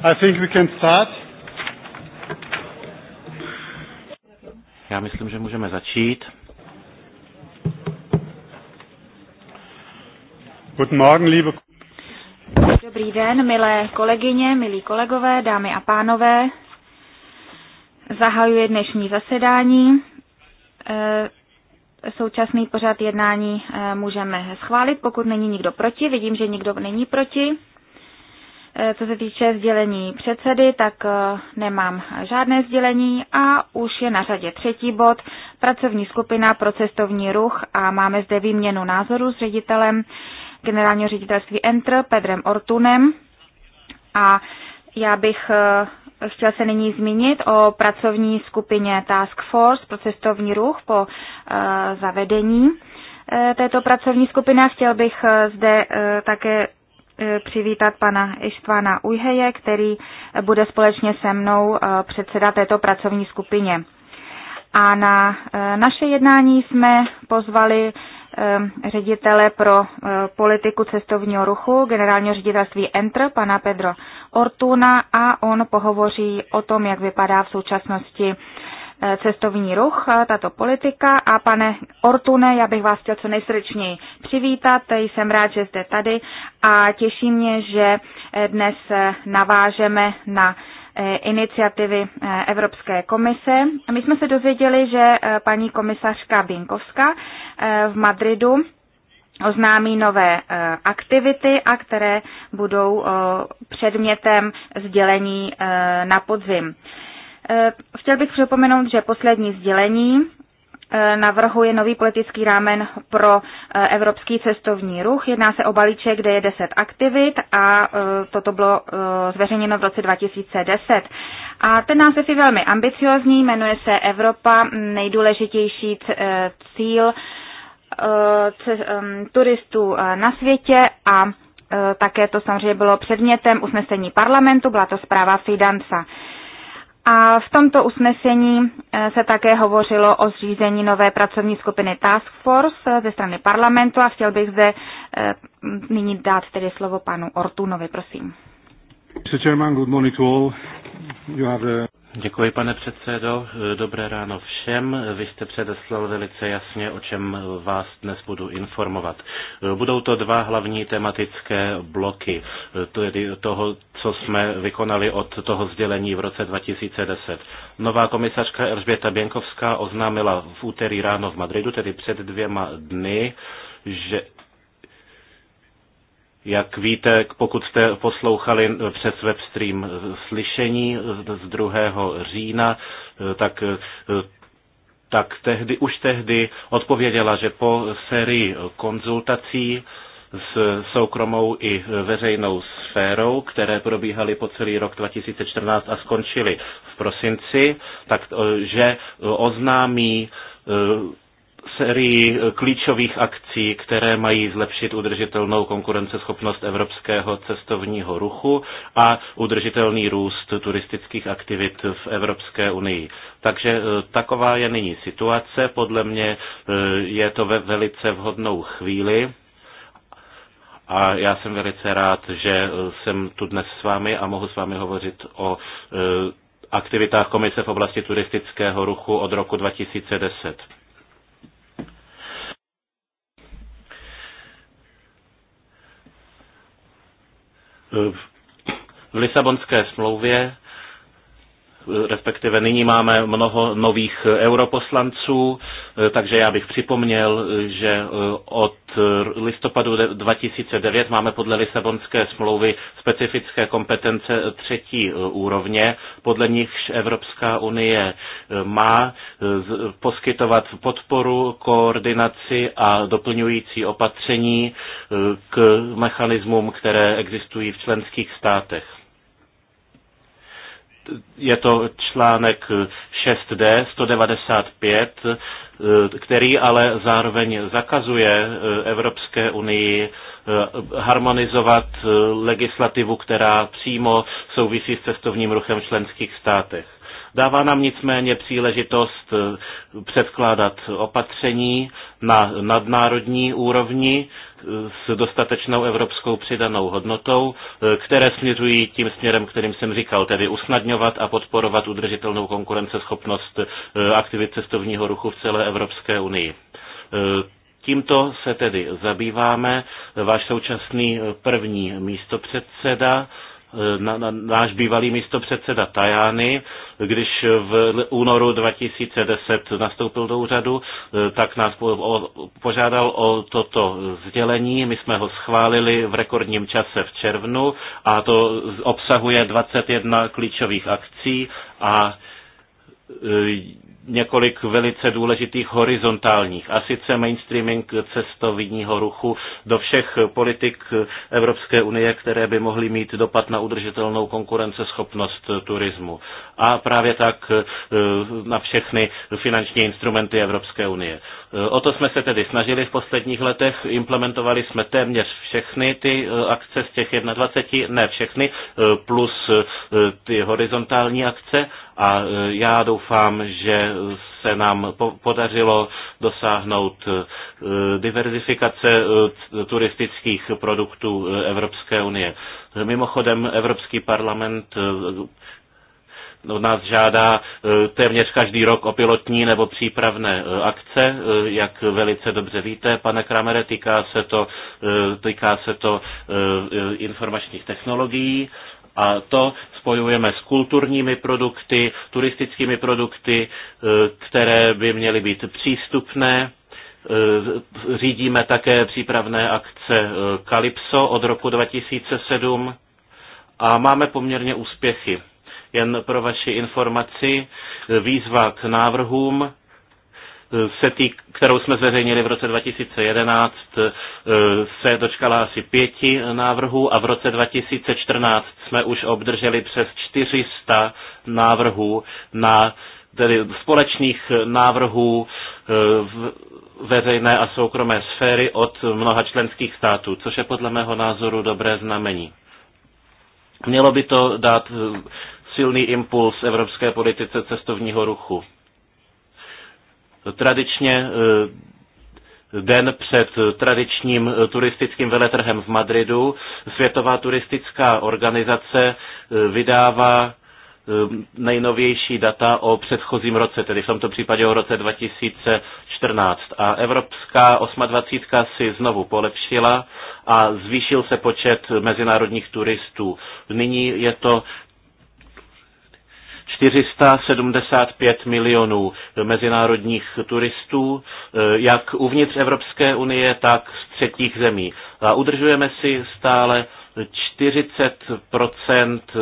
I think we can start. Já myslím, že můžeme začít. Guten Morgen, liebe Dobrý den, milé kolegyně, milí kolegové, dámy a pánové. Zahajuje dnešní zasedání. Eh, současný pořad jednání eh, můžeme schválit, pokud není nikdo proti. Vidím, že nikdo není proti. Eh, co se týče sdělení předsedy, tak eh, nemám žádné sdělení a už je na řadě třetí bod, pracovní skupina pro cestovní ruch a máme zde výměnu názoru s ředitelem generálního ředitelství Entr, Pedrem Ortunem a já bych eh, chtěl se nyní zmínit o pracovní skupině Task Force pro cestovní ruch po zavedení této pracovní skupiny chtěl bych zde také E, přivítat pana Ištvana Ujheje, který bude společně se mnou e, předseda této pracovní skupině. A na e, naše jednání jsme pozvali ředitele pro politiku cestovního ruchu, generálního ředitelství ENTR, pana Pedro Ortuna, a on pohovoří o tom, jak vypadá v současnosti Eh, cestovní ruch, eh, tato politika. A pane Ortune, já bych vás chtěl co nejsrdečněji přivítat. Jsem rád, že jste tady a těší mě, že eh, dnes navážeme na iniciativy Evropské komise. My jsme se dozvěděli, že paní komisařka Binkovská v Madridu oznámí nové aktivity a které budou předmětem sdělení na podzim. Eh, chtěl bych připomenout, že poslední sdělení eh, navrhuje nový politický rámen pro eh, evropský cestovní ruch. Jedná se o balíček, kde je 10 aktivit a toto bylo zveřejněno v roce 2010. A ten název je velmi ambiciozní, jmenuje se Evropa nejdůležitější cíl turistů na světě a také to samozřejmě bylo předmětem usnesení parlamentu, byla to zpráva Fidanza. A v tomto usnesení eh, se také hovořilo o zřízení nové pracovní skupiny Task Force eh, ze strany parlamentu a chtěl bych zde eh, nyní dát tedy slovo panu Ortunovi, prosím. Mr. Chairman, good morning to all. You have Děkuji, pane předsedo. Dobré ráno všem. Vy jste předeslal velice jasně, o čem vás dnes budu informovat. Budou to dva hlavní tematické bloky, tedy toho, co jsme vykonali od toho sdělení v roce 2010. Nová komisařka Elžběta Běnkovská oznámila v úterý ráno v Madridu, tedy před dvěma dny, že jak víte, pokud jste poslouchali přes webstream slyšení z 2. října, tak tak tehdy, už tehdy odpověděla, že po sérii konzultací s soukromou i veřejnou sférou, které probíhaly po celý rok 2014 a skončily v prosinci, tak že oznámí sérii klíčových akcí, které mají zlepšit udržitelnou konkurenceschopnost evropského cestovního ruchu a udržitelný růst turistických aktivit v Evropské unii. Takže eh, taková je nyní situace. Podle mě eh, je to ve velice vhodnou chvíli. A já jsem velice rád, že eh, jsem tu dnes s vámi a mohu s vámi hovořit o aktivitách Komise v oblasti turistického ruchu od roku 2010. v Lisabonské smlouvě respektive nyní máme mnoho nových europoslanců, eh, takže já bych připomněl, eh, že eh, od listopadu 2009 máme podle Lisabonské smlouvy specifické kompetence třetí úrovně, podle nichž Evropská unie má poskytovat podporu, koordinaci a doplňující opatření k mechanismům, které existují v členských státech je to článek 6D 195, eh, který ale zároveň zakazuje eh, Evropské unii eh, harmonizovat legislativu, která přímo souvisí s cestovním ruchem v členských státech. Dává nám nicméně příležitost eh, předkládat opatření na nadnárodní úrovni eh, s dostatečnou evropskou přidanou hodnotou, eh, které směřují tím směrem, kterým jsem říkal, tedy usnadňovat a podporovat udržitelnou konkurenceschopnost aktivit cestovního ruchu v celé Evropské unii. Tímto se tedy zabýváme. Váš současný první místopředseda Eh, na, na, náš bývalý místopředseda Tajány, když v únoru 2010 nastoupil do úřadu, eh, tak nás po, o, požádal o toto sdělení. My jsme ho schválili v rekordním čase v červnu a to obsahuje 21 klíčových akcí a eh, několik velice důležitých horizontálních, a sice mainstreaming cestovního ruchu do všech politik Evropské unie, které by mohly mít dopad na udržitelnou konkurenceschopnost turismu. A právě tak eh, na všechny finanční instrumenty Evropské unie. Eh, o to jsme se tedy snažili v posledních letech, implementovali jsme téměř všechny ty eh, akce z těch 21, ne všechny, plus ty horizontální akce a e, já doufám, že se nám podařilo dosáhnout e, diverzifikace e, turistických produktů Evropské unie. Mimochodem, Evropský parlament no, nás žádá téměř každý rok o pilotní nebo přípravné akce, jak velice dobře víte, pane Kramere, týká se to, týká se to informačních technologií a to spojujeme s kulturními produkty, turistickými produkty, e, které by měly být přístupné. E, řídíme také přípravné akce Kalypso e, od roku 2007 a máme poměrně úspěchy. Jen pro vaši informaci, výzva k návrhům se tý, kterou jsme zveřejnili v roce 2011, eh, se dočkala asi pěti návrhů a v roce 2014 jsme už obdrželi přes 400 návrhů na tedy společných návrhů eh, v veřejné a soukromé sféry od mnoha členských států, což je podle mého názoru dobré znamení. Mělo by to dát eh, silný impuls evropské politice cestovního ruchu. Tradičně eh, den před tradičním eh, turistickým veletrhem v Madridu Světová turistická organizace eh, vydává nejnovější data o předchozím roce, tedy v tomto případě o roce 2014. A Evropská 28 si znovu polepšila a zvýšil se počet mezinárodních turistů. Nyní je to 475 milionů mezinárodních turistů, eh, jak uvnitř Evropské unie, tak z třetích zemí. A udržujeme si stále 40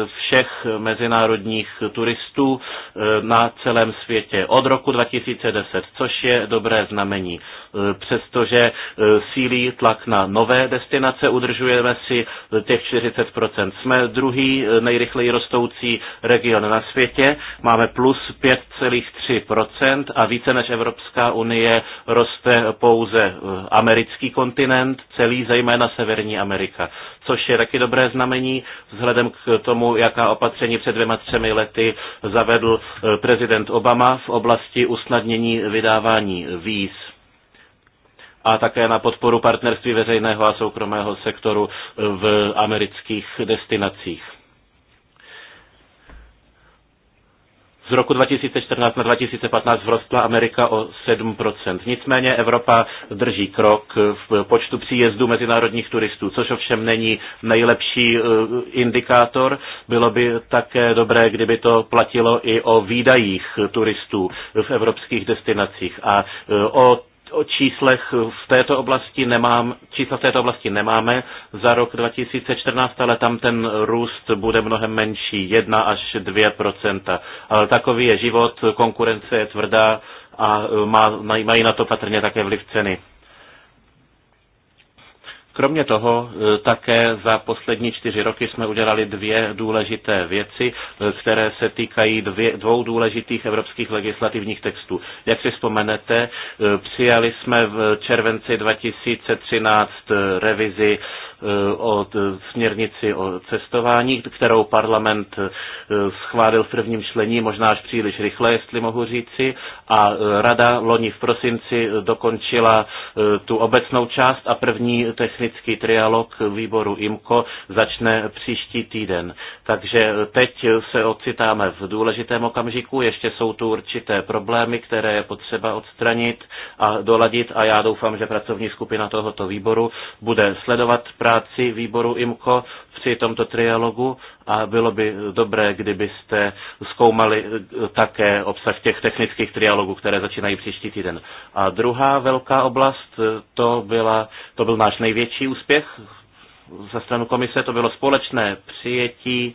všech mezinárodních turistů eh, na celém světě od roku 2010, což je dobré znamení. Eh, přestože eh, sílí tlak na nové destinace, udržujeme si těch 40 Jsme druhý nejrychleji rostoucí region na světě, máme plus 5,3 a více než Evropská unie roste pouze americký kontinent, celý zejména Severní Amerika, což je taky dobré znamení, vzhledem k tomu, jaká opatření před dvěma třemi lety zavedl eh, prezident Obama v oblasti usnadnění vydávání víz a také na podporu partnerství veřejného a soukromého sektoru v amerických destinacích. Z roku 2014 na 2015 vzrostla Amerika o 7%. Nicméně Evropa drží krok v počtu příjezdů mezinárodních turistů, což ovšem není nejlepší eh, indikátor. Bylo by také dobré, kdyby to platilo i o výdajích turistů v evropských destinacích a eh, o o číslech v této oblasti nemám, čísla v této oblasti nemáme za rok 2014, ale tam ten růst bude mnohem menší, 1 až 2 Ale takový je život, konkurence je tvrdá a má, mají na to patrně také vliv ceny. Kromě toho e, také za poslední čtyři roky jsme udělali dvě důležité věci, e, které se týkají dvě, dvou důležitých evropských legislativních textů. Jak si vzpomenete, e, přijali jsme v červenci 2013 revizi od směrnici o cestování, kterou parlament schválil v prvním člení, možná až příliš rychle, jestli mohu říci, a rada loni v prosinci dokončila tu obecnou část a první technický technický trialog výboru IMCO začne příští týden. Takže teď se ocitáme v důležitém okamžiku, ještě jsou tu určité problémy, které je potřeba odstranit a doladit a já doufám, že pracovní skupina tohoto výboru bude sledovat práci výboru IMCO při tomto trialogu a bylo by dobré, kdybyste zkoumali eh, také obsah těch technických trialogů, které začínají příští týden. A druhá velká oblast, eh, to, byla, to byl náš největší úspěch ze stranu komise, to bylo společné přijetí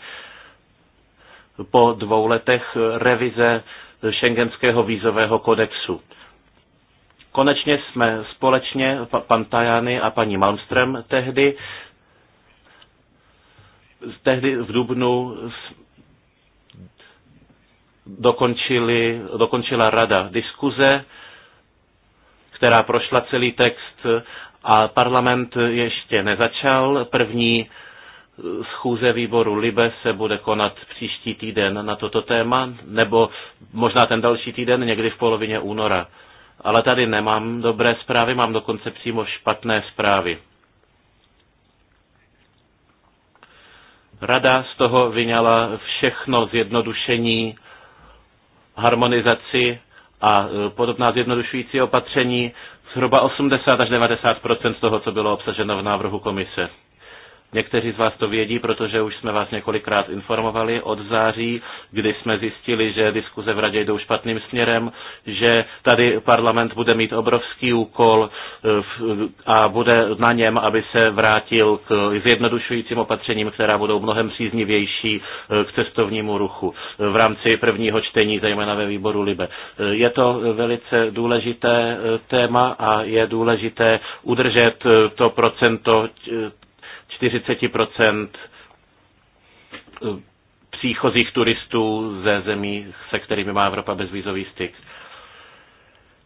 po dvou letech eh, revize šengenského vízového kodexu. Konečně jsme společně, pan Tajany a paní Malmström tehdy, tehdy v Dubnu dokončili, dokončila rada diskuze, která prošla celý text a parlament ještě nezačal. První eh, schůze výboru Libe se bude konat příští týden na toto téma, nebo možná ten další týden někdy v polovině února. Ale tady nemám dobré zprávy, mám dokonce přímo špatné zprávy. Rada z toho vyňala všechno zjednodušení, harmonizaci a e, podobná zjednodušující opatření, zhruba 80 až 90 z toho, co bylo obsaženo v návrhu komise. Někteří z vás to vědí, protože už jsme vás několikrát informovali od září, kdy jsme zjistili, že diskuze v radě jdou špatným směrem, že tady parlament bude mít obrovský úkol eh, a bude na něm, aby se vrátil k zjednodušujícím opatřením, která budou mnohem příznivější eh, k cestovnímu ruchu eh, v rámci prvního čtení, zejména ve výboru Libe. Je to velice důležité téma a je důležité udržet to procento 40% eh, příchozích turistů ze zemí, se kterými má Evropa bezvízový styk.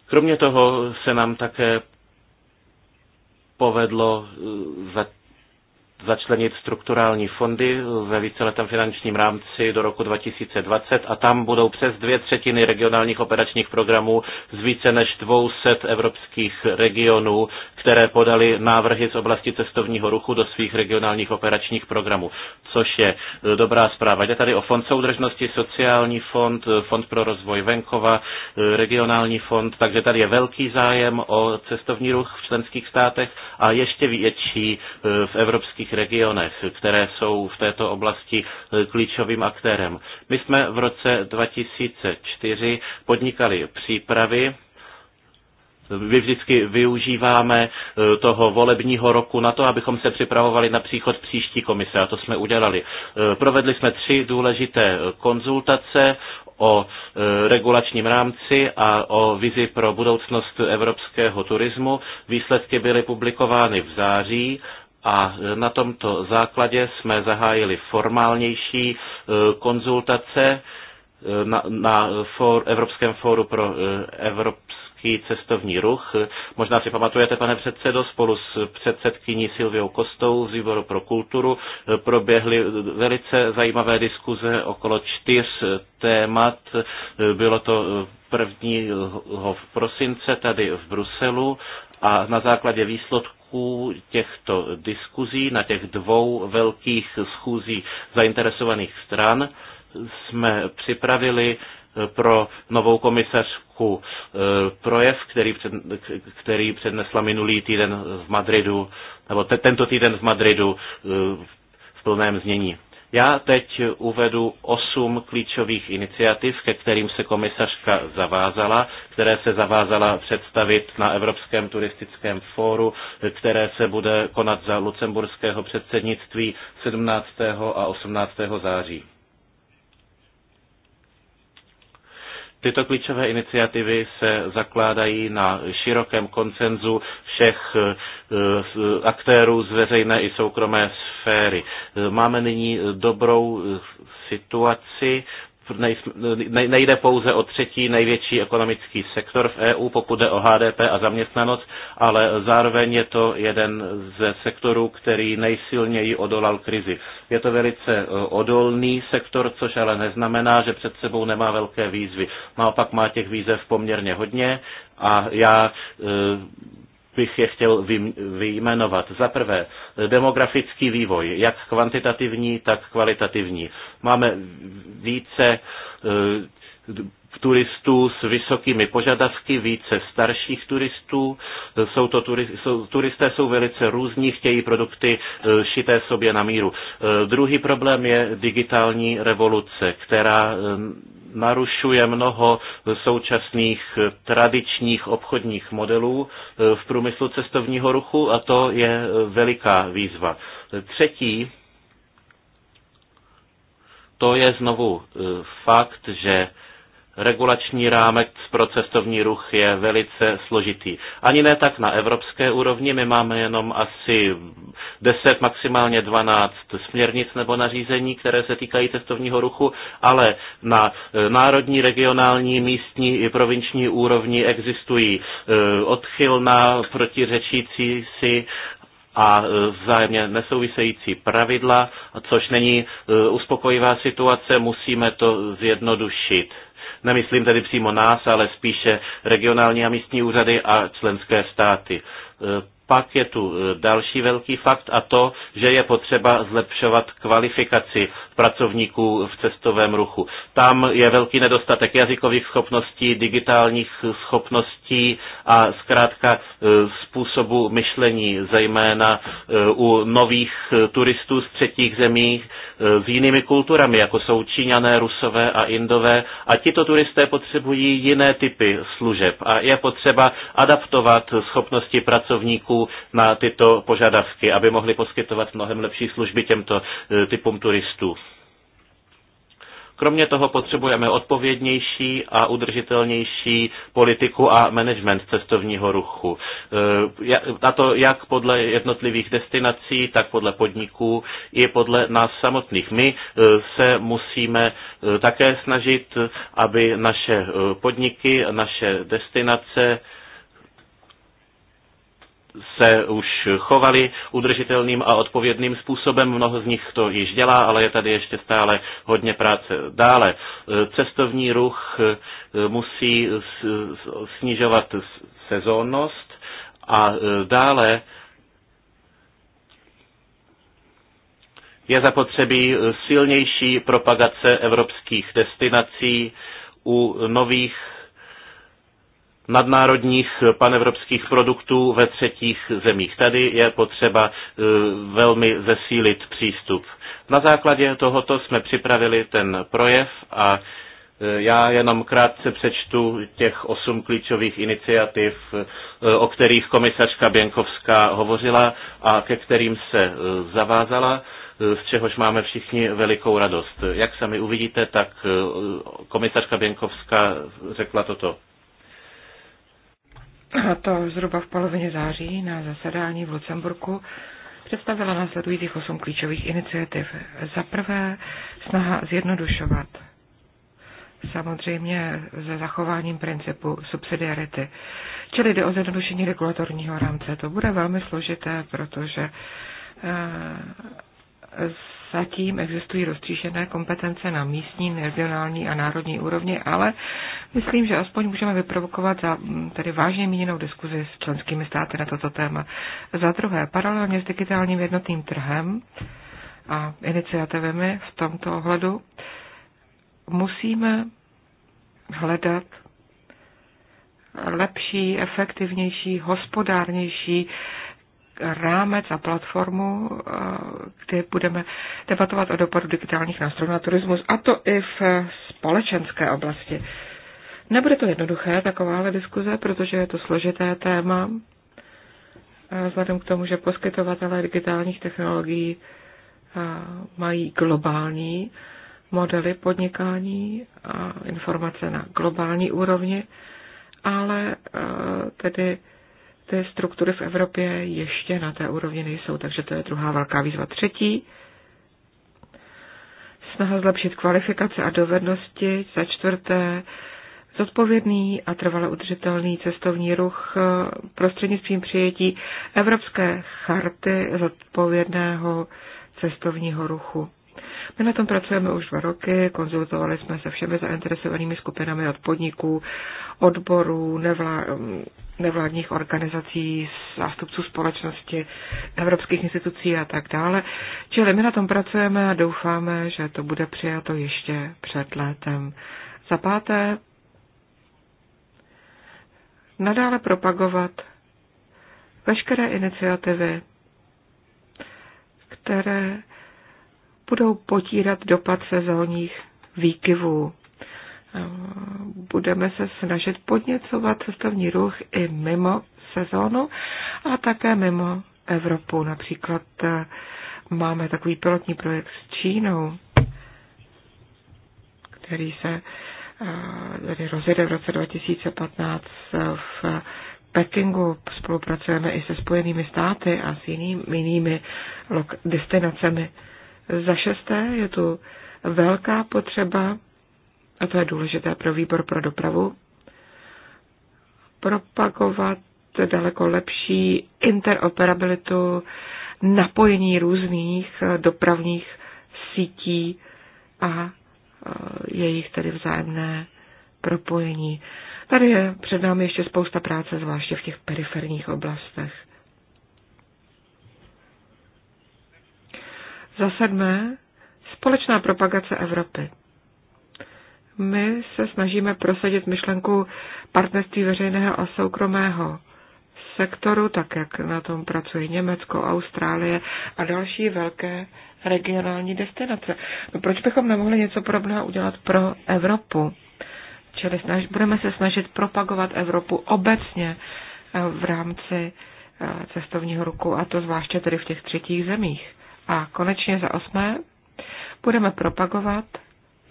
Kromě toho se nám také povedlo eh, začlenit strukturální fondy ve víceletém finančním rámci do roku 2020 a tam budou přes dvě třetiny regionálních operačních programů z více než 200 evropských regionů, které podali návrhy z oblasti cestovního ruchu do svých regionálních operačních programů, což je e, dobrá zpráva. Jde tady o fond soudržnosti, sociální fond, e, fond pro rozvoj venkova, e, regionální fond, takže tady je velký zájem o cestovní ruch v členských státech a ještě větší v evropských regionech, které jsou v této oblasti eh, klíčovým aktérem. My jsme v roce 2004 podnikali přípravy my vždycky využíváme eh, toho volebního roku na to, abychom se připravovali na příchod příští komise a to jsme udělali. Eh, provedli jsme tři důležité konzultace o regulačním rámci a o vizi pro budoucnost evropského turismu. Výsledky byly publikovány v září a na tomto základě jsme zahájili formálnější e, konzultace e, na, na for, Evropském fóru pro e, evropský cestovní ruch. Možná si pamatujete, pane předsedo, spolu s předsedkyní Silviou Kostou z výboru pro kulturu proběhly velice zajímavé diskuze okolo čtyř témat. Bylo to 1. prosince tady v Bruselu a na základě výsledků těchto diskuzí na těch dvou velkých schůzí zainteresovaných stran jsme připravili eh, pro novou komisařku eh, projev, který, před, který přednesla minulý týden v Madridu, nebo te, tento týden v Madridu eh, v plném znění. Já teď uvedu osm klíčových iniciativ, ke kterým se komisařka zavázala, které se zavázala představit na Evropském turistickém fóru, které se bude konat za lucemburského předsednictví 17. a 18. září. Tyto klíčové iniciativy se zakládají na širokém koncenzu všech eh, eh, aktérů z veřejné i soukromé sféry. Eh, máme nyní dobrou situaci, nejde pouze o třetí největší ekonomický sektor v EU, pokud jde o HDP a zaměstnanost, ale zároveň je to jeden ze sektorů, který nejsilněji odolal krizi. Je to velice e, odolný sektor, což ale neznamená, že před sebou nemá velké výzvy. Naopak má těch výzev poměrně hodně a já e, bych je chtěl vyjmenovat. Za prvé, demografický vývoj, jak kvantitativní, tak kvalitativní. Máme více eh, turistů s vysokými požadavky, více starších turistů. Jsou to turi, jsou, turisté jsou velice různí, chtějí produkty e, šité sobě na míru. E, druhý problém je digitální revoluce, která e, narušuje mnoho současných tradičních obchodních modelů v průmyslu cestovního ruchu a to je veliká výzva. Třetí, to je znovu fakt, že regulační rámec pro cestovní ruch je velice složitý. Ani ne tak na evropské úrovni, my máme jenom asi 10, maximálně 12 směrnic nebo nařízení, které se týkají cestovního ruchu, ale na e, národní, regionální, místní i provinční úrovni existují e, odchylná, protiřečící si a e, vzájemně nesouvisející pravidla, což není uspokojivá situace, musíme to zjednodušit. Nemyslím tedy přímo nás, ale spíše regionální a místní úřady a členské státy. E, pak je tu e, další velký fakt a to, že je potřeba zlepšovat kvalifikaci pracovníků v cestovém ruchu. Tam je velký nedostatek jazykových schopností, digitálních schopností a zkrátka e, způsobu myšlení, zejména e, u nových turistů z třetích zemí e, s jinými kulturami, jako jsou Číňané, Rusové a Indové. A tito turisté potřebují jiné typy služeb a je potřeba adaptovat schopnosti pracovníků na tyto požadavky, aby mohli poskytovat mnohem lepší služby těmto typům turistů. Kromě toho potřebujeme odpovědnější a udržitelnější politiku a management cestovního ruchu. Eh, a to jak podle jednotlivých destinací, tak podle podniků i podle nás samotných. My eh, se musíme eh, také snažit, aby naše podniky, naše destinace, se už chovali udržitelným a odpovědným způsobem. Mnoho z nich to již dělá, ale je tady ještě stále hodně práce dále. Cestovní ruch eh, musí snižovat sezónnost a eh, dále je zapotřebí eh, silnější propagace evropských destinací u nových nadnárodních eh, panevropských produktů ve třetích zemích. Tady je potřeba eh, velmi zesílit přístup. Na základě tohoto jsme připravili ten projev a eh, já jenom krátce přečtu těch osm klíčových iniciativ, o kterých komisařka Běnkovská hovořila a ke kterým se zavázala z čehož máme všichni velikou radost. Jak sami uvidíte, tak komisařka Běnkovská řekla toto a to zhruba v polovině září na zasedání v Lucemburku, představila následujících osm klíčových iniciativ. Za prvé snaha zjednodušovat. Samozřejmě za zachováním principu subsidiarity. Čili jde o zjednodušení regulatorního rámce. To bude velmi složité, protože eh, zatím existují rozstříšené kompetence na místní, regionální a národní úrovni, ale myslím, že aspoň můžeme vyprovokovat za mm, tedy vážně míněnou diskuzi s členskými státy na toto téma. Za druhé, paralelně s digitálním jednotným trhem a iniciativami v tomto ohledu musíme hledat lepší, efektivnější, hospodárnější rámec a platformu, eh, kde budeme debatovat o dopadu digitálních nástrojů na turismus, a to i v společenské oblasti. Nebude to jednoduché, takováhle diskuze, protože je to složité téma, vzhledem k tomu, že poskytovatelé digitálních technologií mají globální modely podnikání a informace na globální úrovni, ale eh, tedy ty struktury v Evropě ještě na té úrovni nejsou, takže to je druhá velká výzva. Třetí, snaha zlepšit kvalifikace a dovednosti. Za čtvrté, zodpovědný a trvale udržitelný cestovní ruch prostřednictvím přijetí Evropské charty zodpovědného cestovního ruchu. My na tom pracujeme už dva roky, konzultovali jsme se všemi zainteresovanými skupinami od podniků, odborů, nevlá, nevládních organizací, zástupců společnosti, evropských institucí a tak dále. Čili my na tom pracujeme a doufáme, že to bude přijato ještě před létem. Za páté, nadále propagovat veškeré iniciativy, které budou potírat dopad sezónních výkyvů. Budeme se snažit podněcovat cestovní ruch i mimo sezónu a také mimo Evropu. Například eh, máme takový pilotní projekt s Čínou, který se eh, tady rozjede v roce 2015 v Pekingu. Spolupracujeme i se Spojenými státy a s jinými jinými destinacemi. Za šesté je tu velká potřeba, a to je důležité pro výbor pro dopravu, propagovat daleko lepší interoperabilitu, napojení různých dopravních sítí a e, jejich tedy vzájemné propojení. Tady je před námi ještě spousta práce, zvláště v těch periferních oblastech. Za sedmé, společná propagace Evropy. My se snažíme prosadit myšlenku partnerství veřejného a soukromého sektoru, tak jak na tom pracuje Německo, Austrálie a další velké regionální destinace. No proč bychom nemohli něco podobného udělat pro Evropu? Čili snaž, budeme se snažit propagovat Evropu obecně eh, v rámci eh, cestovního ruku, a to zvláště tedy v těch třetích zemích. A konečně za osmé, budeme propagovat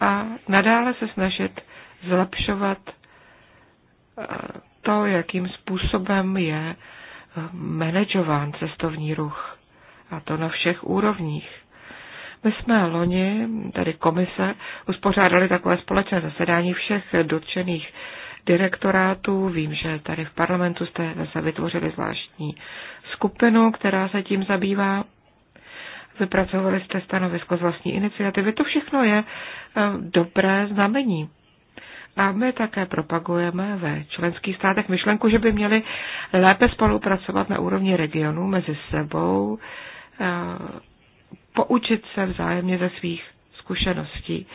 a nadále se snažit zlepšovat eh, to, jakým způsobem je eh, manažován cestovní ruch. A to na všech úrovních. My jsme loni, tedy komise, uspořádali takové společné zasedání všech dotčených direktorátů. Vím, že tady v parlamentu jste zase vytvořili zvláštní skupinu, která se tím zabývá vypracovali jste stanovisko z vlastní iniciativy. To všechno je eh, dobré znamení. A my také propagujeme ve členských státech myšlenku, že by měli lépe spolupracovat na úrovni regionu mezi sebou, eh, poučit se vzájemně ze svých zkušeností.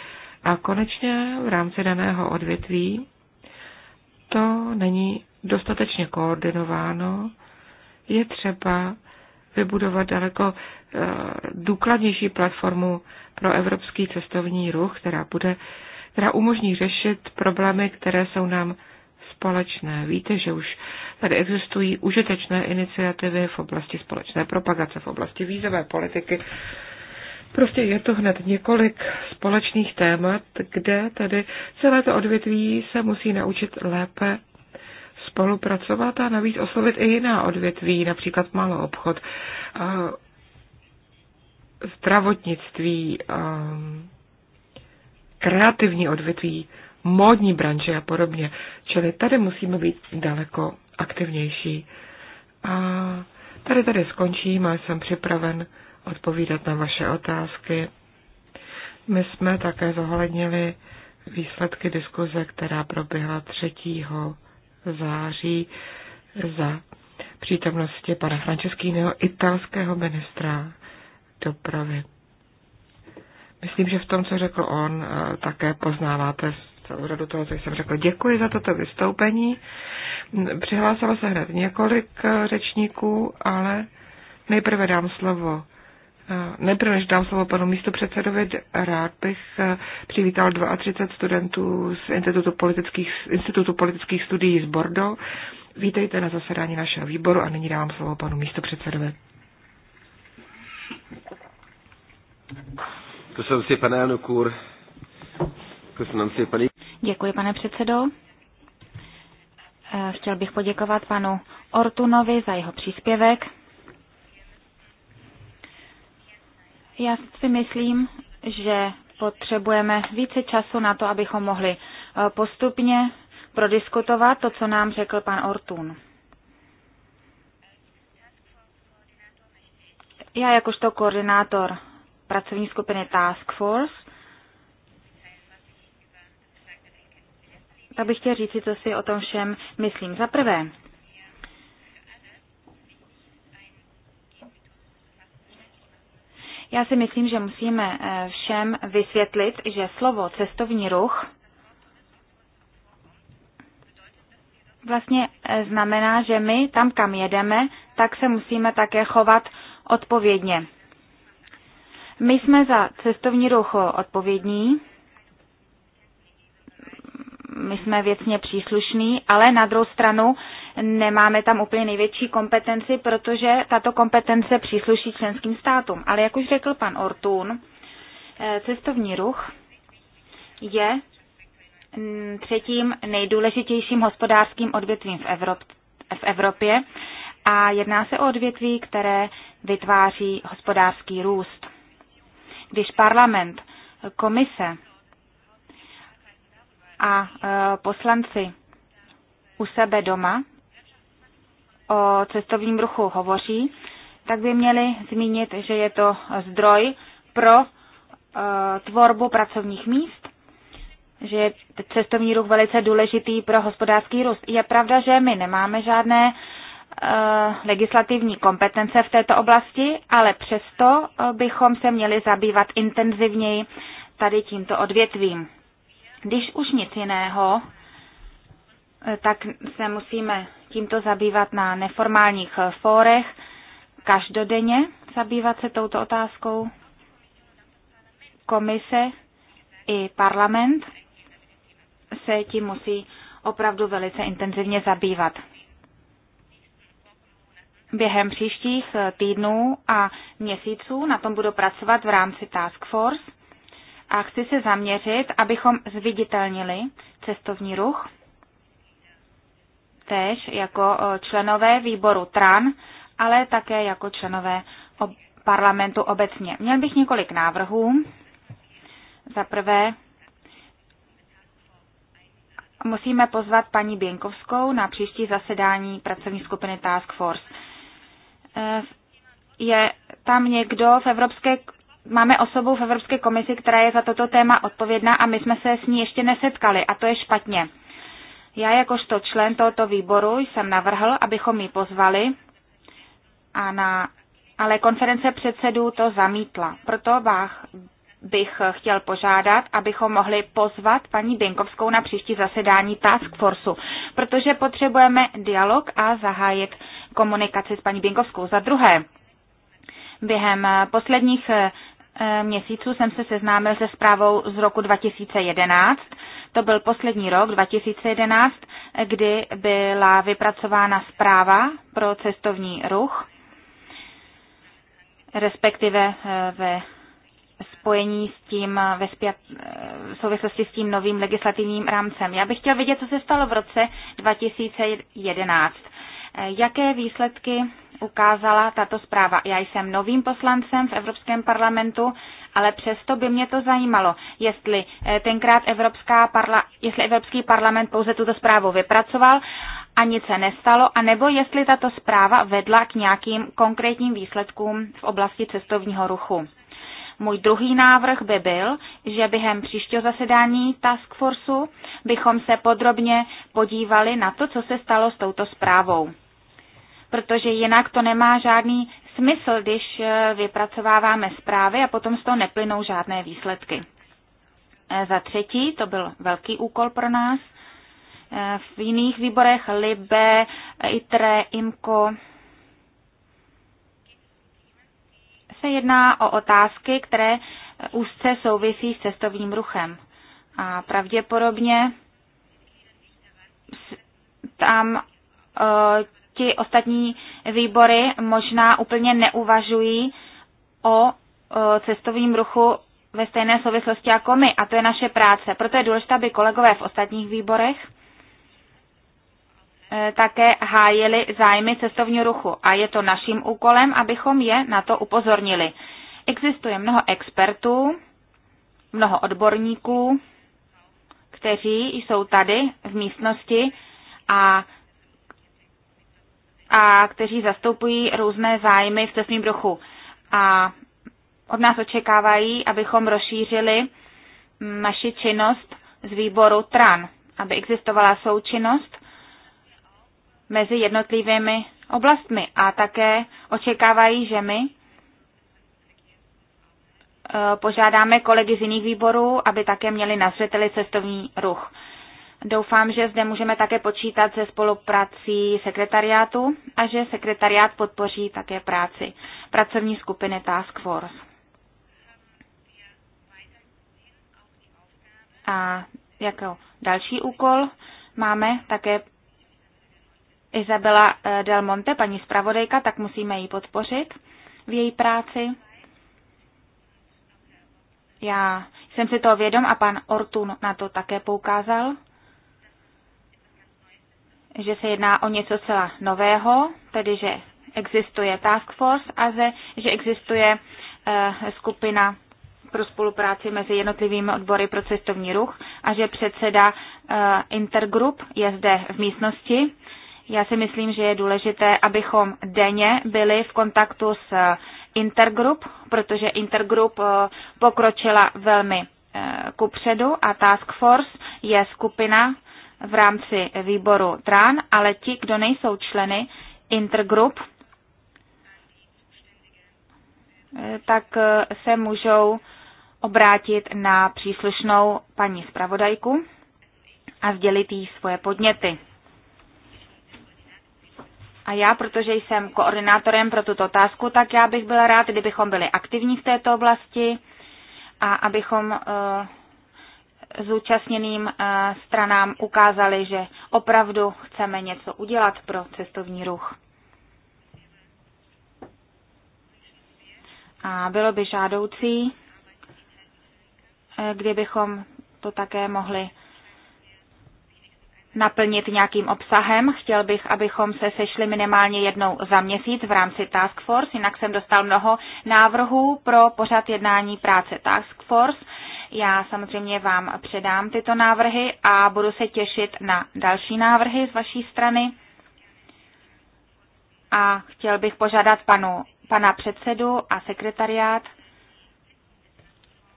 A konečně v rámci daného odvětví to není dostatečně koordinováno, je třeba vybudovat daleko eh, důkladnější platformu pro evropský cestovní ruch, která, bude, která umožní řešit problémy, které jsou nám společné. Víte, že už tady existují užitečné iniciativy v oblasti společné propagace, v oblasti vízové politiky. Prostě je to hned několik společných témat, kde tedy celé to odvětví se musí naučit lépe spolupracovat a navíc oslovit i jiná odvětví, například malou obchod, zdravotnictví, kreativní odvětví, módní branže a podobně. Čili tady musíme být daleko aktivnější. A tady tady skončím a jsem připraven odpovídat na vaše otázky. My jsme také zohlednili výsledky diskuze, která proběhla 3 září za přítomnosti pana Franceschínyho, italského ministra dopravy. Myslím, že v tom, co řekl on, eh, také poznáváte celou řadu toho, co jsem řekl. Děkuji za toto vystoupení. Přihlásilo se hned několik eh, řečníků, ale nejprve dám slovo Nejprve než dám slovo panu místopředsedovi, rád bych eh, přivítal 32 studentů z Institutu politických, Institutu politických studií z Bordeaux. Vítejte na zasedání našeho výboru a nyní dávám slovo panu místopředsedovi. Köszönöm szépen, elnök úr. Děkuji, pane předsedo. Eh, chtěl bych poděkovat panu Ortunovi za jeho příspěvek. Já si myslím, že potřebujeme více času na to, abychom mohli eh, postupně prodiskutovat to, co nám řekl pan Ortun. Já jakožto koordinátor pracovní skupiny Task Force, tak bych chtěl říct, co si o tom všem myslím. Za prvé, Já si myslím, že musíme eh, všem vysvětlit, že slovo cestovní ruch vlastně eh, znamená, že my tam, kam jedeme, tak se musíme také chovat odpovědně. My jsme za cestovní ruch odpovědní, my jsme věcně příslušní, ale na druhou stranu nemáme tam úplně největší kompetenci, protože tato kompetence přísluší členským státům. Ale jak už řekl pan Ortún, eh, cestovní ruch je mm, třetím nejdůležitějším hospodářským odvětvím v, Evrop, v Evropě a jedná se o odvětví, které vytváří hospodářský růst. Když parlament, komise a eh, poslanci u sebe doma o cestovním ruchu hovoří, tak by měli zmínit, že je to zdroj pro e, tvorbu pracovních míst, že je cestovní ruch velice důležitý pro hospodářský růst. Je pravda, že my nemáme žádné e, legislativní kompetence v této oblasti, ale přesto e, bychom se měli zabývat intenzivněji tady tímto odvětvím. Když už nic jiného, tak se musíme tímto zabývat na neformálních eh, fórech, každodenně zabývat se touto otázkou komise i parlament se tím musí opravdu velice intenzivně zabývat. Během příštích eh, týdnů a měsíců na tom budu pracovat v rámci Task Force a chci se zaměřit, abychom zviditelnili cestovní ruch též jako členové výboru TRAN, ale také jako členové parlamentu obecně. Měl bych několik návrhů. Za prvé, musíme pozvat paní Běnkovskou na příští zasedání pracovní skupiny Task Force. E, je tam někdo v Evropské máme osobu v Evropské komisi, která je za toto téma odpovědná a my jsme se s ní ještě nesetkali a to je špatně. Já jakožto člen tohoto výboru jsem navrhl, abychom ji pozvali, a na, ale konference předsedů to zamítla. Proto vás bych chtěl požádat, abychom mohli pozvat paní Binkovskou na příští zasedání Task Forceu, protože potřebujeme dialog a zahájit komunikaci s paní Binkovskou. Za druhé, během posledních Eh, měsíců jsem se seznámil se zprávou z roku 2011. To byl poslední rok 2011, kdy byla vypracována zpráva pro cestovní ruch, respektive eh, ve spojení s tím, eh, ve zpět, v souvislosti s tím novým legislativním rámcem. Já bych chtěl vidět, co se stalo v roce 2011. Jaké výsledky ukázala tato zpráva. Já jsem novým poslancem v Evropském parlamentu, ale přesto by mě to zajímalo, jestli eh, tenkrát Evropská parla, jestli Evropský parlament pouze tuto zprávu vypracoval a nic se nestalo, anebo jestli tato zpráva vedla k nějakým konkrétním výsledkům v oblasti cestovního ruchu. Můj druhý návrh by byl, že během příštího zasedání Task Forceu bychom se podrobně podívali na to, co se stalo s touto zprávou protože jinak to nemá žádný smysl, když eh, vypracováváme zprávy a potom z toho neplynou žádné výsledky. Eh, za třetí, to byl velký úkol pro nás, eh, v jiných výborech LIBE, ITRE, IMCO, se jedná o otázky, které úzce souvisí s cestovním ruchem. A pravděpodobně tam ti ostatní výbory možná úplně neuvažují o cestovním ruchu ve stejné souvislosti jako my. A to je naše práce. Proto je důležité, aby kolegové v ostatních výborech e, také hájili zájmy cestovního ruchu. A je to naším úkolem, abychom je na to upozornili. Existuje mnoho expertů, mnoho odborníků, kteří jsou tady v místnosti a a kteří zastupují různé zájmy v cestním ruchu. A od nás očekávají, abychom rozšířili naši činnost z výboru TRAN, aby existovala součinnost mezi jednotlivými oblastmi a také očekávají, že my eh, požádáme kolegy z jiných výborů, aby také měli na cestovní ruch. Doufám, že zde můžeme také počítat se spoluprací sekretariátu a že sekretariát podpoří také práci pracovní skupiny Task Force. A jako další úkol máme také Izabela eh, Del Monte, paní zpravodajka, tak musíme ji podpořit v její práci. Já jsem si toho vědom a pan Ortun na to také poukázal že se jedná o něco celá nového, tedy že existuje task force a že, že existuje eh, skupina pro spolupráci mezi jednotlivými odbory pro cestovní ruch a že předseda eh, Intergroup je zde v místnosti. Já si myslím, že je důležité, abychom denně byli v kontaktu s eh, Intergroup, protože Intergroup pokročila velmi kupředu a Task Force je skupina, v rámci výboru TRAN, ale ti, kdo nejsou členy intergrup, tak eh, se můžou obrátit na příslušnou paní zpravodajku a sdělit jí svoje podněty. A já, protože jsem koordinátorem pro tuto otázku, tak já bych byla rád, kdybychom byli aktivní v této oblasti a abychom eh, zúčastněným eh, stranám ukázali, že opravdu chceme něco udělat pro cestovní ruch. A bylo by žádoucí, eh, kdybychom to také mohli naplnit nějakým obsahem. Chtěl bych, abychom se sešli minimálně jednou za měsíc v rámci Task Force, jinak jsem dostal mnoho návrhů pro pořad jednání práce Task Force já samozřejmě vám předám tyto návrhy a budu se těšit na další návrhy z vaší strany. A chtěl bych požádat panu, pana předsedu a sekretariát,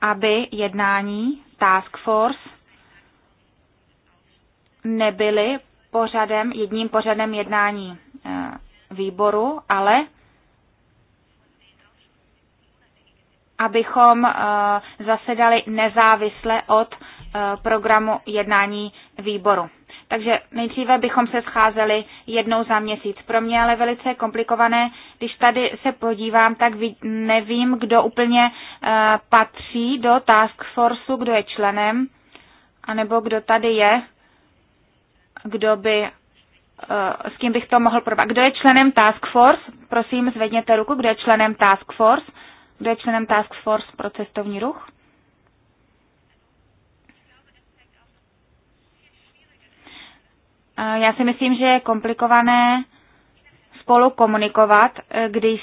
aby jednání Task Force nebyly pořadem, jedním pořadem jednání eh, výboru, ale abychom eh, zasedali nezávisle od eh, programu jednání výboru. Takže nejdříve bychom se scházeli jednou za měsíc. Pro mě ale velice komplikované, když tady se podívám, tak nevím, kdo úplně eh, patří do task forceu, kdo je členem, anebo kdo tady je, kdo by, s kým bych to mohl probat. Kdo je členem task force? Prosím, zvedněte ruku, kdo je členem task force kdo je členem Task Force pro cestovní ruch? Eh, já si myslím, že je komplikované spolu komunikovat, eh, když,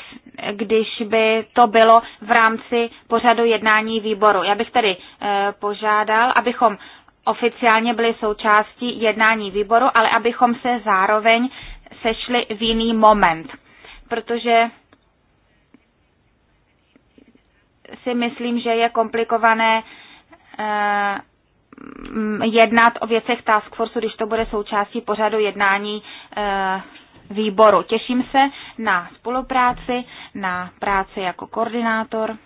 když by to bylo v rámci pořadu jednání výboru. Já bych tedy eh, požádal, abychom oficiálně byli součástí jednání výboru, ale abychom se zároveň sešli v jiný moment, protože si myslím, že je komplikované eh, mm, jednat o věcech task force, když to bude součástí pořadu jednání eh, výboru. Těším se na spolupráci, na práci jako koordinátor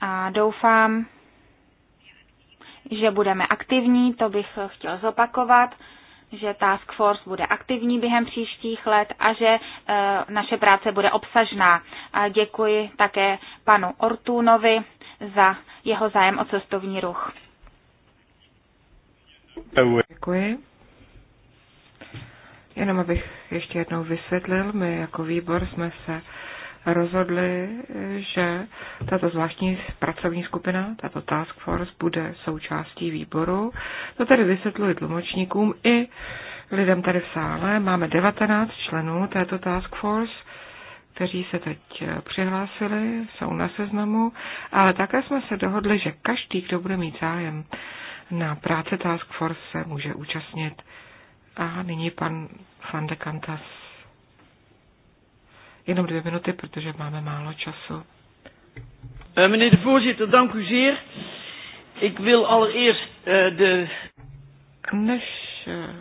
a doufám, že budeme aktivní, to bych chtěl zopakovat že Task Force bude aktivní během příštích let a že e, naše práce bude obsažná. A děkuji také panu Ortúnovi za jeho zájem o cestovní ruch. Děkuji. Jenom abych ještě jednou vysvětlil, my jako výbor jsme se rozhodli, že tato zvláštní pracovní skupina, tato task force, bude součástí výboru. To tedy vysvětluji tlumočníkům i lidem tady v sále. Máme 19 členů této task force, kteří se teď přihlásili, jsou na seznamu, ale také jsme se dohodli, že každý, kdo bude mít zájem na práce Task Force, se může účastnit. A nyní pan Van de Kantas. Jenom dvě minuty, protože máme málo času. Eh, meneer de voorzitter, dank u zeer. Ik wil allereerst uh, de... Než eh,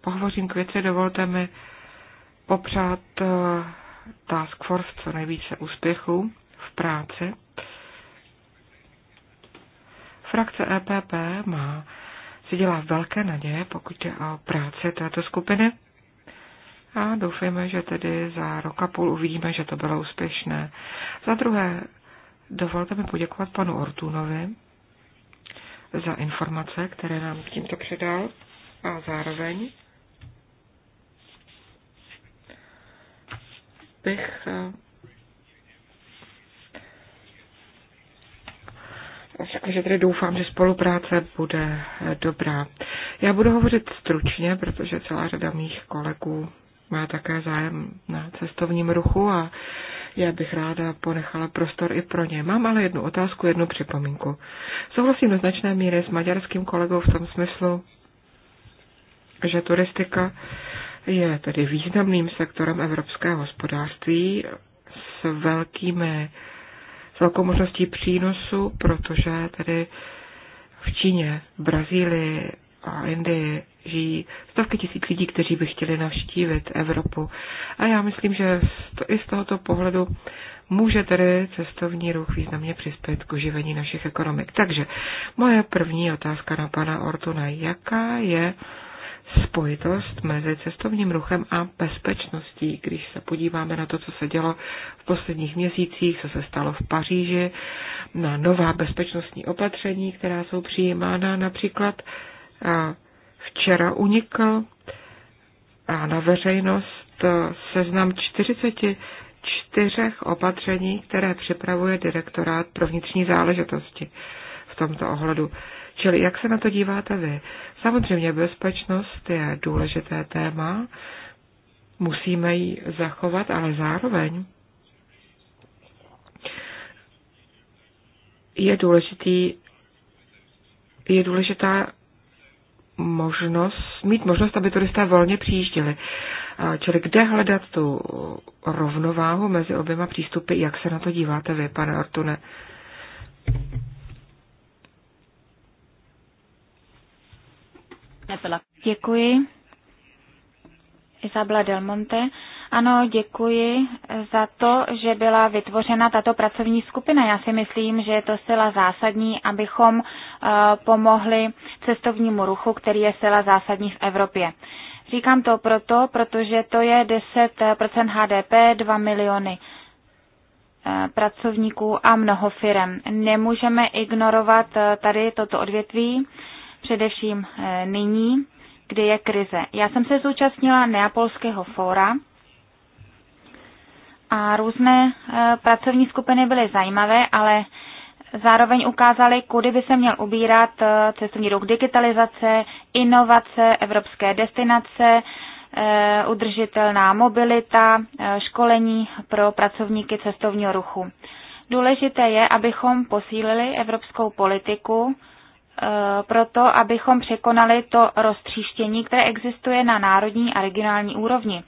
pohovořím k věci, dovolte mi popřát uh, Task Force co nejvíce úspěchů v práci. Frakce EPP má si dělá velké naděje, pokud jde o práci této skupiny. A doufejme, že tedy za rok a půl uvidíme, že to bylo úspěšné. Za druhé, dovolte mi poděkovat panu Ortunovi za informace, které nám tímto předal a zároveň bych eh, Takže tedy doufám, že spolupráce bude eh, dobrá. Já budu hovořit stručně, protože celá řada mých kolegů má také zájem na cestovním ruchu a já bych ráda ponechala prostor i pro ně. Mám ale jednu otázku, jednu připomínku. Souhlasím do značné míry s maďarským kolegou v tom smyslu, že turistika je tedy významným sektorem evropského hospodářství s velkými s velkou možností přínosu, protože tady v Číně, v Brazílii a Indii žijí stovky tisíc lidí, kteří by chtěli navštívit Evropu. A já myslím, že i z tohoto pohledu může tedy cestovní ruch významně přispět k oživení našich ekonomik. Takže moje první otázka na pana Ortuna. Jaká je spojitost mezi cestovním ruchem a bezpečností. Když se podíváme na to, co se dělo v posledních měsících, co se stalo v Paříži, na nová bezpečnostní opatření, která jsou přijímána, například včera unikl a na veřejnost e, seznam 44 opatření, které připravuje direktorát pro vnitřní záležitosti v tomto ohledu. Čili jak se na to díváte vy? Samozřejmě bezpečnost je důležité téma, musíme ji zachovat, ale zároveň je důležitý, je důležitá možnost, mít možnost, aby turisté volně přijížděli. Čili kde hledat tu rovnováhu mezi oběma přístupy, jak se na to díváte vy, pane Artune? Děkuji. Isabela Del Monte. Ano, děkuji za to, že byla vytvořena tato pracovní skupina. Já si myslím, že je to zcela zásadní, abychom eh, pomohli cestovnímu ruchu, který je zcela zásadní v Evropě. Říkám to proto, protože to je 10% HDP, 2 miliony eh, pracovníků a mnoho firem. Nemůžeme ignorovat eh, tady toto odvětví především eh, nyní, kdy je krize. Já jsem se zúčastnila Neapolského fóra a různé eh, pracovní skupiny byly zajímavé, ale zároveň ukázaly, kudy by se měl ubírat eh, cestovní ruch digitalizace, inovace, evropské destinace, udržitelná mobilita, školení pro pracovníky cestovního ruchu. Důležité je, abychom posílili evropskou politiku proto, abychom překonali to roztříštění, které existuje na národní a regionální úrovni.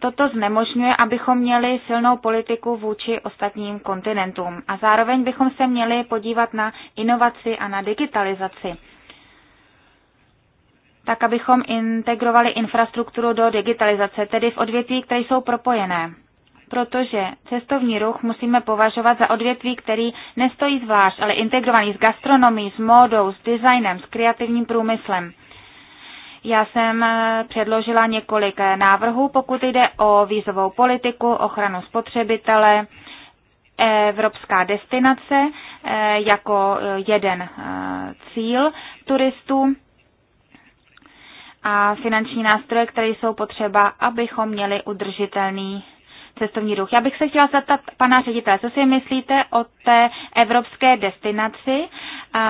Toto znemožňuje, abychom měli silnou politiku vůči ostatním kontinentům a zároveň bychom se měli podívat na inovaci a na digitalizaci tak abychom integrovali infrastrukturu do digitalizace, tedy v odvětví, které jsou propojené protože cestovní ruch musíme považovat za odvětví, který nestojí zvlášť, ale integrovaný s gastronomií, s módou, s designem, s kreativním průmyslem. Já jsem eh, předložila několik eh, návrhů, pokud jde o vízovou politiku, ochranu spotřebitele, evropská destinace eh, jako jeden cíl turistů a finanční nástroje, které jsou potřeba, abychom měli udržitelný cestovní ruch. Já bych se chtěla zeptat pana ředitele, co si myslíte o té evropské destinaci a,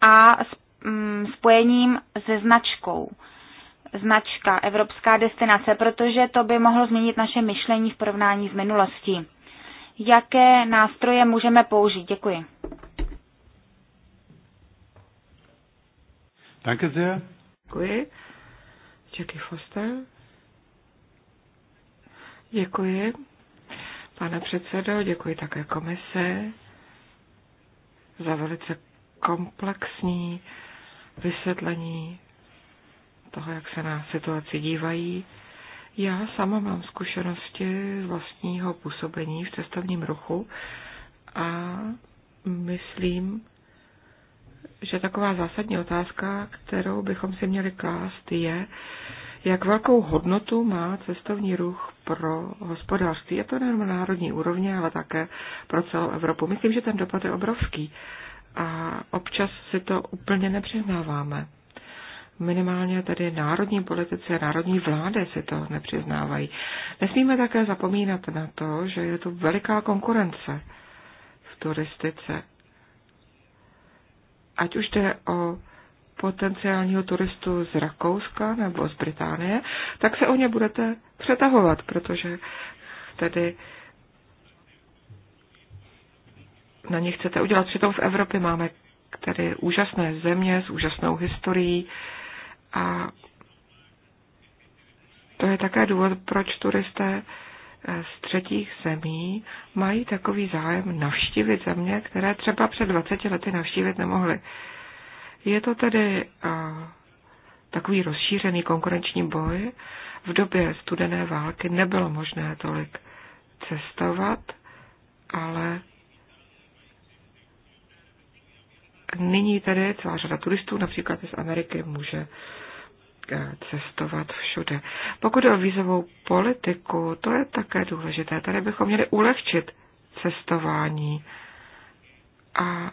a mm, spojením se značkou značka, evropská destinace, protože to by mohlo změnit naše myšlení v porovnání s minulostí. Jaké nástroje můžeme použít? Děkuji. Danke sehr. Děkuji. Jackie Foster. Děkuji, pane předsedo, děkuji také komise za velice komplexní vysvětlení toho, jak se na situaci dívají. Já sama mám zkušenosti z vlastního působení v cestovním ruchu a myslím, že taková zásadní otázka, kterou bychom si měli klást, je, jak velkou hodnotu má cestovní ruch pro hospodářství. Je to nejen na národní úrovni, ale také pro celou Evropu. Myslím, že ten dopad je obrovský a občas si to úplně nepřiznáváme. Minimálně tady národní politice, národní vlády si to nepřiznávají. Nesmíme také zapomínat na to, že je tu veliká konkurence v turistice. Ať už jde o potenciálního turistu z Rakouska nebo z Británie, tak se o ně budete přetahovat, protože tedy na ně chcete udělat. Přitom v Evropě máme tedy úžasné země s úžasnou historií a to je také důvod, proč turisté eh, z třetích zemí mají takový zájem navštívit země, které třeba před 20 lety navštívit nemohli. Je to tedy takový rozšířený konkurenční boj. V době studené války nebylo možné tolik cestovat, ale nyní tedy celá řada turistů, například z Ameriky, může e, cestovat všude. Pokud je o vízovou politiku, to je také důležité. Tady bychom měli ulehčit cestování a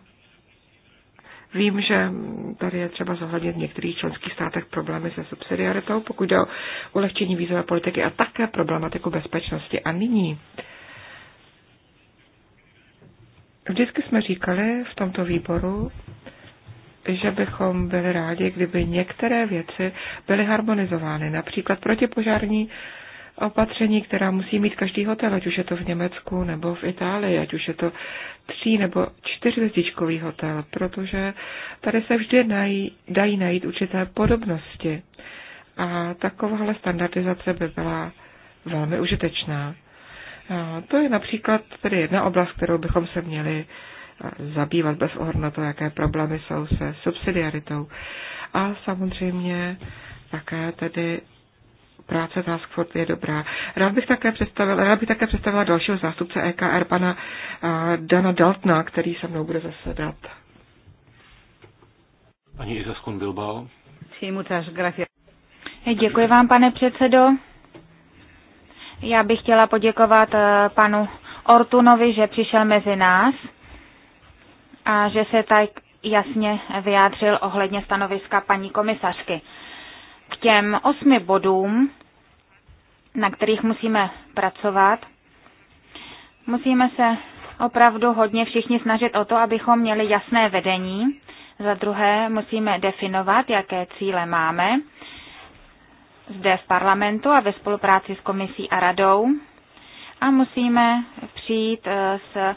Vím, že tady je třeba zohlednit v některých členských státech problémy se subsidiaritou, pokud jde o ulehčení vízové politiky a také problematiku bezpečnosti. A nyní vždycky jsme říkali v tomto výboru, že bychom byli rádi, kdyby některé věci byly harmonizovány, například protipožární opatření, která musí mít každý hotel, ať už je to v Německu nebo v Itálii, ať už je to tří nebo čtyřhvězdičkový hotel, protože tady se vždy naj, dají najít určité podobnosti. A takováhle standardizace by byla velmi užitečná. A to je například tedy jedna oblast, kterou bychom se měli zabývat bez ohledu na to, jaké problémy jsou se subsidiaritou. A samozřejmě také tedy práce Task Force je dobrá. Rád bych také představila, rád bych také představila dalšího zástupce EKR, pana eh, Dana Daltna, který se mnou bude zasedat. Pani Izaskun Bilbao. Eh, děkuji vám, pane předsedo. Já bych chtěla poděkovat eh, panu Ortunovi, že přišel mezi nás a že se tak jasně vyjádřil ohledně stanoviska paní komisařky těm osmi bodům, na kterých musíme pracovat, musíme se opravdu hodně všichni snažit o to, abychom měli jasné vedení. Za druhé musíme definovat, jaké cíle máme zde v parlamentu a ve spolupráci s komisí a radou. A musíme přijít eh, s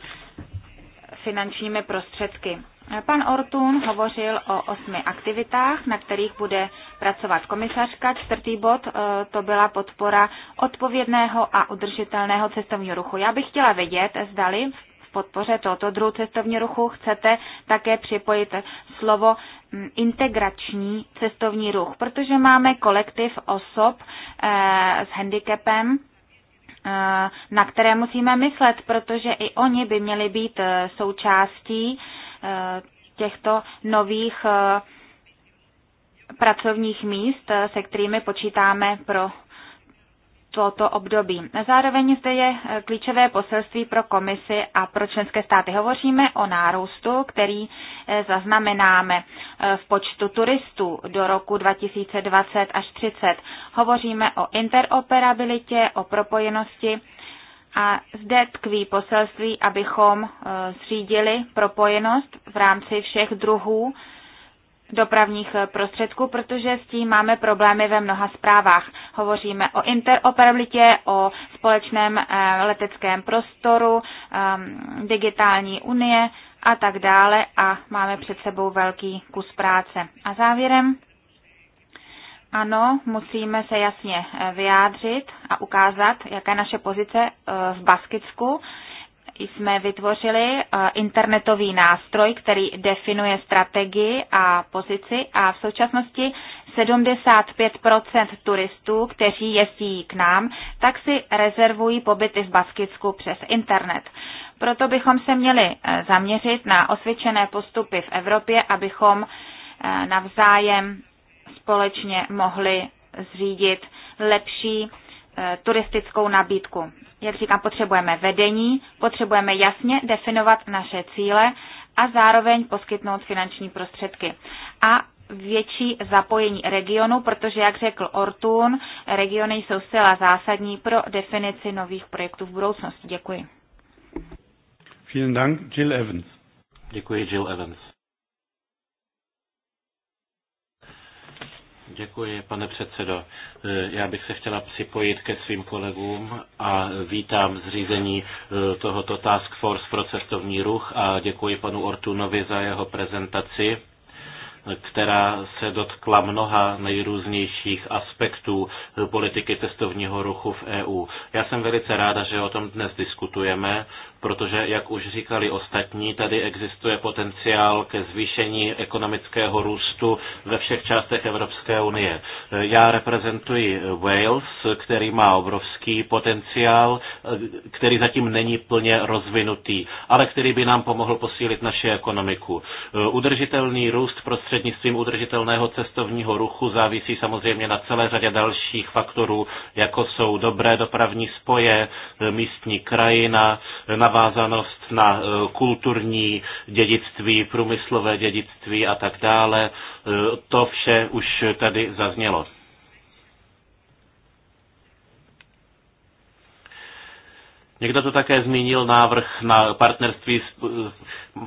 finančními prostředky. Pan Ortun hovořil o osmi aktivitách, na kterých bude pracovat komisařka. Čtvrtý bod e, to byla podpora odpovědného a udržitelného cestovního ruchu. Já bych chtěla vědět, zdali v podpoře tohoto druhu cestovního ruchu chcete také připojit slovo integrační cestovní ruch, protože máme kolektiv osob e, s handicapem, e, na které musíme myslet, protože i oni by měli být součástí Eh, těchto nových eh, pracovních míst, eh, se kterými počítáme pro toto období. Zároveň zde je klíčové poselství pro komisi a pro členské státy. Hovoříme o nárůstu, který zaznamenáme v počtu turistů do roku 2020 až 30. Hovoříme o interoperabilitě, o propojenosti a zde tkví poselství, abychom eh, zřídili propojenost v rámci všech druhů dopravních eh, prostředků, protože s tím máme problémy ve mnoha zprávách. Hovoříme o interoperabilitě, o společném eh, leteckém prostoru, ehm, digitální unie a tak dále a máme před sebou velký kus práce. A závěrem ano, musíme se jasně eh, vyjádřit a ukázat, jaká je naše pozice eh, v Baskicku. Jsme vytvořili eh, internetový nástroj, který definuje strategii a pozici a v současnosti 75 turistů, kteří jezdí k nám, tak si rezervují pobyty v Baskicku přes internet. Proto bychom se měli zaměřit na osvědčené postupy v Evropě, abychom navzájem společně mohli zřídit lepší eh, turistickou nabídku. Jak říkám, potřebujeme vedení, potřebujeme jasně definovat naše cíle a zároveň poskytnout finanční prostředky. A větší zapojení regionu, protože, jak řekl Ortun, regiony jsou zcela zásadní pro definici nových projektů v budoucnosti. Děkuji. Vielen Dank, Jill Evans. Děkuji, Jill Evans. Děkuji, pane předsedo. E, já bych se chtěla připojit ke svým kolegům a vítám zřízení e, tohoto Task Force pro cestovní ruch a děkuji panu Ortunovi za jeho prezentaci e, která se dotkla mnoha nejrůznějších aspektů politiky cestovního ruchu v EU. Já jsem velice ráda, že o tom dnes diskutujeme, protože, jak už říkali ostatní, tady existuje potenciál ke zvýšení ekonomického růstu ve všech částech Evropské unie. Já reprezentuji Wales, který má obrovský potenciál, který zatím není plně rozvinutý, ale který by nám pomohl posílit naši ekonomiku. Udržitelný růst prostřednictvím udržitelného cestovního ruchu závisí samozřejmě na celé řadě dalších faktorů, jako jsou dobré dopravní spoje, místní krajina, na navázanost na eh, kulturní dědictví, průmyslové dědictví a tak dále. Eh, to vše už tady zaznělo. Někdo to také zmínil návrh na partnerství,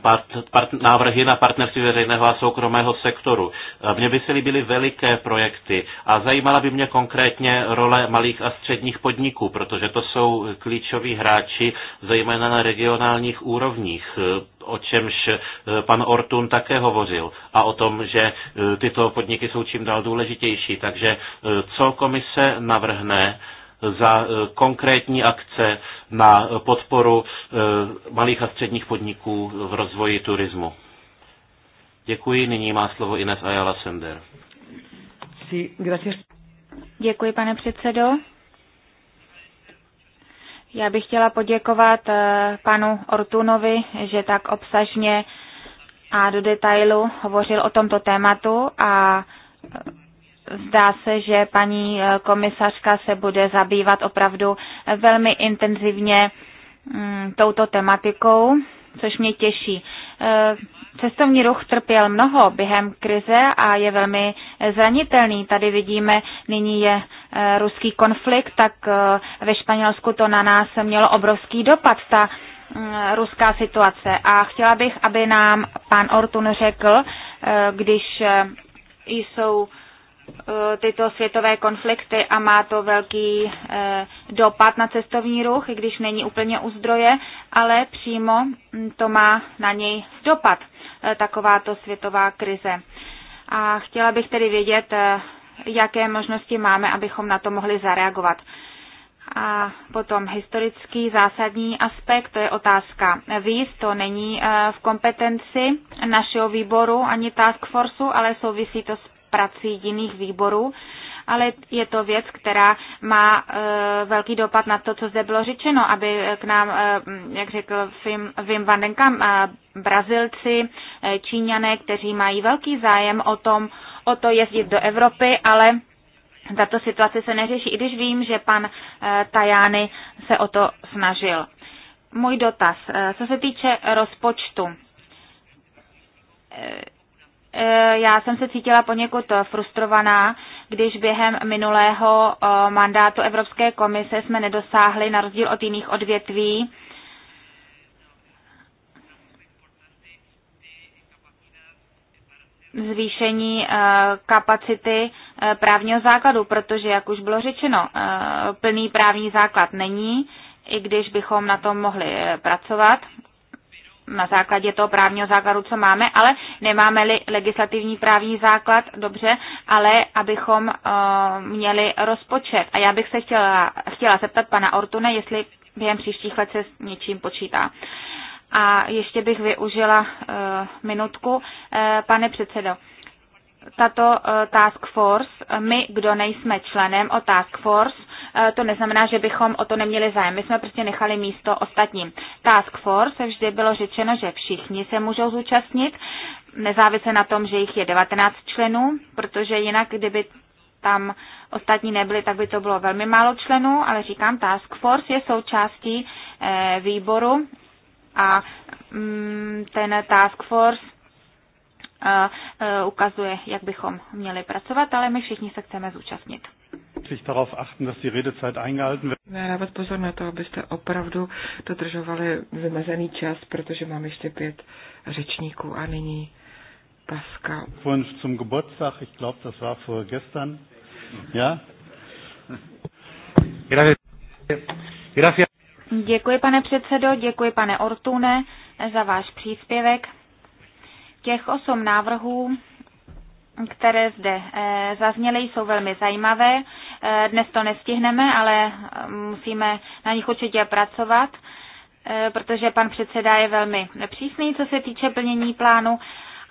part, part, návrhy na partnerství veřejného a soukromého sektoru. E, mně by se líbily veliké projekty a zajímala by mě konkrétně role malých a středních podniků, protože to jsou klíčoví hráči, zejména na regionálních úrovních, e, o čemž e, pan Ortun také hovořil a o tom, že tyto podniky jsou čím dál důležitější. Takže co komise navrhne, za eh, konkrétní akce na podporu eh, malých a středních podniků v rozvoji turismu. Děkuji, nyní má slovo Ines Ayala Sender. Děkuji, pane předsedo. Já bych chtěla poděkovat eh, panu Ortunovi, že tak obsažně a do detailu hovořil o tomto tématu a Zdá se, že paní eh, komisařka se bude zabývat opravdu velmi intenzivně mm, touto tematikou, což mě těší. Eh, cestovní ruch trpěl mnoho během krize a je velmi zranitelný. Tady vidíme, nyní je eh, ruský konflikt, tak ve Španělsku to na nás mělo obrovský dopad, ta mm, ruská situace. A chtěla bych, aby nám pan Ortun řekl, když jsou Eh, tyto světové konflikty a má to velký eh, dopad na cestovní ruch, i když není úplně u zdroje, ale přímo hm, to má na něj dopad, eh, takováto světová krize. A chtěla bych tedy vědět, jaké možnosti máme, abychom na to mohli zareagovat. A potom historický zásadní aspekt, to je otázka víz, to není v kompetenci našeho výboru ani task forceu, ale souvisí to s prací jiných výborů, ale je to věc, která má e, velký dopad na to, co zde bylo řečeno, aby k nám, e, jak řekl Vim, Vim van den Kamp, e, Brazilci, Číňané, kteří mají velký zájem o, tom, o to jezdit do Evropy, ale tato situace se neřeší, i když vím, že pan Tajány se o to snažil. Můj dotaz, co se týče rozpočtu Eh, já jsem se cítila poněkud eh, frustrovaná, když během minulého eh, mandátu Evropské komise jsme nedosáhli, na rozdíl od jiných odvětví, zvýšení kapacity právního základu, protože, jak už bylo řečeno, plný právní základ není, i když bychom na tom mohli pracovat na základě toho právního základu, co máme, ale nemáme-li legislativní právní základ, dobře, ale abychom uh, měli rozpočet. A já bych se chtěla, chtěla zeptat pana Ortune, jestli během příštích let se s něčím počítá. A ještě bych využila uh, minutku, uh, pane předsedo. Uh, tato eh, task force, eh, my, kdo nejsme členem o task force, eh, to neznamená, že bychom o to neměli zájem. My jsme prostě nechali místo ostatním. Task force vždy bylo řečeno, že všichni se můžou zúčastnit, nezávisle na tom, že jich je 19 členů, protože jinak, kdyby tam ostatní nebyli, tak by to bylo velmi málo členů, ale říkám, task force je součástí výboru a mm, ten task force E, ukazuje, jak bychom měli pracovat, ale my všichni se chceme zúčastnit. Dávat pozor na to, abyste opravdu dodržovali vymezený čas, protože mám ještě pět řečníků a nyní Pascal. Wunsch zum Geburtstag, ich glaube, das war vor gestern. Ja? Děkuji, pane předsedo, děkuji, pane Ortune, za váš příspěvek. Těch osm návrhů, které zde eh, zazněly, jsou velmi zajímavé. Eh, dnes to nestihneme, ale eh, musíme na nich určitě pracovat, protože pan předseda je velmi přísný, co se týče plnění plánu.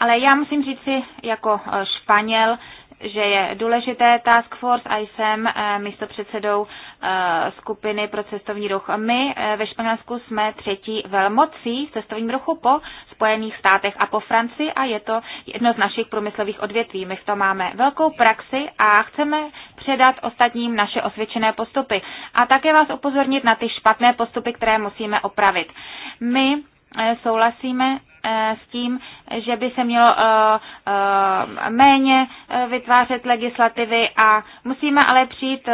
Ale já musím říct si jako Španěl, že je důležité Task Force a jsem eh, místo předsedou eh, skupiny pro cestovní ruch. My eh, ve Španělsku jsme třetí velmocí v cestovním ruchu po Spojených státech a po Francii a je to jedno z našich průmyslových odvětví. My v tom máme velkou praxi a chceme předat ostatním naše osvědčené postupy a také vás upozornit na ty špatné postupy, které musíme opravit. My Eh, souhlasíme eh, s tím, že by se mělo eh, méně vytvářet legislativy a musíme ale přijít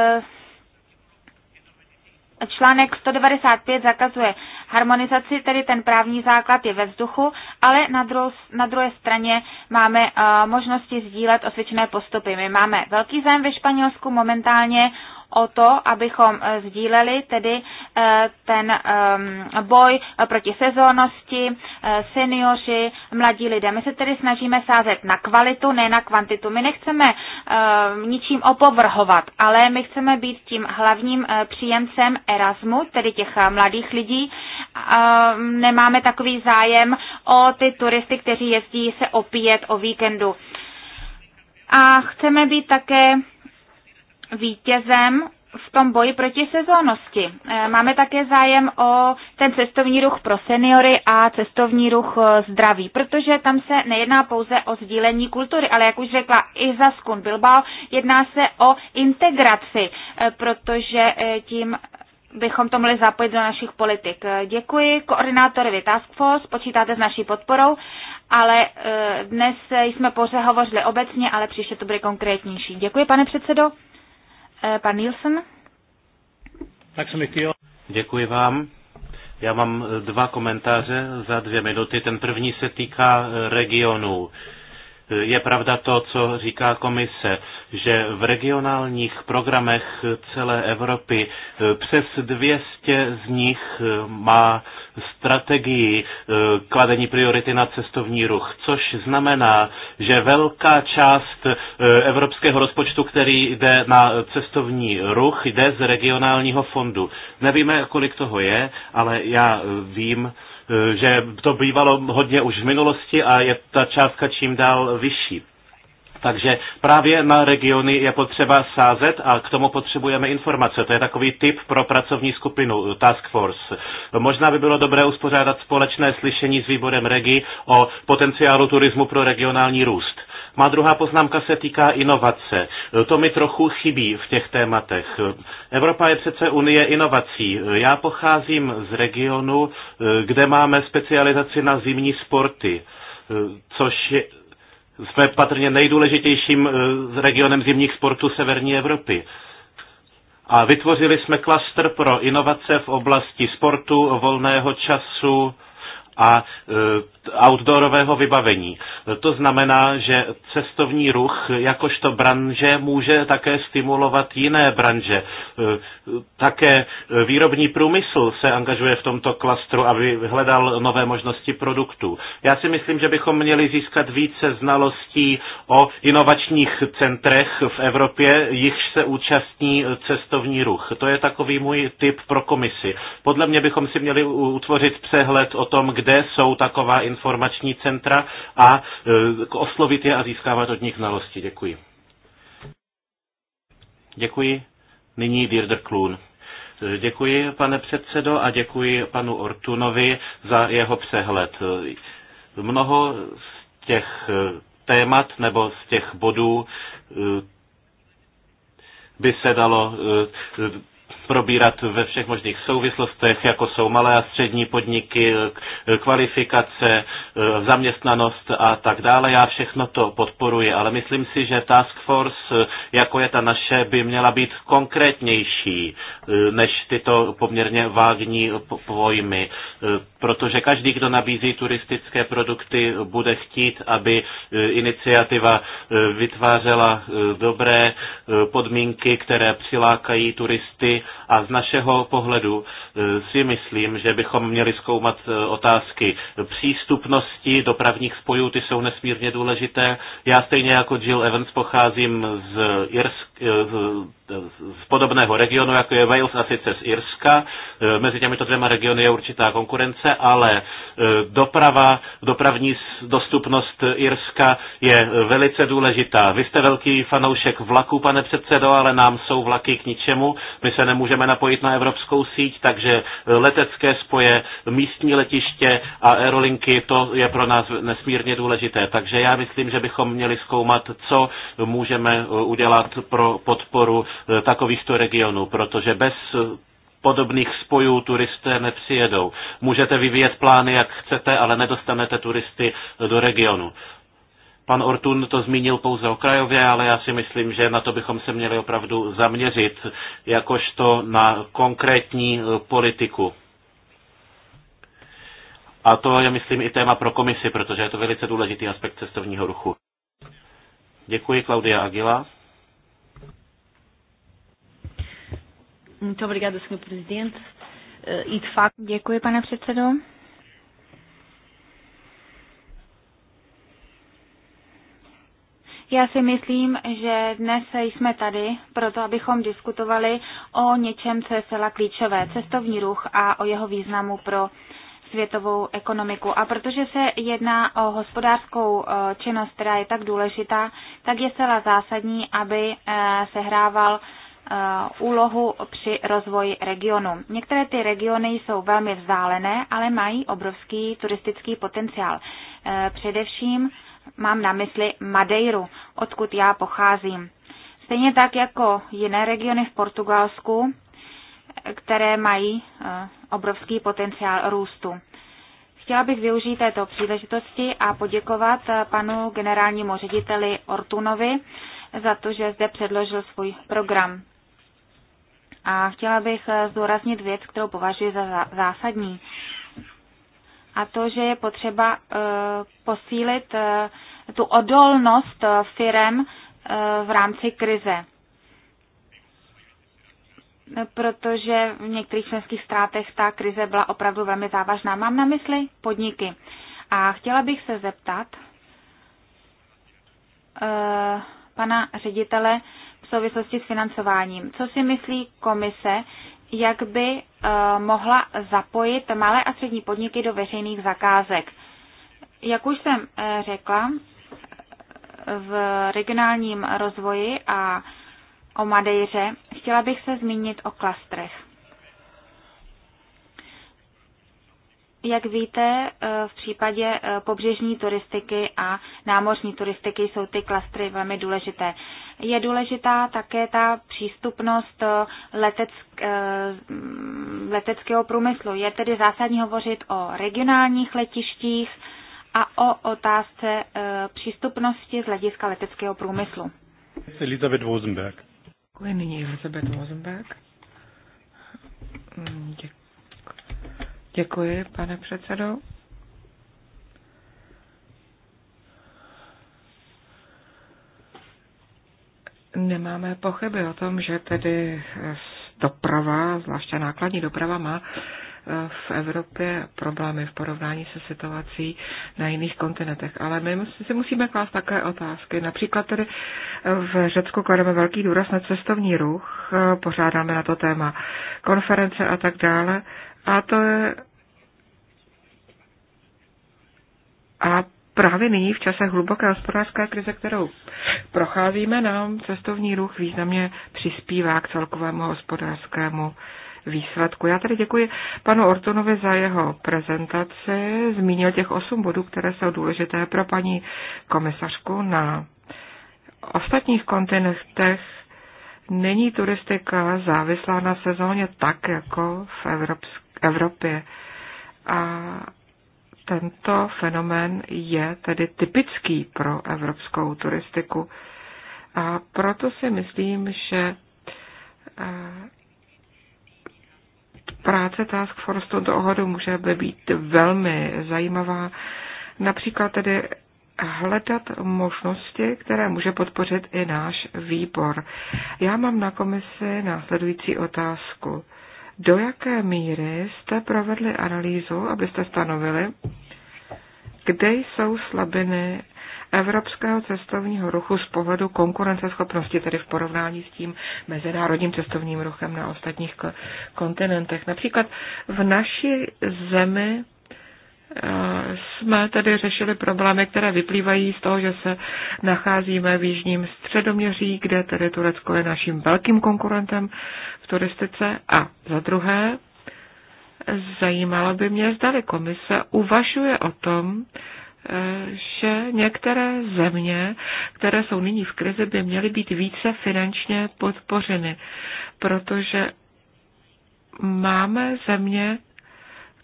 Článek 195 zakazuje harmonizaci, tedy ten právní základ je ve vzduchu, ale na, druhou, na druhé straně máme uh, možnosti sdílet osvědčené postupy. My máme velký zájem ve Španělsku momentálně o to, abychom eh, sdíleli tedy eh, ten ehm, boj proti sezónnosti, eh, seniori, mladí lidé. My se tedy snažíme sázet na kvalitu, ne na kvantitu. My nechceme ehm, ničím opovrhovat, ale my chceme být tím hlavním příjemcem Erasmu, tedy těch mladých lidí. Ehm, nemáme takový zájem o ty turisty, kteří jezdí se opíjet o víkendu. A chceme být také vítězem v tom boji proti sezónnosti. E, máme také zájem o ten cestovní ruch pro seniory a cestovní ruch e, zdraví, protože tam se nejedná pouze o sdílení kultury, ale jak už řekla Iza Skun Bilbao, jedná se o integraci, e, protože tím bychom to měli zapojit do našich politik. Děkuji koordinátorovi Task Force, počítáte s naší podporou, ale dnes jsme pořád hovořili obecně, ale příště to bude konkrétnější. Děkuji, pane předsedo. Eh, pan Nielsen? Tak se mi Děkuji vám. Já mám eh, dva komentáře za dvě minuty. Ten první se týká eh, regionů je pravda to, co říká komise, že v regionálních programech celé Evropy e, přes 200 z nich e, má strategii e, kladení priority na cestovní ruch, což znamená, že velká část evropského rozpočtu, který jde na cestovní ruch, jde z regionálního fondu. Nevíme, kolik toho je, ale já vím, Eh, že to bývalo hodně už v minulosti a je ta částka čím dál vyšší. Takže právě na regiony je potřeba sázet a k tomu potřebujeme informace. To je takový tip pro pracovní skupinu eh, Task Force. Možná by bylo dobré uspořádat společné slyšení s výborem Regi o potenciálu turismu pro regionální růst. Má druhá poznámka se týká inovace. To mi trochu chybí v těch tématech. Evropa je přece unie inovací. Já pocházím z regionu, kde máme specializaci na zimní sporty, což je, jsme patrně nejdůležitějším eh, regionem zimních sportů severní Evropy. A vytvořili jsme klaster pro inovace v oblasti sportu, volného času, a e, outdoorového vybavení. To znamená, že cestovní ruch jakožto branže může také stimulovat jiné branže. E, také výrobní průmysl se angažuje v tomto klastru, aby hledal nové možnosti produktů. Já si myslím, že bychom měli získat více znalostí o inovačních centrech v Evropě, jichž se účastní cestovní ruch. To je takový můj tip pro komisi. Podle mě bychom si měli utvořit přehled o tom, kde kde jsou taková informační centra a e, oslovit je a získávat od nich znalosti. Děkuji. Děkuji. Nyní Dirder Klun. E, děkuji, pane předsedo, a děkuji panu Ortunovi za jeho přehled. E, mnoho z těch témat nebo z těch bodů by se dalo probírat ve všech možných souvislostech, jako jsou malé a střední podniky, kvalifikace, zaměstnanost a tak dále. Já všechno to podporuji, ale myslím si, že Task Force, jako je ta naše, by měla být konkrétnější než tyto poměrně vágní pojmy, protože každý, kdo nabízí turistické produkty, bude chtít, aby iniciativa vytvářela dobré podmínky, které přilákají turisty a z našeho pohledu e, si myslím, že bychom měli zkoumat e, otázky přístupnosti dopravních spojů, ty jsou nesmírně důležité. Já stejně jako Jill Evans pocházím z, Irsk, e, z podobného regionu, jako je Wales a sice z Irska. Mezi těmito dvěma regiony je určitá konkurence, ale doprava, dopravní dostupnost Irska je velice důležitá. Vy jste velký fanoušek vlaků, pane předsedo, ale nám jsou vlaky k ničemu. My se nemůžeme můžeme napojit na evropskou síť, takže letecké spoje, místní letiště a aerolinky, to je pro nás nesmírně důležité. Takže já myslím, že bychom měli zkoumat, co můžeme eh, udělat pro podporu eh, takovýchto regionů, protože bez eh, podobných spojů turisté nepřijedou. Můžete vyvíjet plány, jak chcete, ale nedostanete turisty do regionu. Pan Ortun to zmínil pouze okrajově, ale já si myslím, že na to bychom se měli opravdu zaměřit, jakožto na konkrétní eh, politiku. A to je, myslím, i téma pro komisi, protože je to velice důležitý aspekt cestovního ruchu. Děkuji, Klaudia Agila. Muito obrigada, senhor presidente. Eh, e de facto, děkuji, pane předsedo. Já si myslím, že dnes jsme tady proto, abychom diskutovali o něčem, co je zcela klíčové, cestovní ruch a o jeho významu pro světovou ekonomiku. A protože se jedná o hospodářskou eh, činnost, která je tak důležitá, tak je zcela zásadní, aby eh, sehrával eh, úlohu při rozvoji regionu. Některé ty regiony jsou velmi vzdálené, ale mají obrovský turistický potenciál. Především Mám na mysli Madeiru, odkud já pocházím. Stejně tak jako jiné regiony v Portugalsku, které mají eh, obrovský potenciál růstu. Chtěla bych využít této příležitosti a poděkovat eh, panu generálnímu řediteli Ortunovi za to, že zde předložil svůj program. A chtěla bych eh, zdůraznit věc, kterou považuji za zásadní a to, že je potřeba eh, posílit eh, tu odolnost eh, firem v rámci krize. Protože v některých členských státech ta krize byla opravdu velmi závažná. Mám na mysli podniky. A chtěla bych se zeptat pana ředitele v souvislosti s financováním. Co si myslí komise, jak by Eh, mohla zapojit malé a střední podniky do veřejných zakázek. Jak už jsem eh, řekla, v regionálním rozvoji a o Madejře chtěla bych se zmínit o klastrech. Jak víte, eh, v případě eh, pobřežní turistiky a námořní turistiky jsou ty klastry velmi důležité. Je důležitá také ta přístupnost eh, leteck, mm, leteckého průmyslu. Je tedy zásadní hovořit o regionálních letištích a o otázce přístupnosti z hlediska leteckého průmyslu. Elizabeth Rosenberg. Děkuji Elizabeth Rosenberg. Mm, děkuji. Děkuji, pane předsedo. Nemáme pochyby o tom, že tedy doprava, zvláště nákladní doprava, má eh, v Evropě problémy v porovnání se situací na jiných kontinentech. Ale my si musíme klást také otázky. Například tedy eh, v Řecku klademe velký důraz na cestovní ruch, eh, pořádáme na to téma konference a tak dále. A to je a právě nyní v čase hluboké hospodářské krize, kterou procházíme, nám cestovní ruch významně přispívá k celkovému hospodářskému výsledku. Já tady děkuji panu Ortonovi za jeho prezentaci. Zmínil těch osm bodů, které jsou důležité pro paní komisařku na ostatních kontinentech není turistika závislá na sezóně tak, jako v Evropské Evropě. A tento fenomén je tedy typický pro evropskou turistiku. A proto si myslím, že eh, práce Task Force v tomto ohledu může být velmi zajímavá. Například tedy hledat možnosti, které může podpořit i náš výbor. Já mám na komisi následující otázku do jaké míry jste provedli analýzu, abyste stanovili, kde jsou slabiny evropského cestovního ruchu z pohledu konkurenceschopnosti, tedy v porovnání s tím mezinárodním cestovním ruchem na ostatních kontinentech. Například v naší zemi jsme tedy řešili problémy, které vyplývají z toho, že se nacházíme v jižním středoměří, kde tedy Turecko je naším velkým konkurentem v turistice. A za druhé, zajímalo by mě, zdali komise uvažuje o tom, že některé země, které jsou nyní v krizi, by měly být více finančně podpořeny, protože máme země,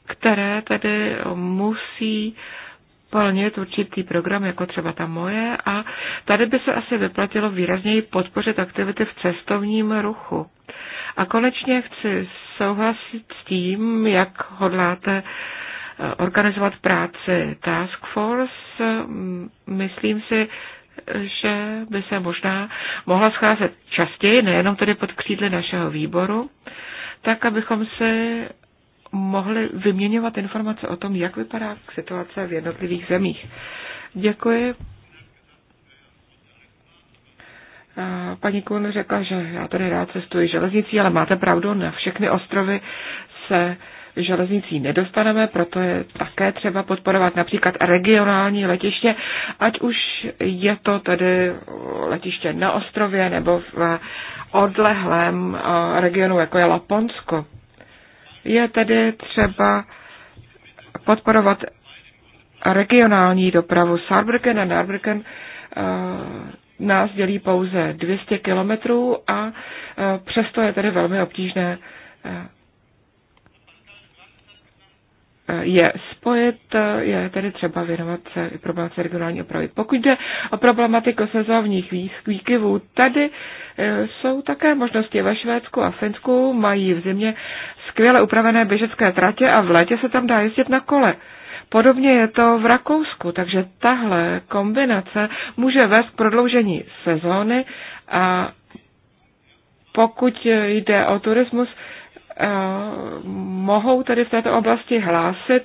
které tedy musí plnit určitý program, jako třeba ta moje, a tady by se asi vyplatilo výrazněji podpořit aktivity v cestovním ruchu. A konečně chci souhlasit s tím, jak hodláte eh, organizovat práci Task Force. Mm, myslím si, že by se možná mohla scházet častěji, nejenom tedy pod křídly našeho výboru, tak abychom si mohli vyměňovat informace o tom, jak vypadá situace v jednotlivých zemích. Děkuji. Paní Kun řekla, že já tady rád cestuji železnicí, ale máte pravdu, na všechny ostrovy se železnicí nedostaneme, proto je také třeba podporovat například regionální letiště, ať už je to tedy letiště na ostrově nebo v odlehlém regionu, jako je Laponsko. Je tedy třeba podporovat regionální dopravu. Saarbrücken a Narbrücken eh, nás dělí pouze 200 kilometrů a eh, přesto je tedy velmi obtížné eh, je spojit, je tedy třeba věnovat se i problematice regionální opravy. Pokud jde o problematiku sezónních výkyvů, tady e, jsou také možnosti ve Švédsku a Finsku, mají v zimě skvěle upravené běžecké tratě a v létě se tam dá jezdit na kole. Podobně je to v Rakousku, takže tahle kombinace může vést k prodloužení sezóny a pokud jde o turismus, Eh, mohou tedy v této oblasti hlásit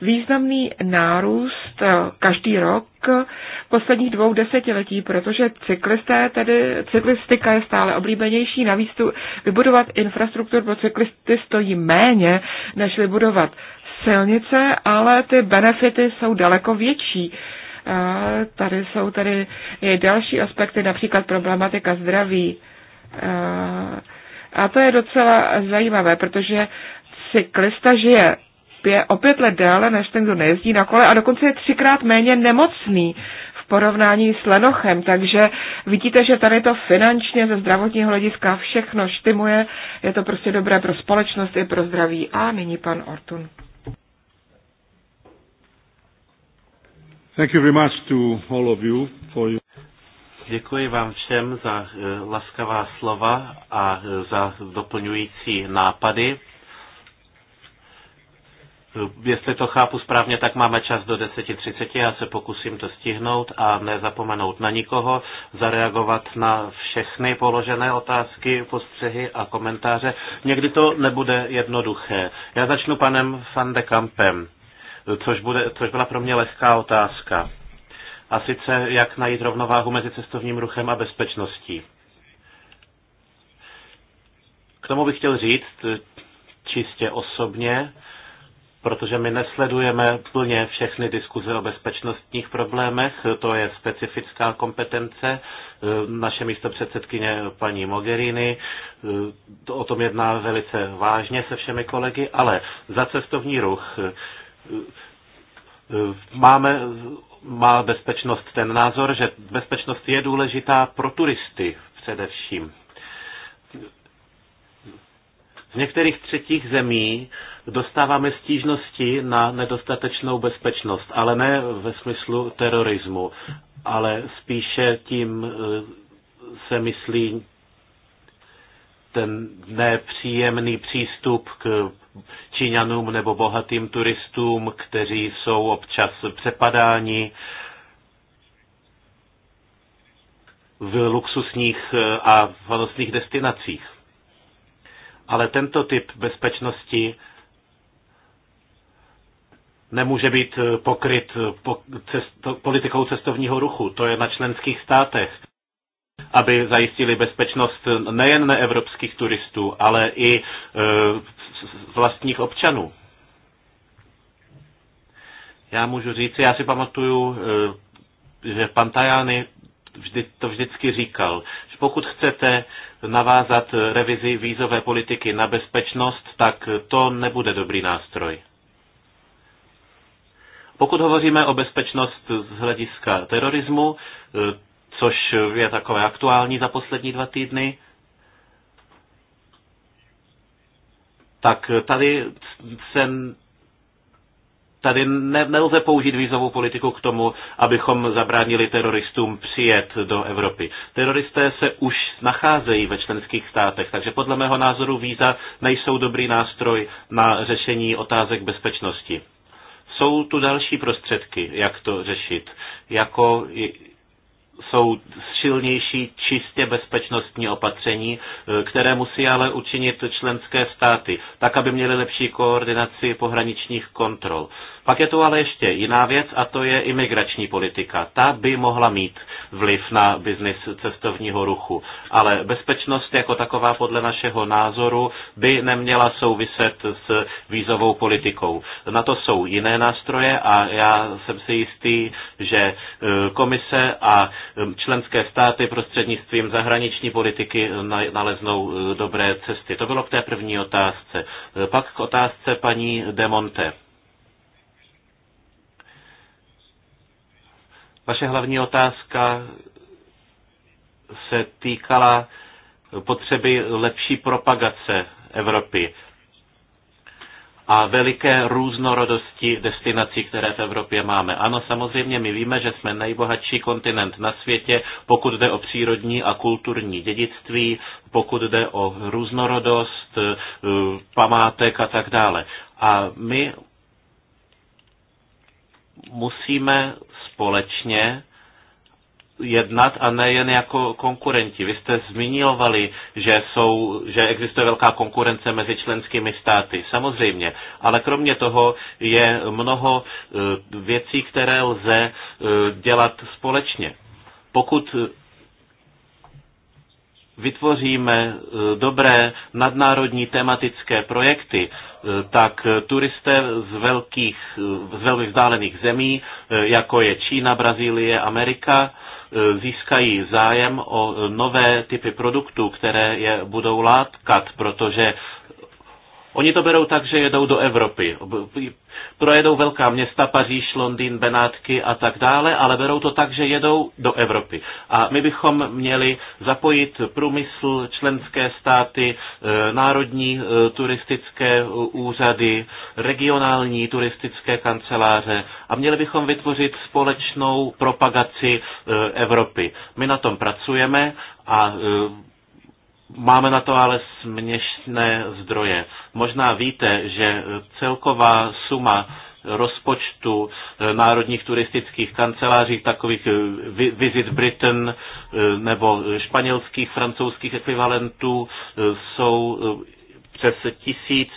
významný nárůst eh, každý rok posledních dvou desetiletí, protože cyklisté tedy, cyklistika je stále oblíbenější, navíc tu vybudovat infrastrukturu pro cyklisty stojí méně, než vybudovat silnice, ale ty benefity jsou daleko větší. Eh, tady jsou tady další aspekty, například problematika zdraví, a to je docela zajímavé, protože cyklista žije pě, o pět let déle než ten, kdo nejezdí na kole a dokonce je třikrát méně nemocný v porovnání s lenochem. Takže vidíte, že tady to finančně ze zdravotního hlediska všechno štimuje. Je to prostě dobré pro společnost i pro zdraví. A nyní pan Ortun. Thank you very much to all of you for your... Děkuji vám všem za eh, laskavá slova a eh, za doplňující nápady. Eh, jestli to chápu správně, tak máme čas do 10.30, já se pokusím to stihnout a nezapomenout na nikoho, zareagovat na všechny položené otázky, postřehy a komentáře. Někdy to nebude jednoduché. Já začnu panem Van de Kampem, což, bude, což byla pro mě lehká otázka. A sice, jak najít rovnováhu mezi cestovním ruchem a bezpečností. K tomu bych chtěl říct eh, čistě osobně, protože my nesledujeme plně všechny diskuze o bezpečnostních problémech, to je specifická kompetence. Eh, naše místo předsedkyně paní Mogherini eh, o tom jedná velice vážně se všemi kolegy, ale za cestovní ruch máme má bezpečnost ten názor, že bezpečnost je důležitá pro turisty především. Z některých třetích zemí dostáváme stížnosti na nedostatečnou bezpečnost, ale ne ve smyslu terorismu, ale spíše tím eh, se myslí ten nepříjemný přístup k Číňanům nebo bohatým turistům, kteří jsou občas přepadáni v luxusních eh, a vanostných destinacích. Ale tento typ bezpečnosti nemůže být pokryt politikou cestovního ruchu. To je na členských státech, aby zajistili bezpečnost nejen neevropských turistů, ale i e, vlastních občanů. Já můžu říct, já si pamatuju, e, že pan Tajány vždy, to vždycky říkal, že pokud chcete navázat revizi vízové politiky na bezpečnost, tak to nebude dobrý nástroj. Pokud hovoříme o bezpečnost z hlediska terorismu, e, což je takové aktuální za poslední dva týdny, tak tady se tady ne, nelze použít vízovou politiku k tomu, abychom zabránili teroristům přijet do Evropy. Teroristé se už nacházejí ve členských státech, takže podle mého názoru víza nejsou dobrý nástroj na řešení otázek bezpečnosti. Jsou tu další prostředky, jak to řešit, jako jsou silnější čistě bezpečnostní opatření, eh, které musí ale učinit členské státy, tak, aby měly lepší koordinaci pohraničních kontrol. Pak je tu ale ještě jiná věc a to je imigrační politika. Ta by mohla mít vliv na biznis cestovního ruchu, ale bezpečnost jako taková podle našeho názoru by neměla souviset s vízovou politikou. Na to jsou jiné nástroje a já jsem si jistý, že e, komise a e, členské státy prostřednictvím zahraniční politiky naleznou e, dobré cesty. To bylo k té první otázce. Pak k otázce paní Demonte. Vaše hlavní otázka se týkala potřeby lepší propagace Evropy a veliké různorodosti destinací, které v Evropě máme. Ano, samozřejmě my víme, že jsme nejbohatší kontinent na světě, pokud jde o přírodní a kulturní dědictví, pokud jde o různorodost, eh, památek a tak dále. A my musíme společně jednat a ne jen jako konkurenti. Vy jste zmiňovali, že, jsou, že existuje velká konkurence mezi členskými státy, samozřejmě, ale kromě toho je mnoho eh, věcí, které lze eh, dělat společně. Pokud vytvoříme eh, dobré nadnárodní tematické projekty, eh, tak turisté z, velkých, eh, z velmi vzdálených zemí, jako je Čína, Brazílie, Amerika, získají zájem o nové typy produktů, které je budou látkat, protože Oni to berou tak, že jedou do Evropy. Projedou velká města, Paříž, Londýn, Benátky a tak dále, ale berou to tak, že jedou do Evropy. A my bychom měli zapojit průmysl, členské státy, eh, národní eh, turistické eh, úřady, regionální turistické kanceláře a měli bychom vytvořit společnou propagaci Evropy. My na tom pracujeme a Máme na to ale směšné zdroje. Možná víte, že celková suma rozpočtu eh, národních turistických kanceláří, takových eh, Visit Britain eh, nebo španělských, francouzských ekvivalentů, jsou přes tisíc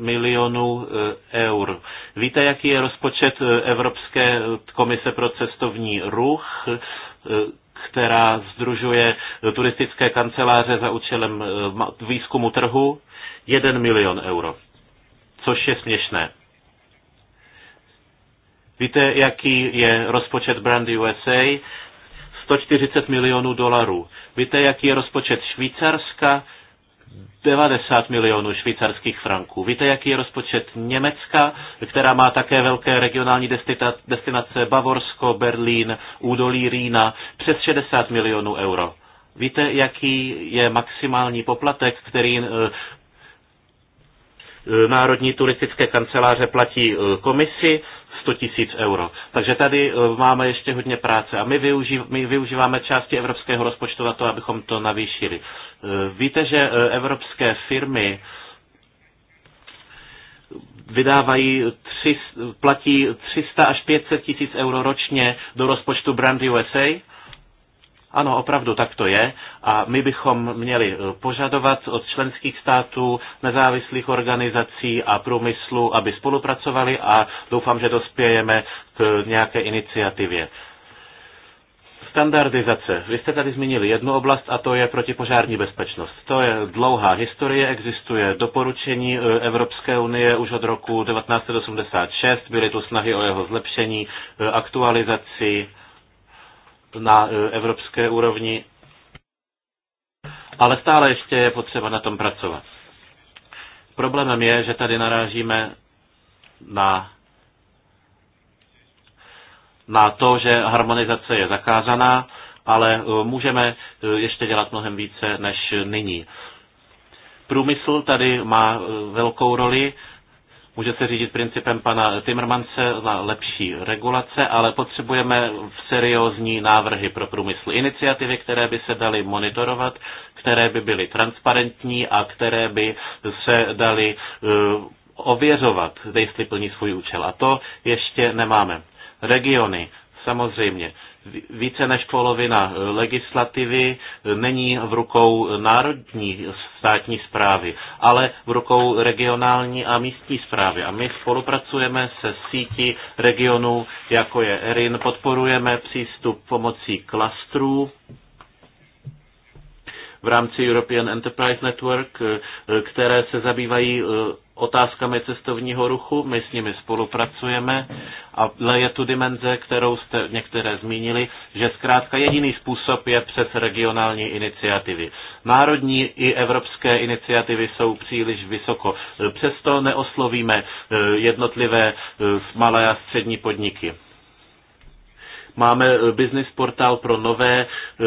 milionů eur. Víte, jaký je rozpočet Evropské komise pro cestovní ruch? která združuje turistické kanceláře za účelem eh, výzkumu trhu, 1 milion euro, což je směšné. Víte, jaký je rozpočet Brand USA? 140 milionů dolarů. Víte, jaký je rozpočet Švýcarska? 90 milionů švýcarských franků. Víte, jaký je rozpočet Německa, která má také velké regionální destinace Bavorsko, Berlín, údolí Rýna, přes 60 milionů euro. Víte, jaký je maximální poplatek, který eh, eh, Národní turistické kanceláře platí eh, komisi 100 tisíc euro. Takže tady máme ještě hodně práce a my, využív, my využíváme části evropského rozpočtu na to, abychom to navýšili. Eh, víte, že eh, evropské firmy vydávají, tři, platí 300 až 500 tisíc euro ročně do rozpočtu Brand USA? Ano, opravdu tak to je a my bychom měli eh, požadovat od členských států, nezávislých organizací a průmyslu, aby spolupracovali a doufám, že dospějeme k nějaké iniciativě. Standardizace. Vy jste tady zmínili jednu oblast a to je protipožární bezpečnost. To je dlouhá historie, existuje doporučení e, Evropské unie už od roku 1986, byly tu snahy o jeho zlepšení, e, aktualizaci na e, evropské úrovni, ale stále ještě je potřeba na tom pracovat. Problémem je, že tady narážíme na na to, že harmonizace je zakázaná, ale e, můžeme e, ještě dělat mnohem více než nyní. Průmysl tady má e, velkou roli, může se řídit principem pana Timmermanse na lepší regulace, ale potřebujeme seriózní návrhy pro průmysl. Iniciativy, které by se daly monitorovat, které by byly transparentní a které by se daly ověřovat, jestli plní svůj účel. A to ještě nemáme. Regiony, samozřejmě. Více než polovina legislativy není v rukou národní státní zprávy, ale v rukou regionální a místní zprávy. A my spolupracujeme se sítí regionů, jako je ERIN, podporujeme přístup pomocí klastrů, v rámci European Enterprise Network, eh, které se zabývají eh, otázkami cestovního ruchu, my s nimi spolupracujeme, ale je tu dimenze, kterou jste některé zmínili, že zkrátka jediný způsob je přes regionální iniciativy. Národní i evropské iniciativy jsou příliš vysoko. Eh, Přesto neoslovíme jednotlivé malé a střední podniky. Máme eh, business portál pro nové eh,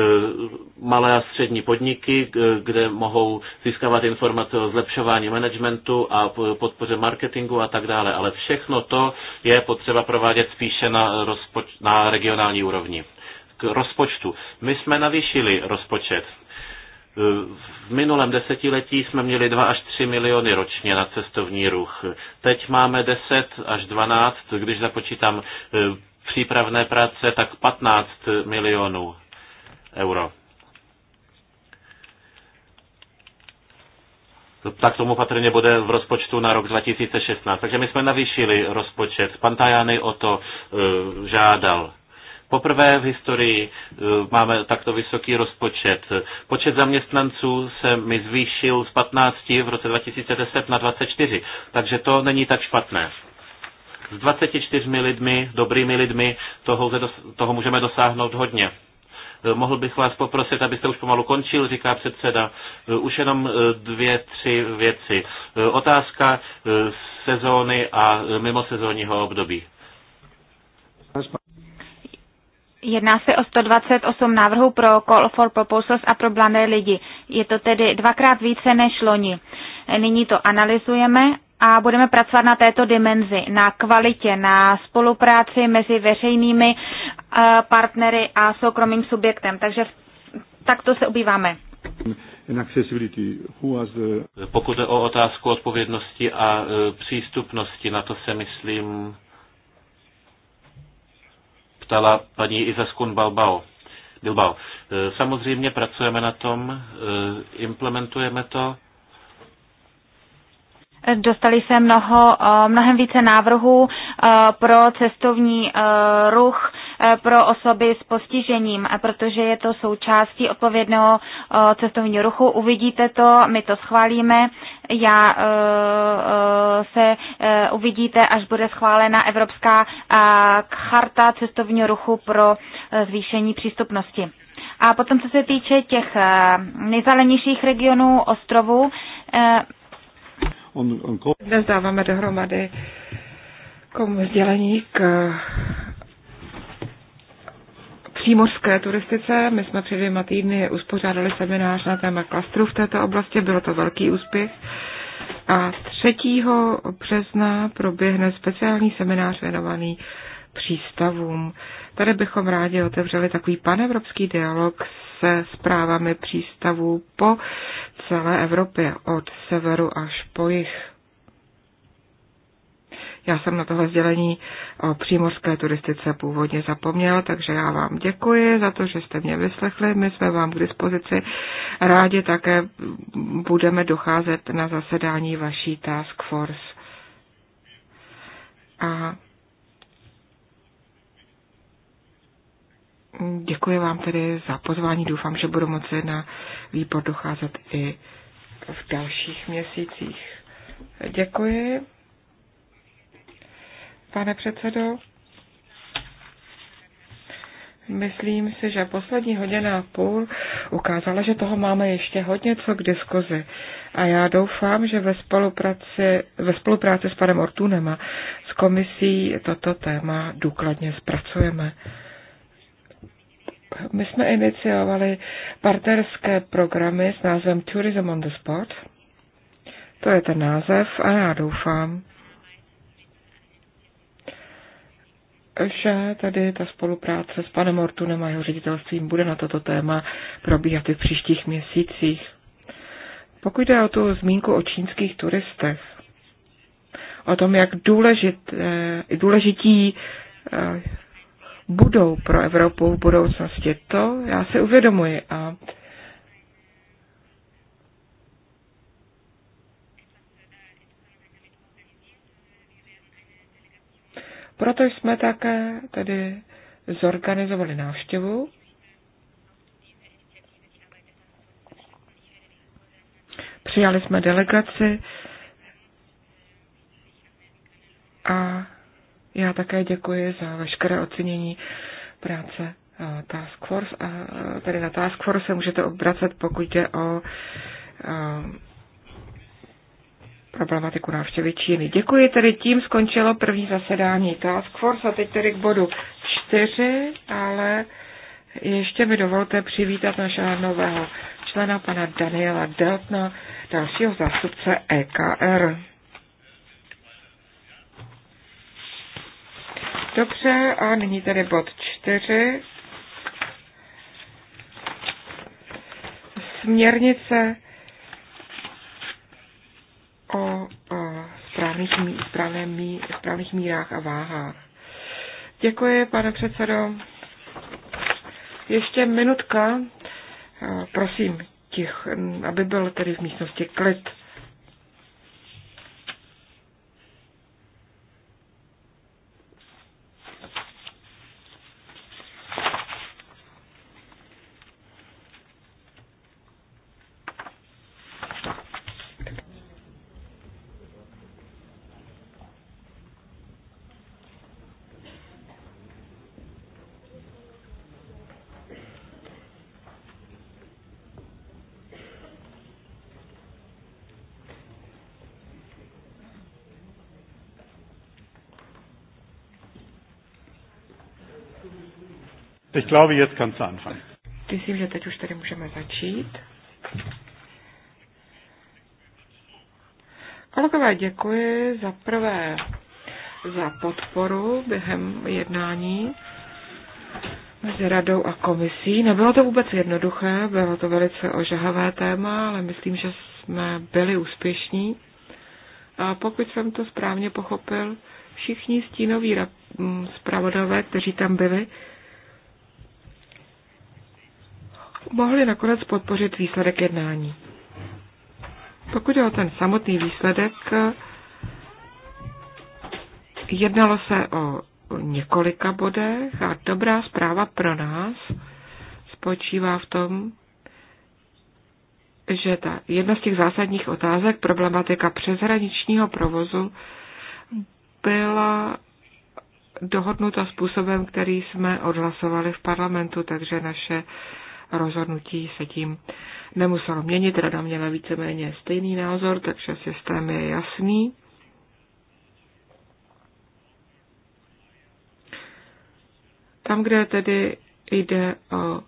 malé a střední podniky, eh, kde mohou získávat informace o zlepšování managementu a podpoře marketingu a tak dále. Ale všechno to je potřeba provádět spíše na, rozpoč- na regionální úrovni. K rozpočtu. My jsme navýšili rozpočet. V minulém desetiletí jsme měli 2 až 3 miliony ročně na cestovní ruch. Teď máme 10 až 12, když započítám přípravné práce, tak 15 milionů euro. tak tomu patrně bude v rozpočtu na rok 2016. Takže my jsme navýšili rozpočet. Pan Tajany o to uh, žádal. Poprvé v historii e, máme takto vysoký rozpočet. Počet zaměstnanců se mi zvýšil z 15 v roce 2010 na 24, takže to není tak špatné s 24 lidmi, dobrými lidmi, toho, toho můžeme dosáhnout hodně. E, mohl bych vás poprosit, abyste už pomalu končil, říká předseda. E, už jenom e, dvě, tři věci. Otázka sezóny a mimosezónního období. Jedná se o 128 návrhů pro Call for Proposals a pro blané lidi. Je to tedy dvakrát více než loni. Nyní to analyzujeme a budeme pracovat na této dimenzi, na kvalitě, na spolupráci mezi veřejnými eh, partnery a soukromým subjektem. Takže takto se obýváme. Pokud je o otázku odpovědnosti a eh, přístupnosti, na to se myslím ptala paní Izaskun Balbao. Bilbao. Eh, samozřejmě pracujeme na tom, implementujeme to Dostali se mnoho, eh, mnohem více návrhů eh, pro cestovní eh, ruch pro osoby s postižením, protože je to součástí odpovědného cestovního ruchu. Uvidíte to, my to schválíme. Já se uvidíte, až bude schválena Evropská charta cestovního ruchu pro zvýšení přístupnosti. A potom, co se týče těch nejzelenějších regionů ostrovů, dnes dáváme dohromady komu sdělení k přímořské turistice. My jsme před dvěma týdny uspořádali seminář na téma klastru v této oblasti, bylo to velký úspěch. A 3. března proběhne speciální seminář věnovaný přístavům. Tady bychom rádi otevřeli takový panevropský dialog se zprávami přístavů po celé Evropě, od severu až po jih. Já jsem na tohle sdělení o přímořské turistice původně zapomněl, takže já vám děkuji za to, že jste mě vyslechli. My jsme vám k dispozici. Rádi také budeme docházet na zasedání vaší task force. A Děkuji vám tedy za pozvání. Doufám, že budu moci na výbor docházet i v dalších měsících. Děkuji. Pane předsedo, myslím si, že poslední hodina a půl ukázala, že toho máme ještě hodně co k diskuzi. A já doufám, že ve spolupráci, ve spolupráci s panem Ortunem a s komisí toto téma důkladně zpracujeme. My jsme iniciovali partnerské programy s názvem Tourism on the Spot. To je ten název a já doufám, že tady ta spolupráce s panem Ortunem a jeho ředitelstvím bude na toto téma probíhat i v příštích měsících. Pokud jde o tu zmínku o čínských turistech, o tom, jak důležit, důležití eh, budou pro Evropu v budoucnosti. To já si uvědomuji a Proto jsme také tedy zorganizovali návštěvu. Přijali jsme delegaci a já také děkuji za veškeré ocenění práce eh, Task Force a eh, tady na Task Force se můžete obracet, pokud jde o eh, problematiku návštěvy Číny. Děkuji, tedy tím skončilo první zasedání Task Force a teď tedy k bodu čtyři, ale ještě mi dovolte přivítat našeho nového člena, pana Daniela Deltna, dalšího zástupce EKR. Dobře, a nyní tedy bod čtyři. Směrnice o, o správných, správné, správných mírách a váhách. Děkuji, pane předsedo. Ještě minutka, prosím, tich, aby byl tedy v místnosti klid. Ich glaube, jetzt kannst du anfangen. Myslím, že teď už tady můžeme začít. Kolegové, děkuji za prvé za podporu během jednání mezi radou a komisí. Nebylo to vůbec jednoduché, bylo to velice ožahavé téma, ale myslím, že jsme byli úspěšní. A pokud jsem to správně pochopil, všichni stínoví zpravodové, kteří tam byli, mohli nakonec podpořit výsledek jednání. Pokud je o ten samotný výsledek, jednalo se o několika bodech a dobrá zpráva pro nás spočívá v tom, že ta jedna z těch zásadních otázek, problematika přeshraničního provozu, byla dohodnuta způsobem, který jsme odhlasovali v parlamentu, takže naše rozhodnutí se tím nemuselo měnit. Rada měla víceméně stejný názor, takže systém je jasný. Tam, kde tedy jde o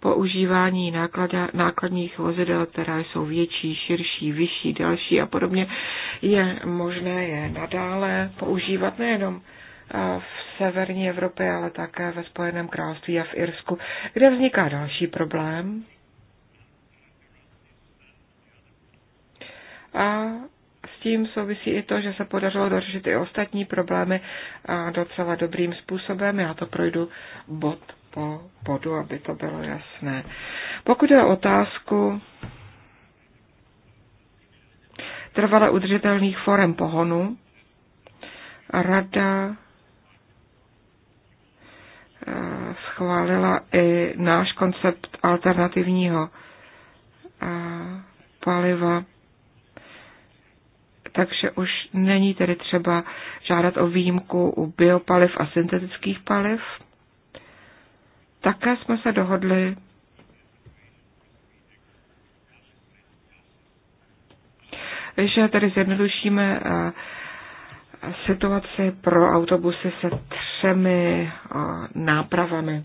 používání náklada, nákladních vozidel, která jsou větší, širší, vyšší, další a podobně, je možné je nadále používat nejenom v severní Evropě, ale také ve Spojeném království a v Irsku, kde vzniká další problém. A s tím souvisí i to, že se podařilo dořešit i ostatní problémy docela dobrým způsobem. Já to projdu bod po bodu, aby to bylo jasné. Pokud je o otázku trvale udržitelných forem pohonu, Rada Eh, schválila i náš koncept alternativního eh, paliva. Takže už není tedy třeba žádat o výjimku u biopaliv a syntetických paliv. Také jsme se dohodli že tedy zjednodušíme eh, situaci pro autobusy se třemi nápravami.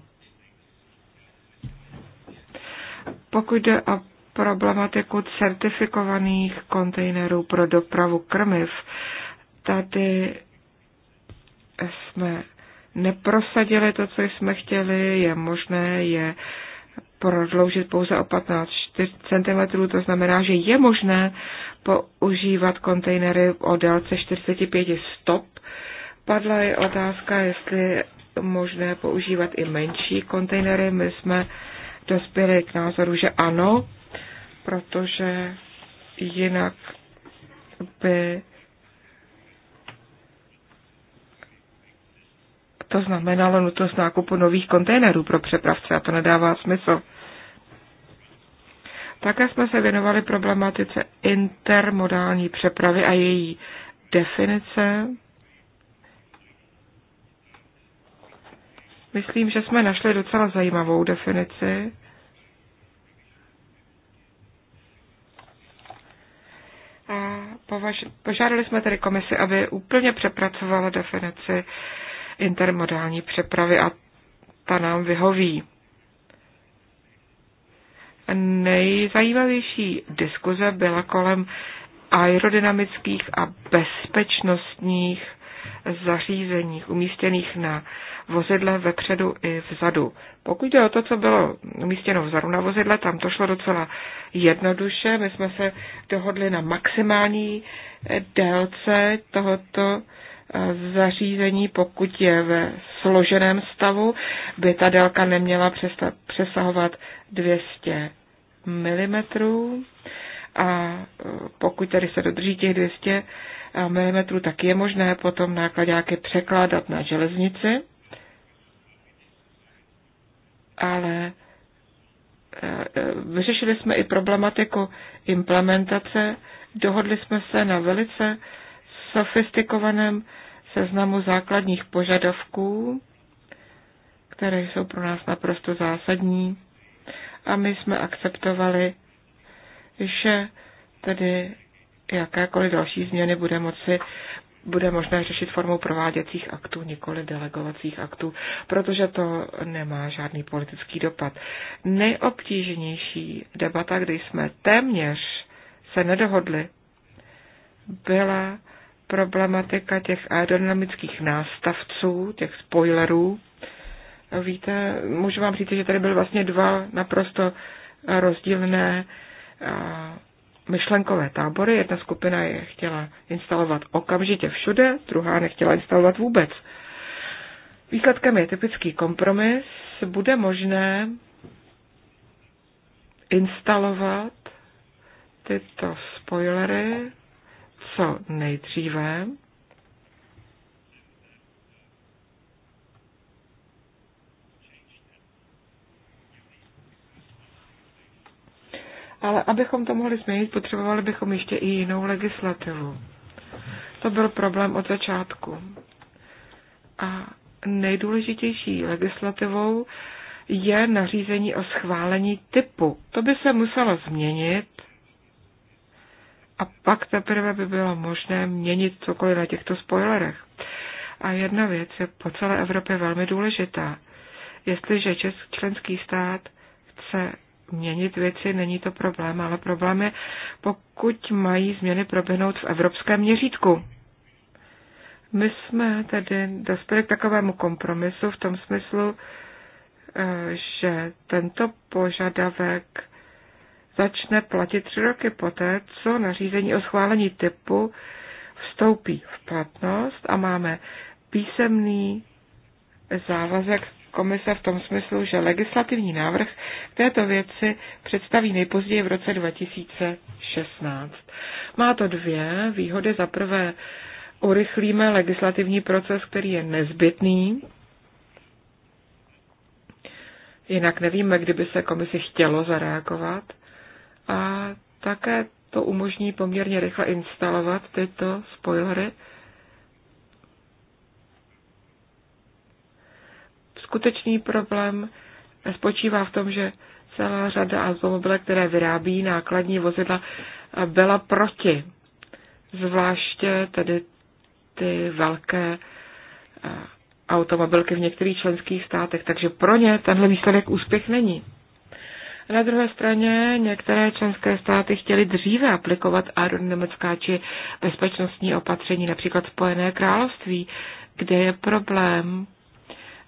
Pokud jde o problematiku certifikovaných kontejnerů pro dopravu krmiv, tady jsme neprosadili to, co jsme chtěli, je možné je prodloužit pouze o 15 4 cm, to znamená, že je možné používat kontejnery o délce 45 stop. Padla je otázka, jestli je možné používat i menší kontejnery. My jsme dospěli k názoru, že ano, protože jinak by to znamenalo nutnost nákupu nových kontejnerů pro přepravce a to nedává smysl. Také jsme se věnovali problematice intermodální přepravy a její definice. Myslím, že jsme našli docela zajímavou definici. A považ- požádali jsme tedy komisi, aby úplně přepracovala definici intermodální přepravy a ta nám vyhoví nejzajímavější diskuze byla kolem aerodynamických a bezpečnostních zařízeních umístěných na vozidle vepředu i vzadu. Pokud jde o to, co bylo umístěno vzadu na vozidle, tam to šlo docela jednoduše. My jsme se dohodli na maximální délce tohoto zařízení, pokud je ve složeném stavu, by ta délka neměla přesahovat 200 mm a e, pokud tady se dodrží těch 200 e, mm, tak je možné potom nákladňáky překládat na železnici, ale e, vyřešili jsme i problematiku implementace, dohodli jsme se na velice sofistikovaném seznamu základních požadavků, které jsou pro nás naprosto zásadní. A my jsme akceptovali, že tedy jakékoliv další změny bude moci bude možné řešit formou prováděcích aktů, nikoli delegovacích aktů, protože to nemá žádný politický dopad. Nejobtížnější debata, kdy jsme téměř se nedohodli, byla problematika těch aerodynamických nástavců, těch spoilerů. Víte, můžu vám říct, že tady byly vlastně dva naprosto rozdílné eh, myšlenkové tábory. Jedna skupina je chtěla instalovat okamžitě všude, druhá nechtěla instalovat vůbec. Výsledkem je typický kompromis. Bude možné instalovat tyto spoilery co nejdříve. Ale abychom to mohli změnit, potřebovali bychom ještě i jinou legislativu. To byl problém od začátku. A nejdůležitější legislativou je nařízení o schválení typu. To by se muselo změnit a pak teprve by bylo možné měnit cokoliv na těchto spoilerech. A jedna věc je po celé Evropě velmi důležitá. Jestliže český členský stát chce měnit věci, není to problém, ale problém je, pokud mají změny proběhnout v evropském měřítku. My jsme tedy dospěli k takovému kompromisu v tom smyslu, eh, že tento požadavek začne platit tři roky poté, co nařízení o schválení typu vstoupí v platnost a máme písemný závazek komise v tom smyslu, že legislativní návrh k této věci představí nejpozději v roce 2016. Má to dvě výhody. Za prvé urychlíme legislativní proces, který je nezbytný. Jinak nevíme, kdyby se komisi chtělo zareagovat a také to umožní poměrně rychle instalovat tyto spoilery. Skutečný problém spočívá v tom, že celá řada automobilek, které vyrábí nákladní vozidla, byla proti. Zvláště tedy ty velké eh, automobilky v některých členských státech, takže pro ně tenhle výsledek úspěch není. Na druhé straně některé členské státy chtěly dříve aplikovat aerodynamická či bezpečnostní opatření, například Spojené království, kde je problém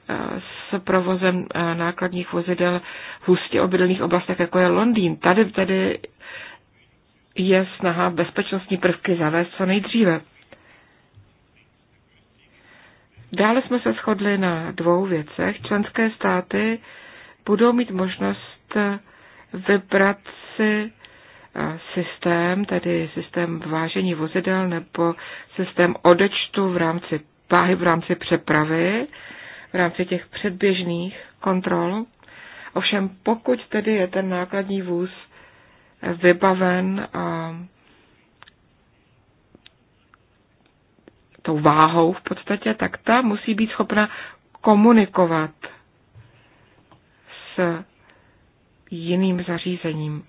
eh, s provozem eh, nákladních vozidel v hustě obydlených oblastech, jako je Londýn. Tady tedy je snaha bezpečnostní prvky zavést co nejdříve. Dále jsme se shodli na dvou věcech. Členské státy budou mít možnost vybrat si eh, systém, tedy systém vážení vozidel nebo systém odečtu v rámci páhy, v rámci přepravy, v rámci těch předběžných kontrol. Ovšem, pokud tedy je ten nákladní vůz vybaven a tou váhou v podstatě, tak ta musí být schopna komunikovat s jiným zařízením.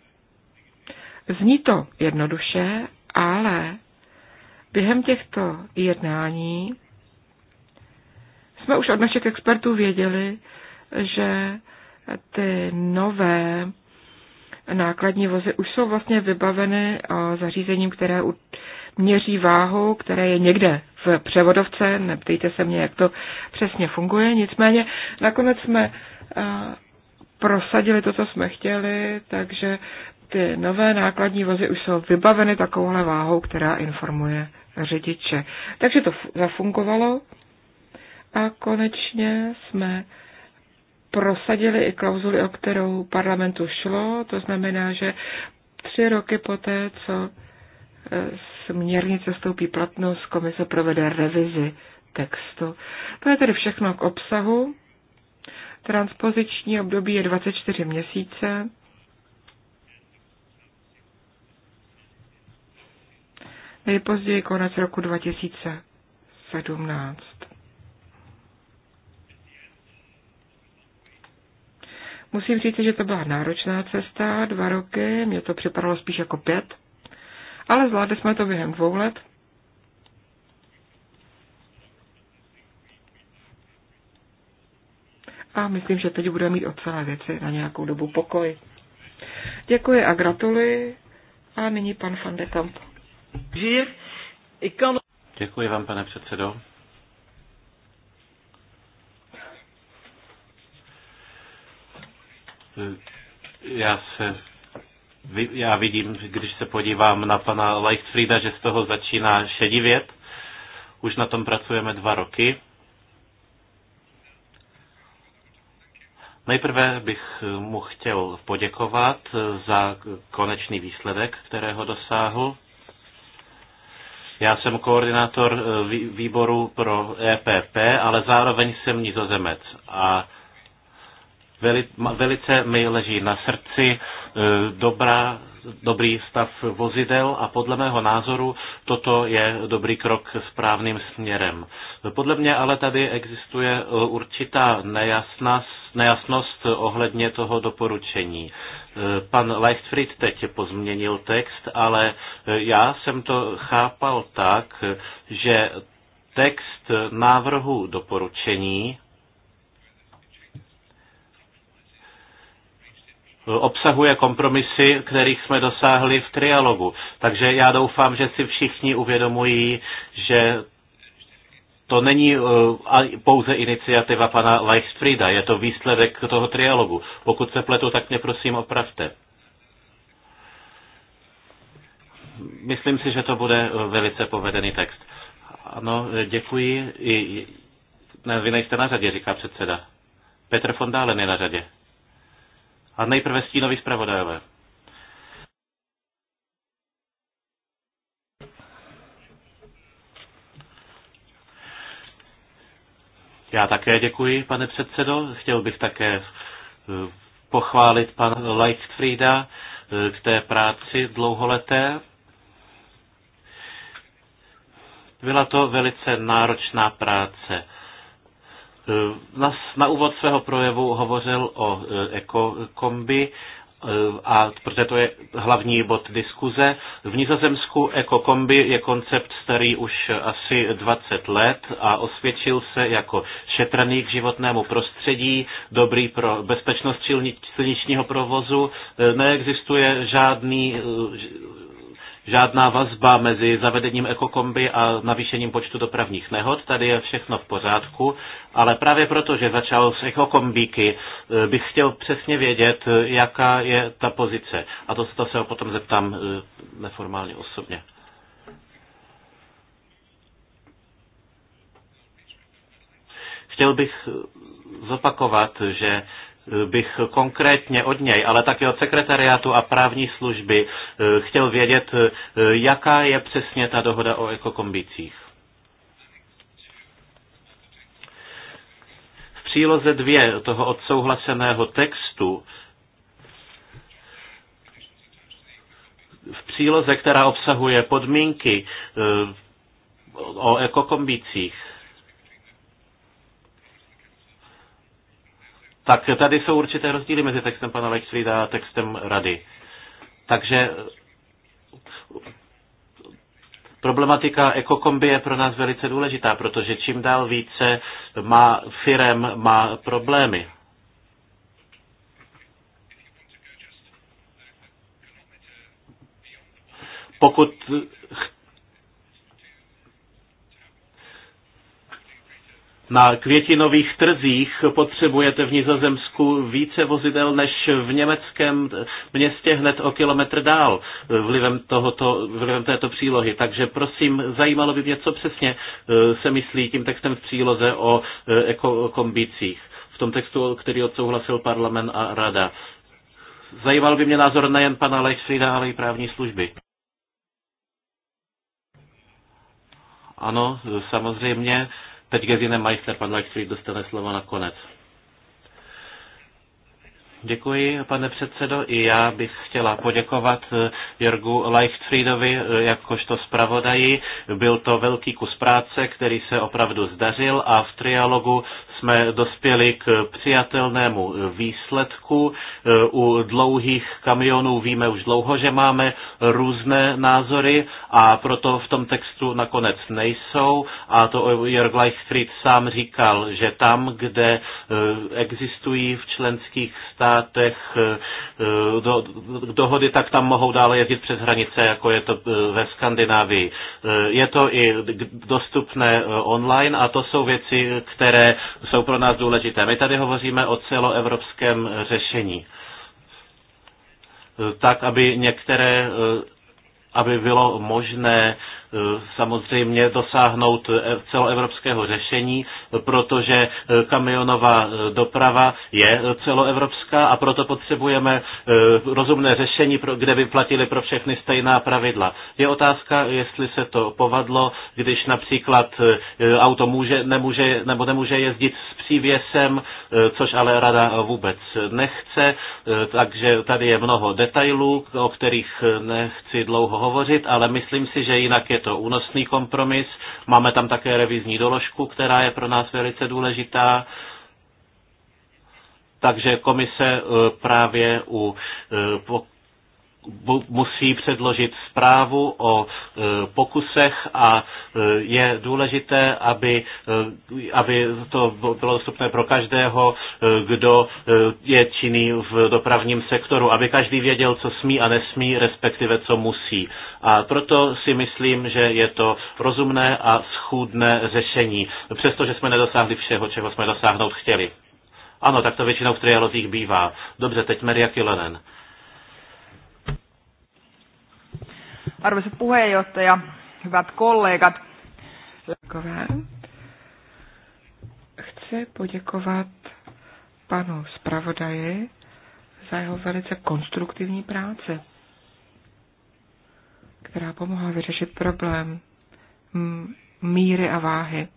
Zní to jednoduše, ale během těchto jednání jsme už od našich expertů věděli, že ty nové nákladní vozy už jsou vlastně vybaveny eh, zařízením, které měří váhu, které je někde v převodovce, neptejte se mě, jak to přesně funguje, nicméně nakonec jsme eh, prosadili to, co jsme chtěli, takže ty nové nákladní vozy už jsou vybaveny takovouhle váhou, která informuje řidiče. Takže to zafungovalo a konečně jsme prosadili i klauzuli, o kterou parlamentu šlo, to znamená, že tři roky poté, co e, směrnice stoupí platnost, komise provede revizi textu. To je tedy všechno k obsahu. Transpoziční období je 24 měsíce. Nejpozději konec roku 2017. Musím říct, že to byla náročná cesta, dva roky, mě to připadalo spíš jako pět, ale zvládli jsme to během dvou let. a myslím, že teď budeme mít od celé věci na nějakou dobu pokoj. Děkuji a gratuluji. A nyní pan van de Kamp. Děkuji vám, pane předsedo. Já se já vidím, když se podívám na pana Leichtfrieda, že z toho začíná šedivět. Už na tom pracujeme dva roky Nejprve bych mu chtěl poděkovat za konečný výsledek, kterého dosáhl. Já jsem koordinátor eh, výboru pro EPP, ale zároveň jsem nizozemec a velice mi leží na srdci eh, dobrá, dobrý stav vozidel a podle mého názoru toto je dobrý krok správným směrem. Podle mě ale tady existuje eh, určitá nejasnost nejasnost ohledně toho doporučení. E, pan Leichtfried teď pozměnil text, ale e, já jsem to chápal tak, že text návrhu doporučení obsahuje kompromisy, kterých jsme dosáhli v trialogu. Takže já doufám, že si všichni uvědomují, že to není eh, pouze iniciativa pana Leichfrieda, je to výsledek toho trialogu. Pokud se pletu, tak mě prosím opravte. Myslím si, že to bude eh, velice povedený text. Ano, eh, děkuji. I, ne, vy nejste na řadě, říká předseda. Petr von Dálen je na řadě. A nejprve stínový zpravodajové. Já také děkuji, pane předsedo. Chtěl bych také eh, pochválit pan Leichtfrieda eh, k té práci dlouholeté. Byla to velice náročná práce. Eh, na, na úvod svého projevu hovořil o ekokombi a protože to je hlavní bod diskuze. V Nizozemsku ekokombi je koncept starý už asi 20 let a osvědčil se jako šetrný k životnému prostředí, dobrý pro bezpečnost silničního provozu. Neexistuje žádný žádná vazba mezi zavedením ekokomby a navýšením počtu dopravních nehod. Tady je všechno v pořádku, ale právě proto, že začal s ekokombíky, eh, bych chtěl přesně vědět, eh, jaká je ta pozice. A to, to se ho potom zeptám eh, neformálně osobně. Chtěl bych zopakovat, že bych konkrétně od něj, ale také od sekretariátu a právní služby eh, chtěl vědět, eh, jaká je přesně ta dohoda o ekokombicích. V příloze dvě toho odsouhlaseného textu v příloze, která obsahuje podmínky eh, o ekokombicích, tak tady jsou určité rozdíly mezi textem pana Lexfrida a textem rady. Takže problematika ekokombi je pro nás velice důležitá, protože čím dál více má firem má problémy. Pokud Na květinových trzích potřebujete v Nizozemsku více vozidel než v německém městě hned o kilometr dál vlivem, tohoto, vlivem této přílohy. Takže prosím, zajímalo by mě, co přesně eh, se myslí tím textem v příloze o eh, ekokombicích v tom textu, který odsouhlasil parlament a rada. Zajímal by mě názor nejen pana Lechfrida, ale i právní služby. Ano, samozřejmě Teď Gesine Majster, pan Leichtfried dostane slovo na konec. Děkuji, pane předsedo. I já bych chtěla poděkovat eh, Jorgu Leichtfriedovi eh, jakožto zpravodaji. Byl to velký kus práce, který se opravdu zdařil a v trialogu jsme dospěli k přijatelnému eh, výsledku. U dlouhých kamionů víme už dlouho, že máme různé názory a proto v tom textu nakonec nejsou. A to Jörg Leichtfried sám říkal, že tam, kde existují v členských státech státech eh, eh, do, dohody, tak tam mohou dále jezdit přes hranice, jako je to eh, ve Skandinávii. Je to i dostupné online a to jsou věci, které jsou pro nás důležité. My tady hovoříme o celoevropském řešení. Tak, aby některé aby bylo možné E, samozřejmě dosáhnout e, celoevropského řešení, protože e, kamionová doprava je celoevropská a proto potřebujeme rozumné řešení, kde by platili pro všechny stejná pravidla. Je otázka, jestli se to povadlo, když například auto může, nemůže, nebo nemůže jezdit s přívěsem, což ale rada vůbec nechce, takže tady je mnoho detailů, o kterých nechci dlouho hovořit, ale myslím si, že jinak je to to únosný kompromis. Máme tam také revizní doložku, která je pro nás velice důležitá. Takže komise eh, právě u eh, musí předložit zprávu o e, pokusech a e, je důležité, aby, e, aby to bylo dostupné pro každého, kdo je činný v dopravním sektoru, aby každý věděl, co smí a nesmí, respektive co musí. A proto si myslím, že je to rozumné a schůdné řešení, přestože jsme nedosáhli všeho, čeho jsme dosáhnout chtěli. Ano, tak to většinou v trialozích bývá. Dobře, teď Maria Kilonen. Arvoisa puheenjohtaja, hyvät kollegat. Chci poděkovat panu zpravodaji za jeho velice konstruktivní práci, která pomohla vyřešit problém míry a váhy.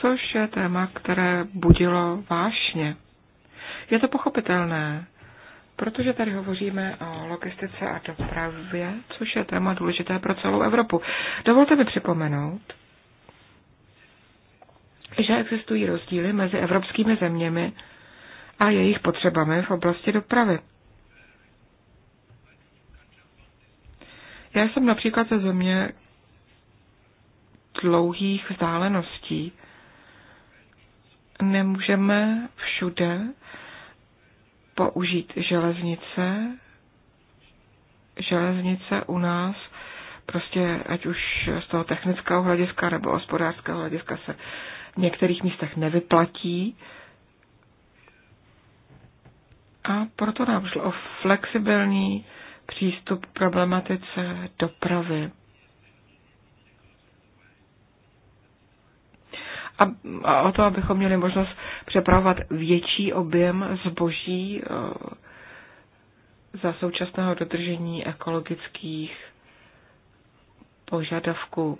Což je téma, které budilo vášně. Je to pochopitelné, Protože tady hovoříme o logistice a dopravě, což je téma důležité pro celou Evropu. Dovolte mi připomenout, že existují rozdíly mezi evropskými zeměmi a jejich potřebami v oblasti dopravy. Já jsem například ze země dlouhých vzdáleností. Nemůžeme všude použít železnice. Železnice u nás prostě, ať už z toho technického hlediska nebo hospodářského hlediska se v některých místech nevyplatí. A proto nám šlo o flexibilní přístup k problematice dopravy. a o to, abychom měli možnost přepravovat větší objem zboží eh, za současného dodržení ekologických požadavků.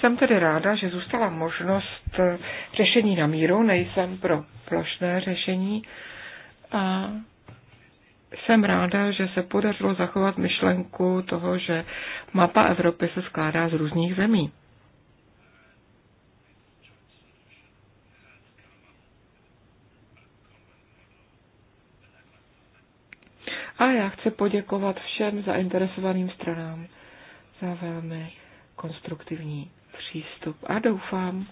Jsem tedy ráda, že zůstala možnost eh, řešení na míru, nejsem pro plošné řešení a jsem ráda, že se podařilo zachovat myšlenku toho, že mapa Evropy se skládá z různých zemí. A já chci poděkovat všem zainteresovaným stranám za velmi konstruktivní přístup a doufám,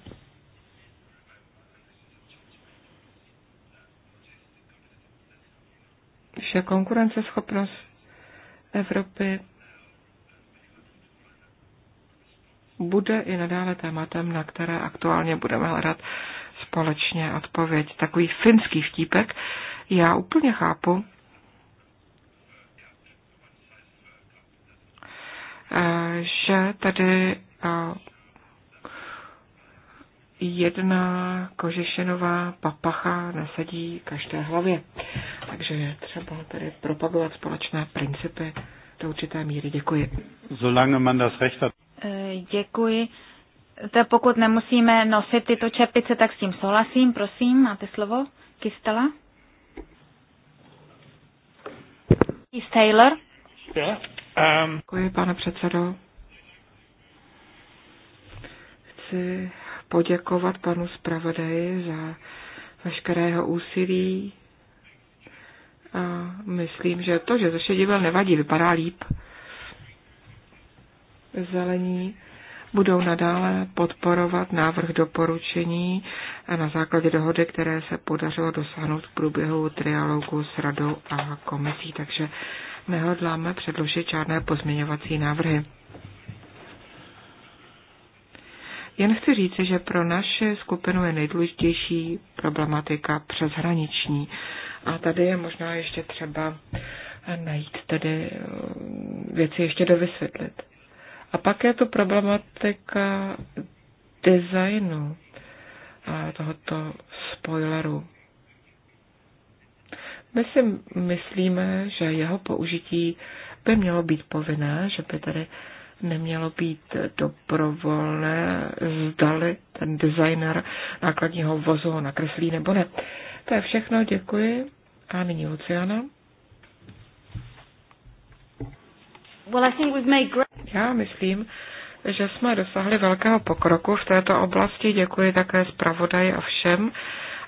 že konkurenceschopnost Evropy bude i nadále tématem, na které aktuálně budeme hledat společně odpověď. Takový finský vtípek. Já úplně chápu, že tady jedna kožešinová papacha nasadí každé hlavě. Takže je třeba tady propagovat společné principy do určité míry. Děkuji. Solange man das recht hat. E, děkuji. To pokud nemusíme nosit tyto čepice, tak s tím souhlasím. Prosím, máte slovo. Kistela? Keith Taylor? Yeah. Um... Děkuji, pane předsedo. Chci poděkovat panu zpravodaji za jeho úsilí. A myslím, že to, že divel nevadí, vypadá líp. Zelení budou nadále podporovat návrh doporučení a na základě dohody, které se podařilo dosáhnout v průběhu trialogu s radou a komisí. Takže nehodláme předložit žádné pozměňovací návrhy. Jen chci říci, že pro naše skupinu je nejdůležitější problematika přeshraniční. A tady je možná ještě třeba najít tedy eh, věci ještě dovysvětlit. A pak je to problematika designu eh, tohoto spoileru. My si myslíme, že jeho použití by mělo být povinné, že by tady nemělo být dobrovolné, zdali ten designer nákladního vozu ho nakreslí nebo ne. To je všechno, děkuji. A nyní Luciana. Já myslím, že jsme dosáhli velkého pokroku v této oblasti. Děkuji také zpravodaji a všem,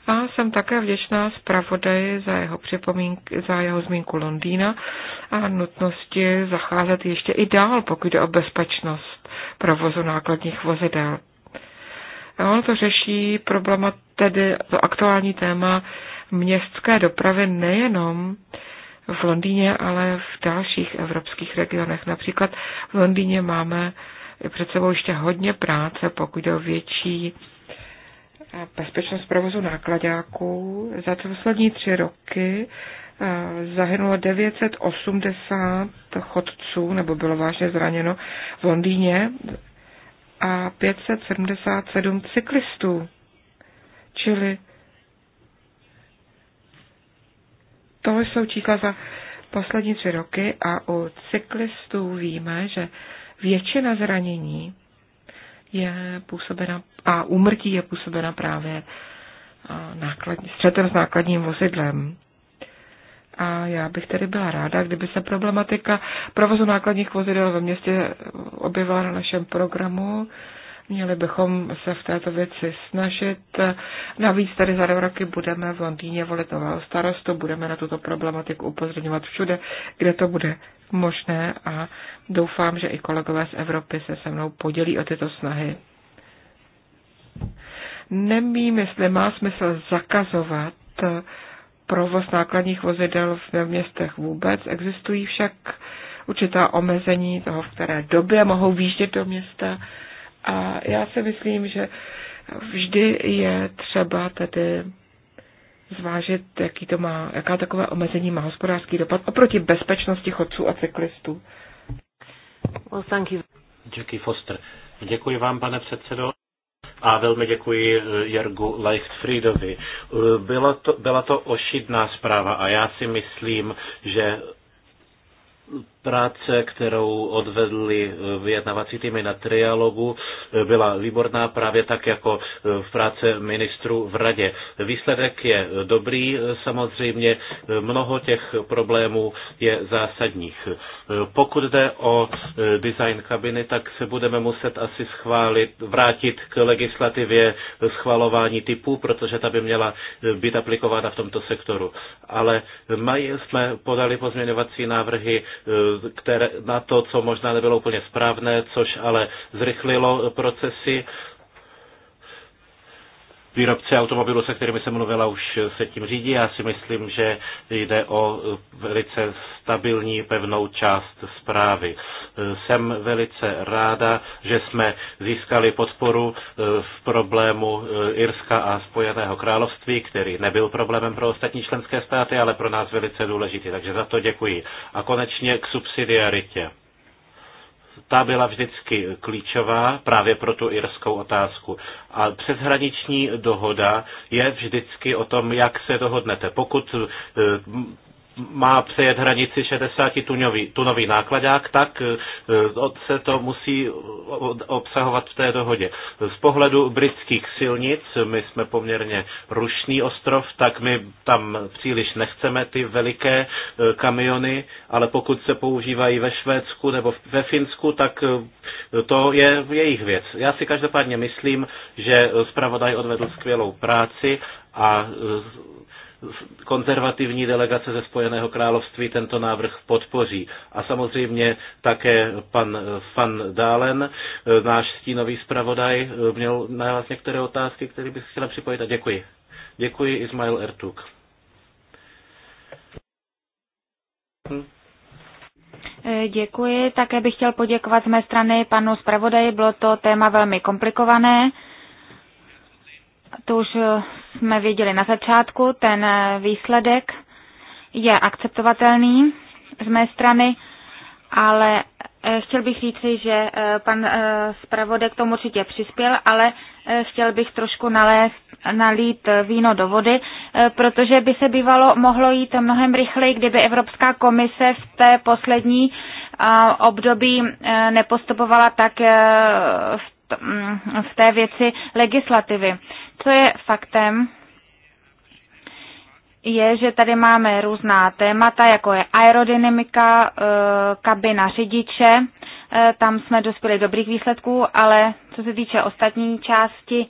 a jsem také vděčná zpravodaji za jeho, připomínky, za jeho zmínku Londýna a nutnosti zacházet ještě i dál, pokud jde o bezpečnost provozu nákladních vozidel. A on to řeší problema, tedy to aktuální téma městské dopravy nejenom v Londýně, ale v dalších evropských regionech. Například v Londýně máme před sebou ještě hodně práce, pokud jde o větší bezpečnost provozu nákladáků. Za poslední tři roky eh, zahynulo 980 chodců, nebo bylo vážně zraněno v Londýně a 577 cyklistů. Čili to jsou čísla za poslední tři roky a u cyklistů víme, že většina zranění je působena a úmrtí je působena právě nákladní střetem s nákladním vozidlem. A já bych tedy byla ráda, kdyby se problematika provozu nákladních vozidel ve městě objevila na našem programu. Měli bychom se v této věci snažit. Navíc tady za roky budeme v Londýně volit nového starostu, budeme na tuto problematiku upozorňovat všude, kde to bude možné a doufám, že i kolegové z Evropy se se mnou podělí o tyto snahy. Nemím, jestli má smysl zakazovat provoz nákladních vozidel ve městech vůbec. Existují však určitá omezení toho, v které době mohou výjíždět do města. A já si myslím, že vždy je třeba tedy zvážit, jaký to má, jaká taková omezení má hospodářský dopad oproti bezpečnosti chodců a cyklistů. Well, thank you. Jackie Foster. Děkuji vám, pane předsedo. A velmi děkuji eh, Jergu Leichtfriedovi. Eh, byla to, byla to ošidná zpráva a já si myslím, že práce, kterou odvedli eh, vyjednavací týmy na trialogu, eh, byla výborná právě tak jako eh, v práce ministru v radě. Výsledek je dobrý, samozřejmě mnoho těch problémů je zásadních. Pokud jde o design kabiny, tak se budeme muset asi schválit, vrátit k legislativě schvalování typů, protože ta by měla být aplikována v tomto sektoru. Ale mají, jsme podali pozměňovací návrhy které, na to, co možná nebylo úplně správné, což ale zrychlilo procesy výrobci automobilů, se kterými jsem mluvila, už se tím řídí. Já si myslím, že jde o velice stabilní, pevnou část zprávy. Jsem velice ráda, že jsme získali podporu eh, v problému eh, Irska a Spojeného království, který nebyl problémem pro ostatní členské státy, ale pro nás velice důležitý. Takže za to děkuji. A konečně k subsidiaritě ta byla vždycky klíčová právě pro tu irskou otázku. A přeshraniční dohoda je vždycky o tom, jak se dohodnete. Pokud eh, má přejet hranici 60 tunový, tunový nákladák, tak eh, se to musí obsahovat v té dohodě. Z pohledu britských silnic, my jsme poměrně rušný ostrov, tak my tam příliš nechceme ty veliké eh, kamiony, ale pokud se používají ve Švédsku nebo ve Finsku, tak eh, to je jejich věc. Já si každopádně myslím, že zpravodaj odvedl skvělou práci a konzervativní delegace ze Spojeného království tento návrh podpoří. A samozřejmě také pan Van Dálen, náš stínový zpravodaj, měl na vás některé otázky, které bych chtěla připojit a děkuji. Děkuji Ismail Ertuk. Děkuji. Také bych chtěl poděkovat z mé strany panu zpravodaji. Bylo to téma velmi komplikované to už eh, jsme věděli na začátku, ten eh, výsledek je akceptovatelný z mé strany, ale eh, chtěl bych říci, že pan zpravodek tomu určitě přispěl, ale chtěl bych trošku nalézt, nalít víno do vody, protože by se bývalo mohlo jít mnohem rychleji, kdyby Evropská komise v té poslední období nepostupovala tak v Mm, v té věci legislativy. Co je faktem, je, že tady máme různá témata, jako je aerodynamika, e, kabina řidiče, e, tam jsme dospěli dobrých výsledků, ale co se týče ostatní části,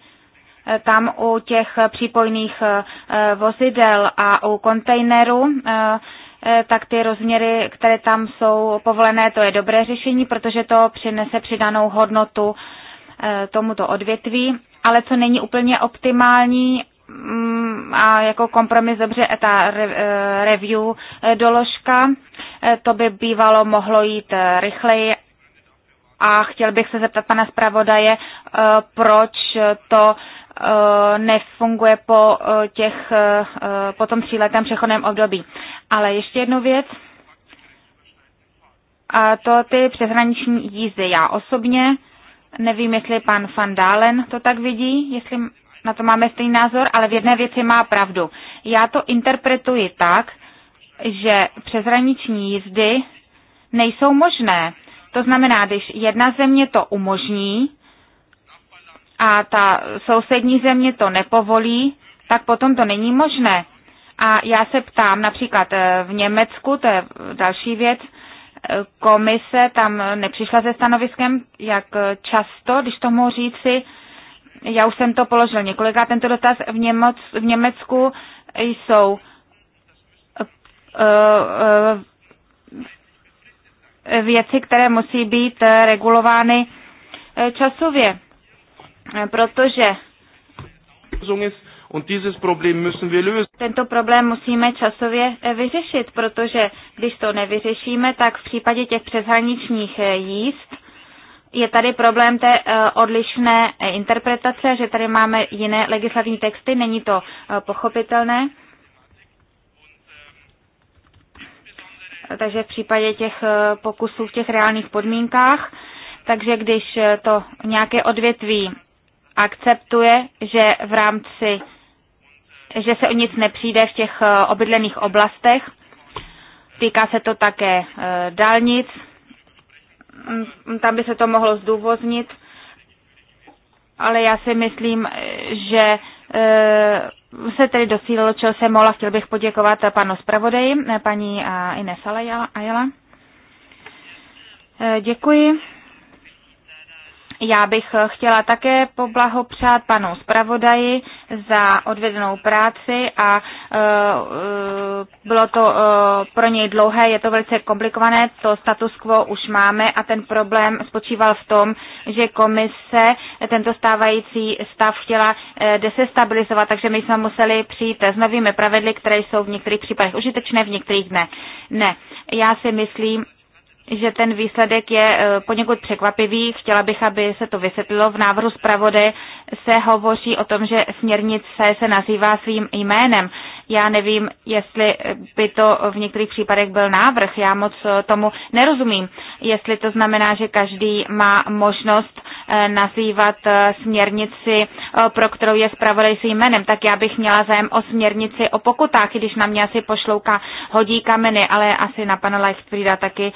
e, tam u těch přípojných vozidel a u kontejnerů, tak ty rozměry, které tam jsou povolené, to je dobré řešení, protože to přinese přidanou hodnotu tomuto odvětví, ale co není úplně optimální mm, a jako kompromis dobře ta e, review e, doložka, e, to by bývalo mohlo jít rychleji a chtěl bych se zeptat pana zpravodaje, proč to nefunguje po, těch, po tom tříletém přechodném období. Ale ještě jednu věc, a to ty přeshraniční jízdy. Já osobně Nevím, jestli pan Van Dalen to tak vidí, jestli na to máme stejný názor, ale v jedné věci má pravdu. Já to interpretuji tak, že přeshraniční jízdy nejsou možné. To znamená, když jedna země to umožní a ta sousední země to nepovolí, tak potom to není možné. A já se ptám, například eh, v Německu, to je další věc, komise tam nepřišla se stanoviskem, jak často, když to mohu říci, já už jsem to položil několikrát, tento dotaz v, Němoc, v Německu jsou eh, eh, věci, které musí být eh, regulovány časově, protože Und dieses Problem müssen wir lösen. Tento problém musíme časově eh, vyřešit, protože když to nevyřešíme, tak v případě těch přeshraničních eh, jíst je tady problém té eh, odlišné interpretace, že tady máme jiné legislativní texty, není to pochopitelné. Takže v případě těch pokusů v těch reálných podmínkách, takže když to nějaké odvětví akceptuje, že v rámci že se o nic nepřijde v těch eh, obydlených oblastech. Týká se to také eh, dálnic. Mm, tam by se to mohlo zdůvoznit, ale já si myslím, že eh, se tedy dosílilo, čeho jsem mohla. Chtěl bych poděkovat panu zpravodeji, paní Ines Ayala. Děkuji. Já bych eh, chtěla také poblahopřát panu zpravodaji za odvedenou práci a eh, eh, bylo to pro něj dlouhé, je to velice komplikované, to status quo už máme a ten problém spočíval v tom, že komise tento stávající stav chtěla desestabilizovat, takže my jsme museli přijít s novými pravidly, které jsou v některých případech užitečné, v některých ne. Ne, já si myslím, že ten výsledek je eh, poněkud překvapivý. Chtěla bych, aby se to vysvětlilo. V návrhu zpravody se hovoří o tom, že směrnice se nazývá svým jménem. Já nevím, jestli by to v některých případech byl návrh, já moc tomu nerozumím. Jestli to znamená, že každý má možnost eh, nazývat eh, směrnici, eh, pro kterou je zpravodaj s jménem, tak já bych měla zájem o směrnici o pokutách, když na mě asi pošlouka hodí kameny, ale asi na pana Leichtfrieda taky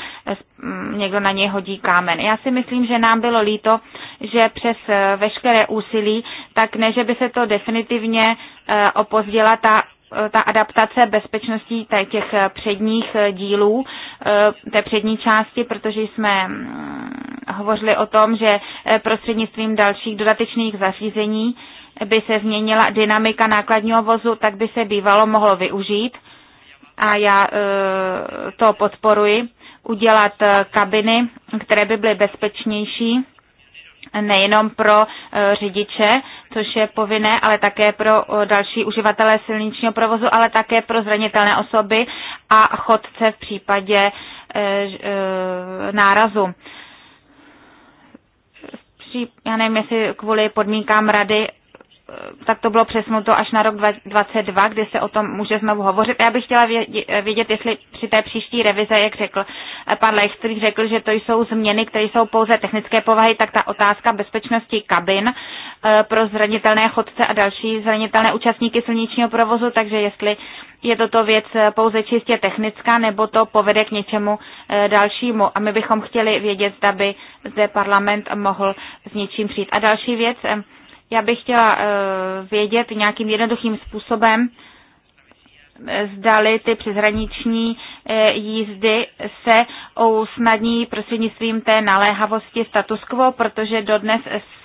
mm, někdo na něj hodí kámen. Já si myslím, že nám bylo líto, že přes veškeré úsilí, tak ne, že by se to definitivně opozdila ta Eh, ta adaptace bezpečnosti těch eh, předních eh, dílů, té přední části, protože jsme mm, hovořili o tom, že prostřednictvím dalších dodatečných zařízení by se změnila dynamika nákladního vozu, tak by se bývalo mohlo využít. A já to podporuji, udělat kabiny, které by byly bezpečnější nejenom pro eh, řidiče, což je povinné, ale také pro eh, další uživatele silničního provozu, ale také pro zranitelné osoby a chodce v případě eh, nárazu. Já nevím, jestli kvůli podmínkám rady Eh, tak to bylo přesunuto až na rok 2022, kdy se o tom může znovu hovořit. Já bych chtěla eh, vědět, jestli při té příští revize, jak řekl eh, pan Lech, který řekl, že to jsou změny, které jsou pouze technické povahy, tak ta otázka bezpečnosti kabin pro zranitelné chodce a další zranitelné účastníky silničního provozu, takže jestli je toto věc pouze čistě technická, nebo to povede k něčemu dalšímu. A my bychom chtěli vědět, zda by zde parlament mohl s něčím přijít. A další věc, já bych chtěla eh, vědět nějakým jednoduchým způsobem, eh, zdali ty přeshraniční eh, jízdy se usnadní prostřednictvím té naléhavosti status quo, protože dodnes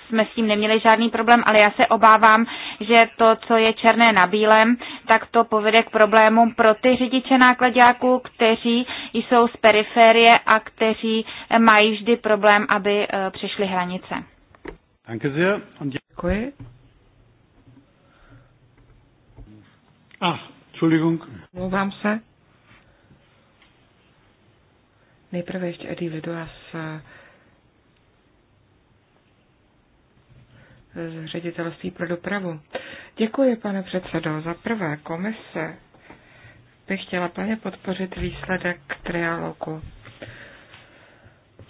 jsme s tím neměli žádný problém, ale já se obávám, že to, co je černé na bílém, tak to povede k problémům pro ty řidiče nákladňáků, kteří jsou z periferie a kteří mají vždy problém, aby přešli hranice. Danke sehr. Und Děkuji. Ach, Entschuldigung. Mluvám se. Nejprve ještě Eddie Vidua z, eh, z ředitelství pro dopravu. Děkuji, pane předsedo. Za prvé, komise bych chtěla plně podpořit výsledek trialogu.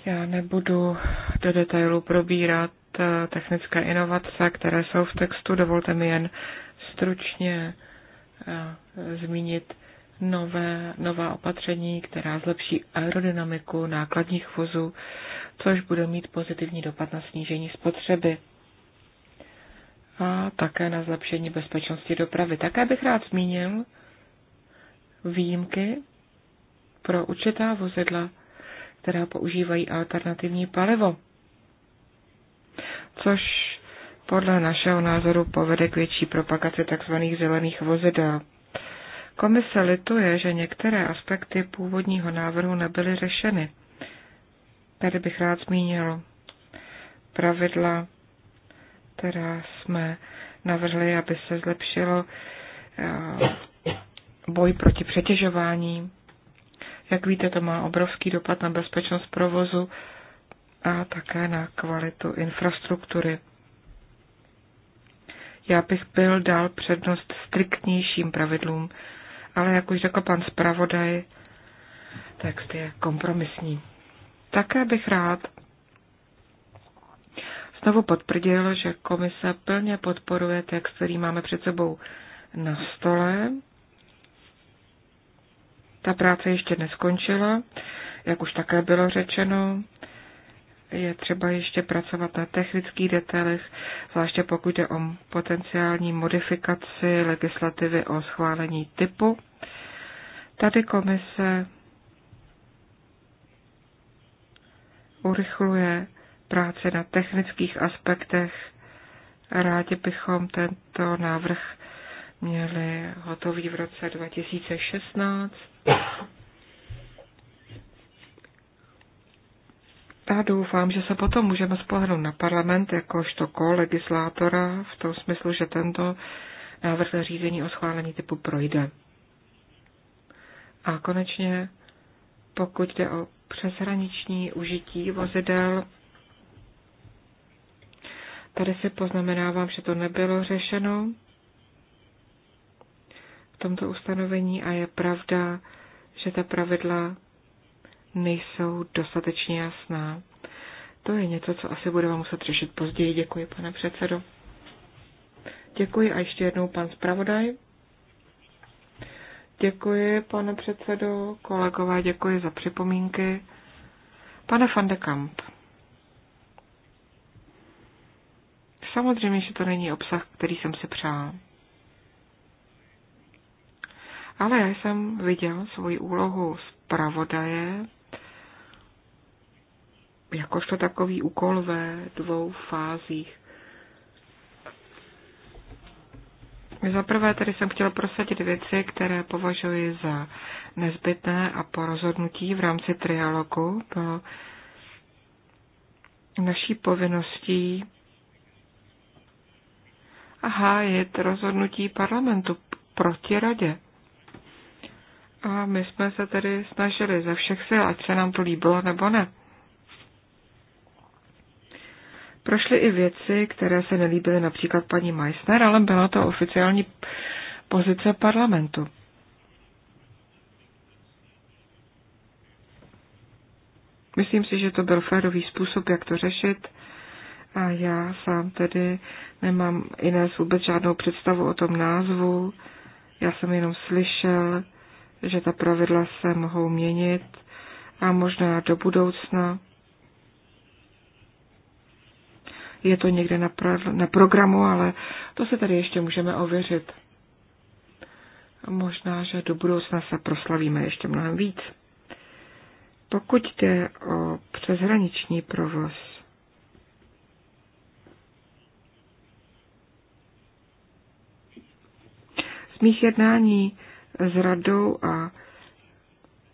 Já nebudu do detailu probírat Eh, technické inovace, které jsou v textu. Dovolte mi jen stručně eh, zmínit nové, nová opatření, která zlepší aerodynamiku nákladních vozů, což bude mít pozitivní dopad na snížení spotřeby a také na zlepšení bezpečnosti dopravy. Také bych rád zmínil výjimky pro určitá vozidla, která používají alternativní palivo což podle našeho názoru povede k větší propagaci tzv. zelených vozidel. Komise lituje, že některé aspekty původního návrhu nebyly řešeny. Tady bych rád zmínil pravidla, která jsme navrhli, aby se zlepšilo eh, boj proti přetěžování. Jak víte, to má obrovský dopad na bezpečnost provozu a také na kvalitu infrastruktury. Já bych byl dal přednost striktnějším pravidlům, ale jak už řekl pan zpravodaj, text je kompromisní. Také bych rád znovu potvrdil, že komise plně podporuje text, který máme před sebou na stole. Ta práce ještě neskončila, jak už také bylo řečeno je třeba ještě pracovat na technických detailech, zvláště pokud jde o potenciální modifikaci legislativy o schválení typu. Tady komise urychluje práce na technických aspektech. Rádi bychom tento návrh měli hotový v roce 2016 Já doufám, že se potom můžeme spolehnout na parlament jakožto kolegislátora v tom smyslu, že tento návrh zařízení o schválení typu projde. A konečně, pokud jde o přeshraniční užití vozidel, tady si poznamenávám, že to nebylo řešeno v tomto ustanovení a je pravda, že ta pravidla nejsou dostatečně jasná. To je něco, co asi budeme muset řešit později. Děkuji, pane předsedo. Děkuji a ještě jednou pan zpravodaj. Děkuji, pane předsedo, kolegové, děkuji za připomínky. Pane van de Kamp, samozřejmě, že to není obsah, který jsem si přál. Ale já jsem viděl svoji úlohu zpravodaje jakožto takový úkol ve dvou fázích. Za prvé tady jsem chtěla prosadit věci, které považuji za nezbytné a po rozhodnutí v rámci trialogu bylo naší povinností je hájit rozhodnutí parlamentu proti radě. A my jsme se tedy snažili ze všech sil, ať se nám to líbilo nebo ne. Prošly i věci, které se nelíbily například paní Meissner, ale byla to oficiální pozice parlamentu. Myslím si, že to byl férový způsob, jak to řešit a já sám tedy nemám jiné vůbec žádnou představu o tom názvu. Já jsem jenom slyšel, že ta pravidla se mohou měnit a možná do budoucna je to někde na, pro, na programu, ale to se tady ještě můžeme ověřit. Možná, že do budoucna se proslavíme ještě mnohem víc. Pokud jde o přeshraniční provoz, z mých jednání s radou a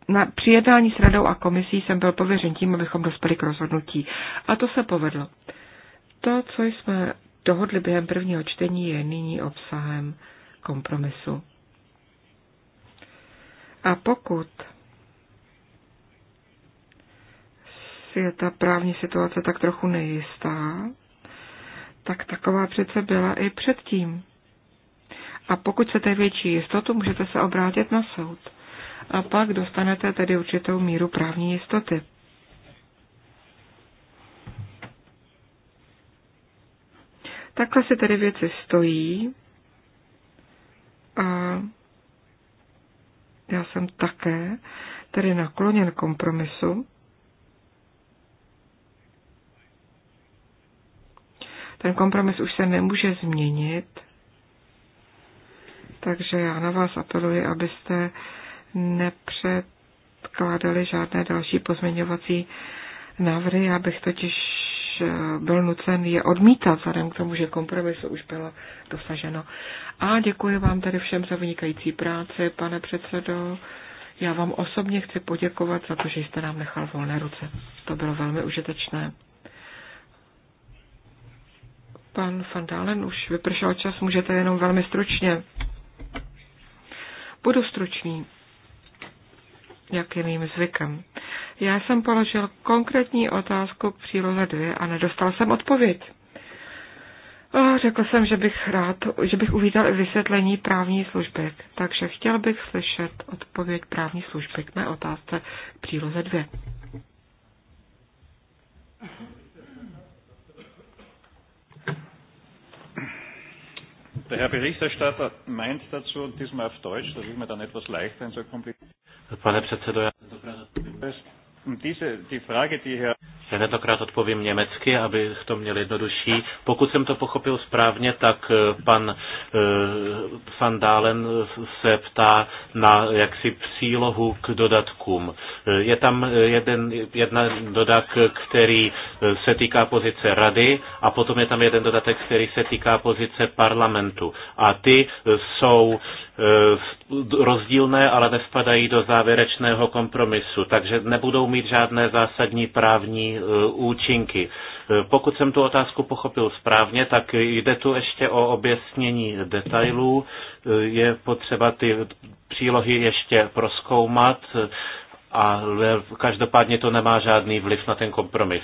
na, při jednání s radou a komisí jsem byl pověřen tím, abychom dospěli k rozhodnutí. A to se povedlo. To, co jsme dohodli během prvního čtení, je nyní obsahem kompromisu. A pokud je ta právní situace tak trochu nejistá, tak taková přece byla i předtím. A pokud chcete větší jistotu, můžete se obrátit na soud. A pak dostanete tedy určitou míru právní jistoty. Takhle se tedy věci stojí a já jsem také tedy nakloněn kompromisu. Ten kompromis už se nemůže změnit, takže já na vás apeluji, abyste nepředkládali žádné další pozměňovací návrhy. Já bych totiž byl nucen je odmítat, vzhledem k tomu, že kompromisu už bylo dosaženo. A děkuji vám tady všem za vynikající práci, pane předsedo. Já vám osobně chci poděkovat za to, že jste nám nechal volné ruce. To bylo velmi užitečné. Pan Fandálen už vypršel čas, můžete jenom velmi stručně. Budu stručný, jak je mým zvykem. Já jsem položil konkrétní otázku k příloze 2 a nedostal jsem odpověď. O, řekl jsem, že bych rád, že bych uvítal vysvětlení právní služby, takže chtěl bych slyšet odpověď právní služby k mé otázce k příloze 2. Der Herr Berichterstatter meint dazu diesmal auf Deutsch, das ist mir dann etwas leichter in so komplizierten. Pane předsedo, já jsem diese, die Frage, die Herr Tentokrát odpovím německy, aby to měl jednodušší. Pokud jsem to pochopil správně, tak eh, pan eh, Van Dalen se ptá na jaksi přílohu k dodatkům. Eh, je tam jeden jedna dodatek, který se týká pozice rady a potom je tam jeden dodatek, který se týká pozice parlamentu. A ty jsou rozdílné, ale nespadají do závěrečného kompromisu, takže nebudou mít žádné zásadní právní Eh, účinky. Eh, pokud jsem tu otázku pochopil správně, tak jde tu ještě o objasnění detailů. Eh, je potřeba ty přílohy ještě proskoumat a každopádně to nemá žádný vliv na ten kompromis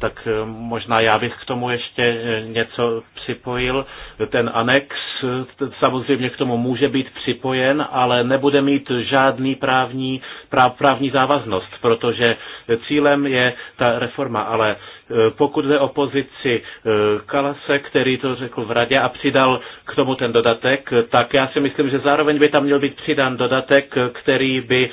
tak eh, možná já bych k tomu ještě eh, něco připojil. Ten anex samozřejmě k tomu může být připojen, ale nebude mít žádný právní, práv, právní závaznost, protože cílem je ta reforma, ale Eh, pokud jde o pozici eh, Kalase, který to řekl v radě a přidal k tomu ten dodatek, eh, tak já si myslím, že zároveň by tam měl být přidán dodatek, který by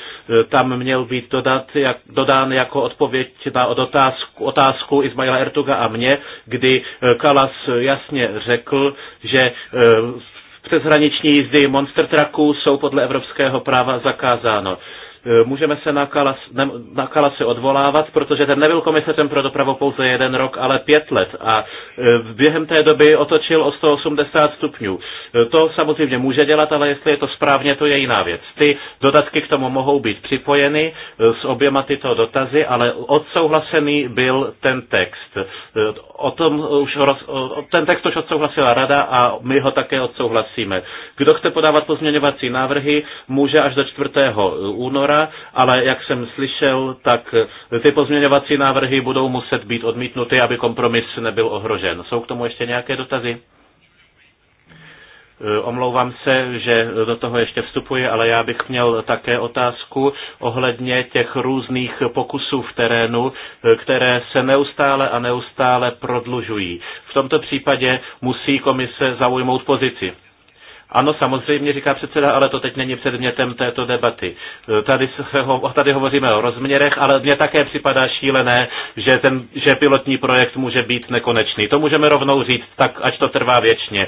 tam měl být dodat, jak, dodán jako odpověď na otázku, otázku Ismaila Ertuga a mě, kdy Kalas jasně řekl, že přeshraniční jízdy monster traků jsou podle evropského práva zakázáno. Eh, můžeme se na Kalas, na Kalas se odvolávat, protože ten nebyl komisařem pro dopravu pouze jeden rok, ale pět let a eh, během té doby otočil o 180 stupňů. Eh, to samozřejmě může dělat, ale jestli je to správně, to je jiná věc. Ty dodatky k tomu mohou být připojeny s oběma tyto dotazy, ale odsouhlasený byl ten text. O tom už, ten text už odsouhlasila rada a my ho také odsouhlasíme. Kdo chce podávat pozměňovací návrhy, může až do 4. února února, ale jak jsem slyšel, tak ty pozměňovací návrhy budou muset být odmítnuty, aby kompromis nebyl ohrožen. Jsou k tomu ještě nějaké dotazy? Eh, omlouvám se, že do toho ještě vstupuji, ale já bych měl také otázku ohledně těch různých pokusů v terénu, eh, které se neustále a neustále prodlužují. V tomto případě musí komise zaujmout pozici. Ano, samozřejmě, říká předseda, ale to teď není předmětem této debaty. E, tady, se ho, tady hovoříme o rozměrech, ale mně také připadá šílené, že, ten, že pilotní projekt může být nekonečný. To můžeme rovnou říct, tak ať to trvá věčně. E,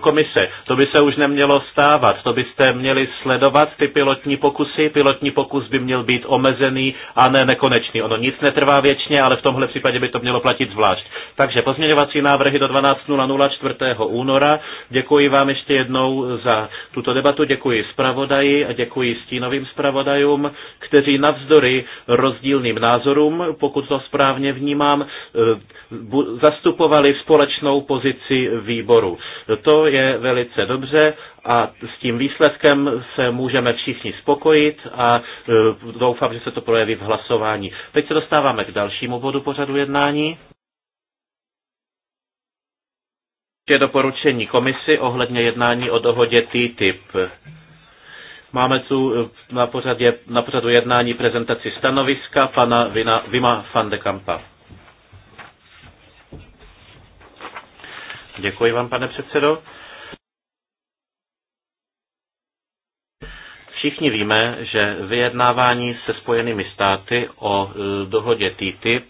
komise, to by se už nemělo stávat, to byste měli sledovat ty pilotní pokusy. Pilotní pokus by měl být omezený a ne nekonečný. Ono nic netrvá věčně, ale v tomhle případě by to mělo platit zvlášť. Takže pozměňovací návrhy do 12.00 4. února. Děkuji vám ještě jednou za tuto debatu, děkuji zpravodaji a děkuji stínovým zpravodajům, kteří navzdory rozdílným názorům, pokud to správně vnímám, eh, zastupovali společnou pozici výboru. To je velice dobře a s tím výsledkem se můžeme všichni spokojit a eh, doufám, že se to projeví v hlasování. Teď se dostáváme k dalšímu bodu pořadu jednání. je doporučení komisy ohledně jednání o dohodě TTIP. Máme tu eh, na, pořadě, na pořadu jednání prezentaci stanoviska pana Vina, Vima van de Kampa. Děkuji vám, pane předsedo. Všichni víme, že vyjednávání se spojenými státy o eh, dohodě TTIP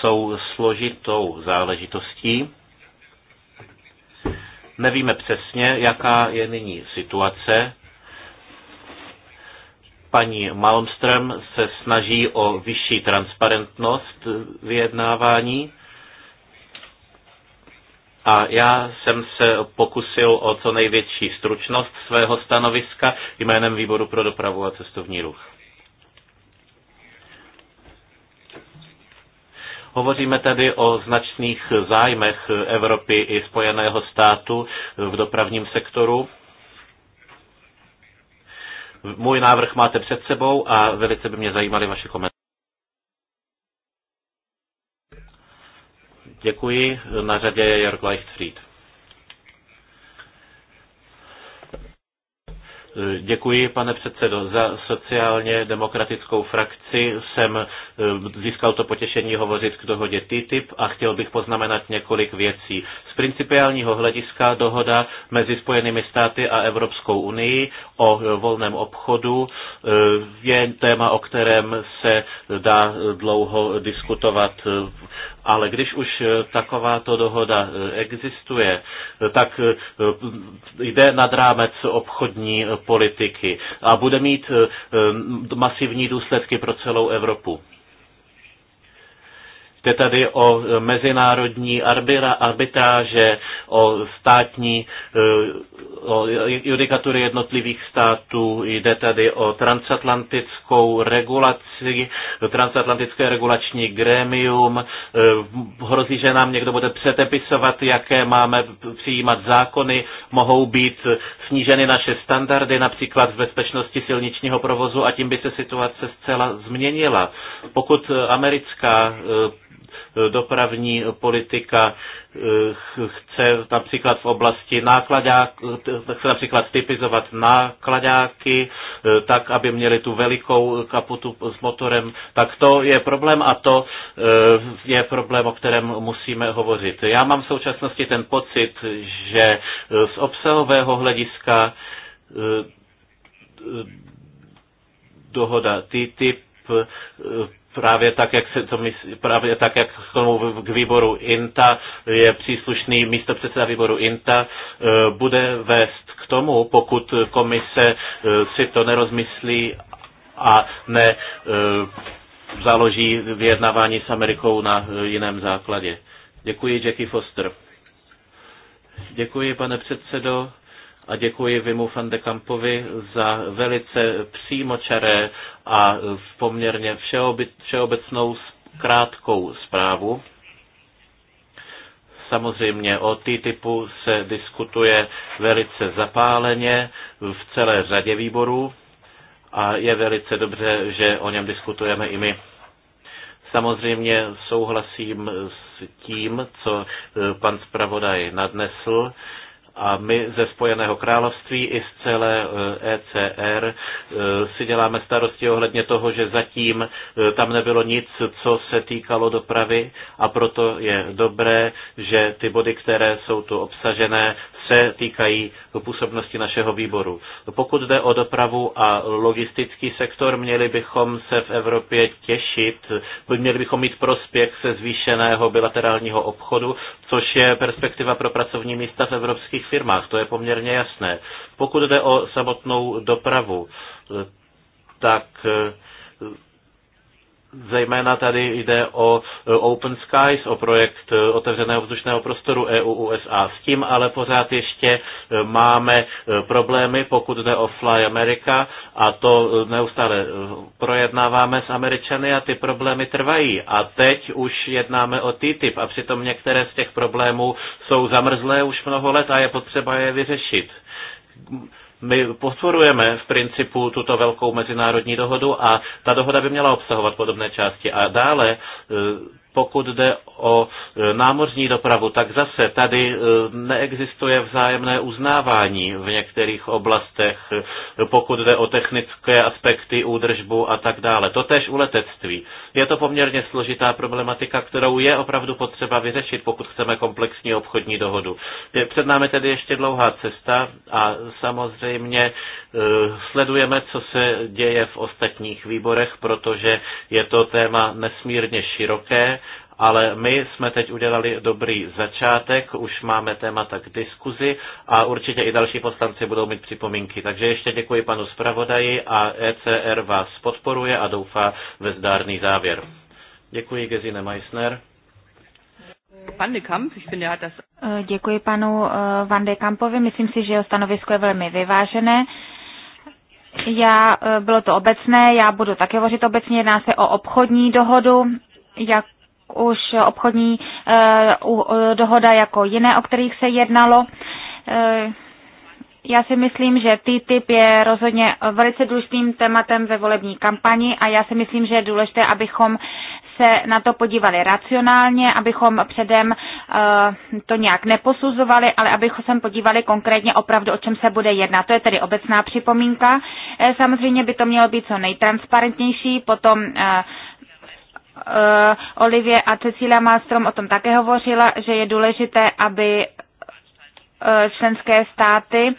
jsou složitou záležitostí Nevíme přesně, jaká je nyní situace. Paní Malmström se snaží o vyšší transparentnost vyjednávání. A já jsem se pokusil o co největší stručnost svého stanoviska jménem Výboru pro dopravu a cestovní ruch. Hovoříme tedy o značných zájmech Evropy i Spojeného státu v dopravním sektoru. Můj návrh máte před sebou a velice by mě zajímaly vaše komentáře. Děkuji. Na řadě je Jörg Leichtfried. Děkuji, pane předsedo. Za sociálně demokratickou frakci jsem eh, získal to potěšení hovořit k dohodě TTIP a chtěl bych poznamenat několik věcí. Z principiálního hlediska dohoda mezi Spojenými státy a Evropskou unii o volném obchodu eh, je téma, o kterém se dá dlouho diskutovat. Ale když už takováto dohoda eh, existuje, tak jde nad rámec obchodní politiky a bude mít eh, eh, masivní důsledky pro celou Evropu. Jde tady o e, mezinárodní arbitráže, o státní e, o judikatury jednotlivých států, jde tady o transatlantickou regulaci, transatlantické regulační grémium, e, hrozí, že nám někdo bude přetepisovat, jaké máme přijímat zákony, mohou být sníženy naše standardy, například v bezpečnosti silničního provozu a tím by se situace zcela změnila. Pokud americká dopravní politika eh, chce například v oblasti nákladáků, chce například typizovat nákladáky, eh, tak, aby měli tu velikou kaputu s motorem, tak to je problém a to eh, je problém, o kterém musíme hovořit. Já mám v současnosti ten pocit, že z obsahového hlediska dohoda TTIP Právě tak, jak se to myslí, právě tak, jak k tomu k výboru INTA je příslušný místo předseda výboru INTA, e, bude vést k tomu, pokud komise e, si to nerozmyslí a ne e, založí vyjednávání s Amerikou na jiném základě. Děkuji, Jackie Foster. Děkuji, pane předsedo a děkuji Vimu van de Kampovi za velice přímočaré a poměrně všeobecnou krátkou zprávu. Samozřejmě o TTIPu se diskutuje velice zapáleně v celé řadě výborů a je velice dobře, že o něm diskutujeme i my. Samozřejmě souhlasím s tím, co eh, pan zpravodaj nadnesl a my ze Spojeného království i z celé ECR eh, e eh, si děláme starosti ohledně toho, že zatím eh, tam nebylo nic, co se týkalo dopravy a proto je dobré, že ty body, které jsou tu obsažené, se týkají působnosti našeho výboru. Pokud jde o dopravu a logistický sektor, měli bychom se v Evropě těšit, měli bychom mít prospěch se zvýšeného bilaterálního obchodu, což je perspektiva pro pracovní místa v evropských firmách, to je poměrně jasné. Pokud jde o samotnou dopravu, tak eh, Zejména tady jde o e, Open Skies, o projekt e, otevřeného vzdušného prostoru EU-USA. S tím ale pořád ještě e, máme problémy, pokud jde o Fly America a to neustále projednáváme s Američany a ty problémy trvají. A teď už jednáme o TTIP a přitom některé z těch problémů jsou zamrzlé už mnoho let a je potřeba je vyřešit my podporujeme v principu tuto velkou mezinárodní dohodu a ta dohoda by měla obsahovat podobné části. A dále eh, pokud jde o e, námořní dopravu, tak zase tady e, neexistuje vzájemné uznávání v některých oblastech, e, pokud jde o technické aspekty, údržbu a tak dále. To tež u letectví. Je to poměrně složitá problematika, kterou je opravdu potřeba vyřešit, pokud chceme komplexní obchodní dohodu. Před námi tedy ještě dlouhá cesta a samozřejmě sledujeme, co se děje v ostatních výborech, protože je to téma nesmírně široké ale my jsme teď udělali dobrý začátek, už máme témata k diskuzi a určitě i další poslanci budou mít připomínky. Takže ještě děkuji panu zpravodaji a ECR vás podporuje a doufá ve zdárný závěr. Děkuji Gesine Meissner. Eh, děkuji panu eh, Van de Kampovi. Myslím si, že jeho stanovisko je velmi vyvážené. Já, eh, bylo to obecné, já budu také hovořit obecně, jedná se o obchodní dohodu, jak už obchodní eh, eh, dohoda jako jiné, o kterých se jednalo. Eh, já si myslím, že TTIP je rozhodně velice důležitým tématem ve volební kampani a já si myslím, že je důležité, abychom se na to podívali racionálně, abychom předem to nějak neposuzovali, ale abychom se podívali konkrétně opravdu, o čem se bude jednat. To je tedy obecná připomínka. Samozřejmě by to mělo být co nejtransparentnější, potom Eh, Olivie a Cecília Malstrom o tom také hovořila, že je důležité, aby eh, členské státy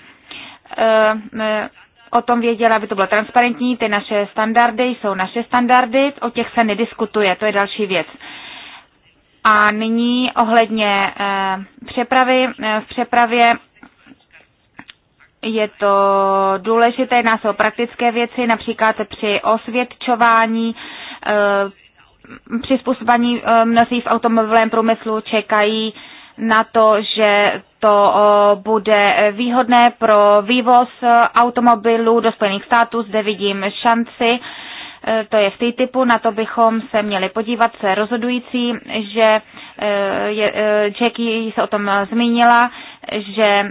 eh, o tom věděla, aby to bylo transparentní. Ty naše standardy jsou naše standardy, o těch se nediskutuje, to je další věc. A nyní ohledně přepravy. V přepravě je to důležité, jedná se o praktické věci, například při osvědčování přizpůsobení eh, mnozí v automobilovém průmyslu čekají na to, že to eh, bude výhodné pro vývoz automobilů do Spojených států. Zde vidím šanci, eh, to je v té typu, na to bychom se měli podívat, se rozhodující, že Jackie se o tom zmínila, že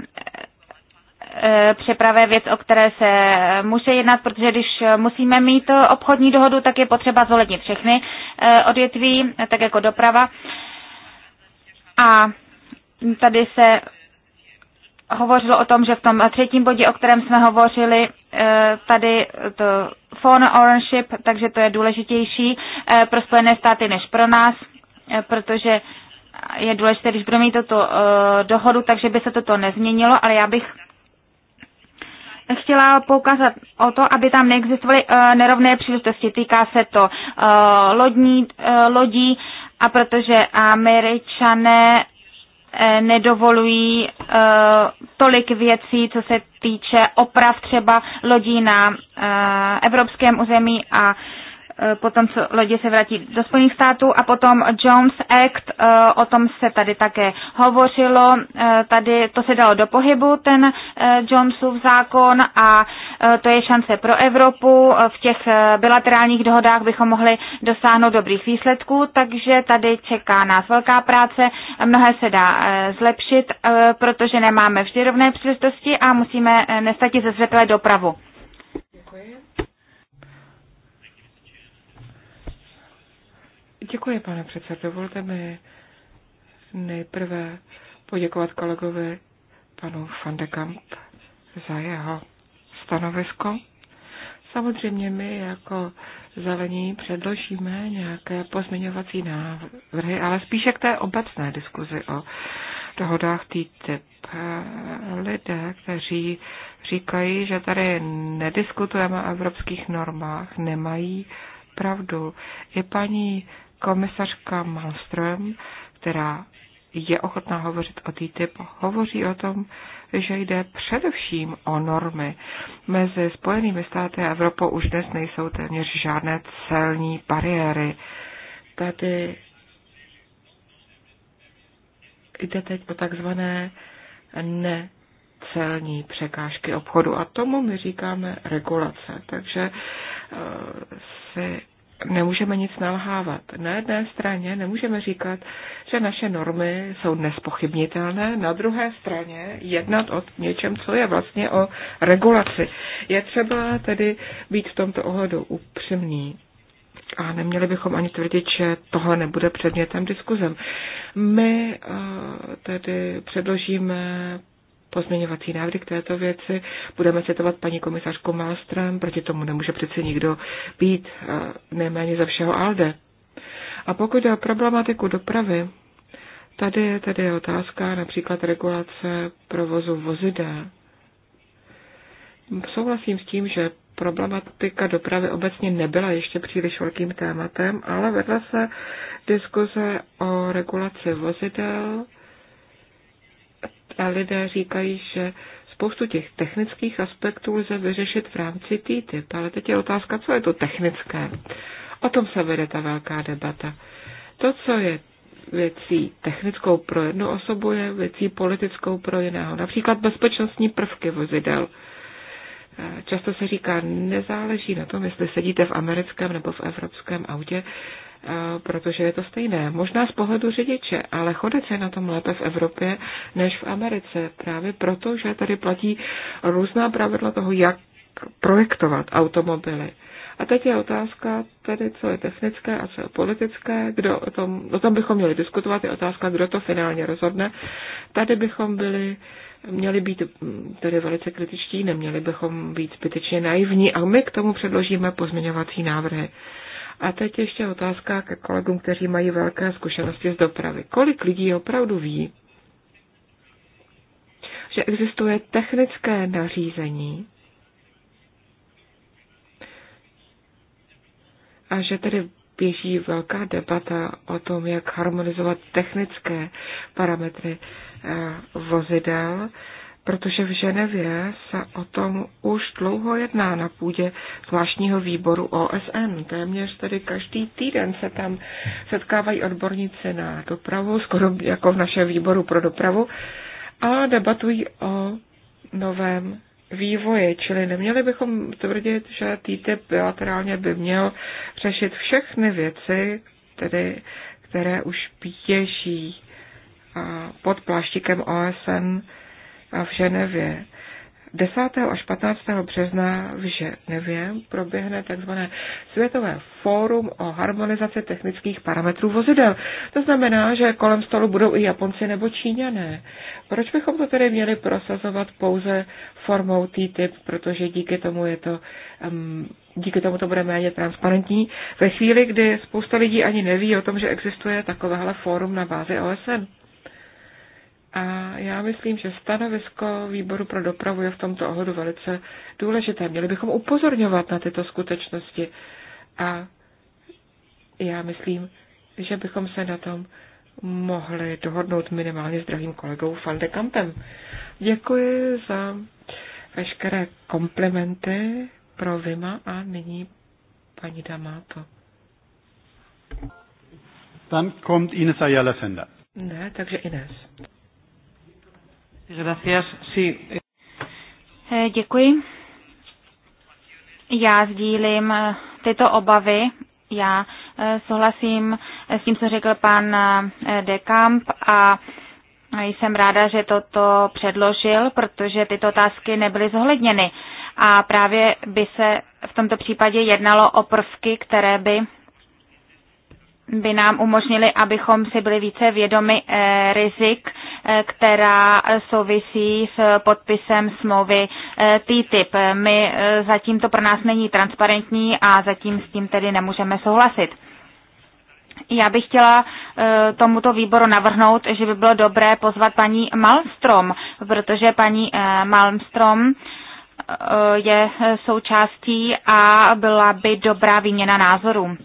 Eh, přeprava je věc, o které se může jednat, protože když musíme mít obchodní dohodu, tak je potřeba zohlednit všechny eh, odvětví, tak jako doprava. A tady se hovořilo o tom, že v tom třetím bodě, o kterém jsme hovořili, eh, tady to phone ownership, takže to je důležitější pro Spojené státy než pro nás, protože je důležité, když budeme mít toto dohodu, takže by se toto nezměnilo, ale já bych chtěla poukázat o to, aby tam neexistovaly eh, nerovné příležitosti. Týká se to eh, lodní, eh, lodí a protože američané nedovolují tolik věcí, co se týče oprav třeba lodí na evropském území a Eh, potom co lodě se vrátí do Spojených států a potom Jones Act, eh, o tom se tady také hovořilo, eh, tady to se dalo do pohybu, ten Jonesův zákon a to je šance pro Evropu, v těch bilaterálních dohodách bychom mohli dosáhnout dobrých výsledků, takže tady čeká nás velká práce, mnohé se dá zlepšit, protože nemáme vždy rovné příležitosti a musíme nestatit ze zřetele dopravu. Děkuji. Děkuji, pane předsedo. Dovolte mi nejprve poděkovat kolegovi panu van de Kamp za jeho stanovisko. Samozřejmě my jako zelení předložíme nějaké pozměňovací návrhy, ale spíše k té obecné diskuzi o dohodách TTIP. Lidé, kteří říkají, že tady nediskutujeme o evropských normách, nemají pravdu. I paní komisařka Malmström, která je ochotná hovořit o TTIP, hovoří o tom, že jde především o normy. Mezi Spojenými státy a Evropou už dnes nejsou téměř žádné celní bariéry. Tady jde teď o takzvané necelní překážky obchodu a tomu my říkáme regulace. Takže eh, si nemůžeme nic nalhávat. Na jedné straně nemůžeme říkat, že naše normy jsou nespochybnitelné, na druhé straně jednat o něčem, co je vlastně o regulaci. Je třeba tedy být v tomto ohledu upřímný. A neměli bychom ani tvrdit, že tohle nebude předmětem diskuzem. My eh, tedy předložíme pozměňovací návrhy k této věci. Budeme citovat paní komisařku Malstrem, proti tomu nemůže přeci nikdo být, nejméně ze všeho ALDE. A pokud jde o problematiku dopravy, tady je tedy otázka například regulace provozu vozidel. Souhlasím s tím, že problematika dopravy obecně nebyla ještě příliš velkým tématem, ale vedla se diskuze o regulaci vozidel, a lidé říkají, že spoustu těch technických aspektů lze vyřešit v rámci TTIP, ale teď je otázka, co je to technické. O tom se vede ta velká debata. To, co je věcí technickou pro jednu osobu, je věcí politickou pro jiného. Například bezpečnostní prvky vozidel. Často se říká, nezáleží na tom, jestli sedíte v americkém nebo v evropském autě. Eh, protože je to stejné. Možná z pohledu řidiče, ale chodec je na tom lépe v Evropě než v Americe. Právě proto, že tady platí různá pravidla toho, jak projektovat automobily. A teď je otázka tedy, co je technické a co je politické, kdo o tom, o tom bychom měli diskutovat, je otázka, kdo to finálně rozhodne. Tady bychom byli, měli být mm, tedy velice kritičtí, neměli bychom být zbytečně naivní a my k tomu předložíme pozměňovací návrhy. A teď ještě otázka ke kolegům, kteří mají velké zkušenosti z dopravy. Kolik lidí opravdu ví, že existuje technické nařízení a že tedy běží velká debata o tom, jak harmonizovat technické parametry eh, vozidel protože v Ženevě se o tom už dlouho jedná na půdě zvláštního výboru OSN. Téměř tedy každý týden se tam setkávají odborníci na dopravu, skoro jako v našem výboru pro dopravu, a debatují o novém vývoje, čili neměli bychom tvrdit, že TTIP bilaterálně by měl řešit všechny věci, tedy, které už běží pod pláštíkem OSN v Ženevě. 10. až 15. března v Ženevě proběhne tzv. Světové fórum o harmonizaci technických parametrů vozidel. To znamená, že kolem stolu budou i Japonci nebo Číňané. Proč bychom to tedy měli prosazovat pouze formou TTIP, protože díky tomu je to um, díky tomu to bude méně transparentní. Ve chvíli, kdy spousta lidí ani neví o tom, že existuje takovéhle fórum na bázi OSN. A já myslím, že stanovisko výboru pro dopravu je v tomto ohledu velice důležité. Měli bychom upozorňovat na tyto skutečnosti. A já myslím, že bychom se na tom mohli dohodnout minimálně s drahým kolegou Van de Kampem. Děkuji za veškeré komplimenty pro Vima a nyní paní Damato. Dann kommt Ines Ayala Sender. Ne, takže Ines. Gracias, sí. Eh, děkuji. Já sdílím eh, tyto obavy. Já eh, souhlasím s tím, co řekl pan Dekamp a jsem ráda, že toto předložil, protože tyto otázky nebyly zohledněny. A právě by se v tomto případě jednalo o prvky, které by by nám umožnili, abychom si byli více vědomi eh, rizik, eh, která souvisí s podpisem smlouvy eh, TTIP. My zatím to pro nás není transparentní a zatím s tím tedy nemůžeme souhlasit. Já bych chtěla tomuto výboru navrhnout, že by bylo dobré pozvat paní Malmstrom, protože paní Malmstrom je součástí a byla by dobrá výměna názorů.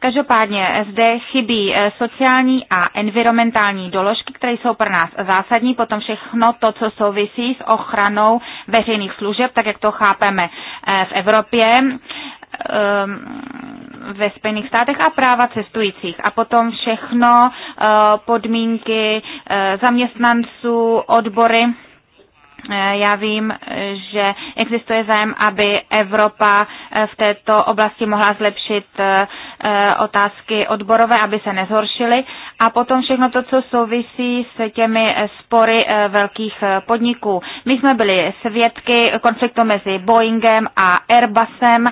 Každopádně zde chybí eh, sociální a environmentální doložky, které jsou pro nás zásadní, potom všechno to, co souvisí s ochranou veřejných služeb, tak jak to chápeme eh, v Evropě ehm, ve Spojených státech a práva cestujících. A potom všechno eh, podmínky zaměstnanců, odbory Eh, já vím, eh, že existuje zájem, aby Evropa eh, v této oblasti mohla zlepšit otázky odborové, aby se nezhoršily. A potom všechno to, co souvisí s těmi spory velkých podniků. My jsme byli svědky konfliktu mezi Boeingem a Airbusem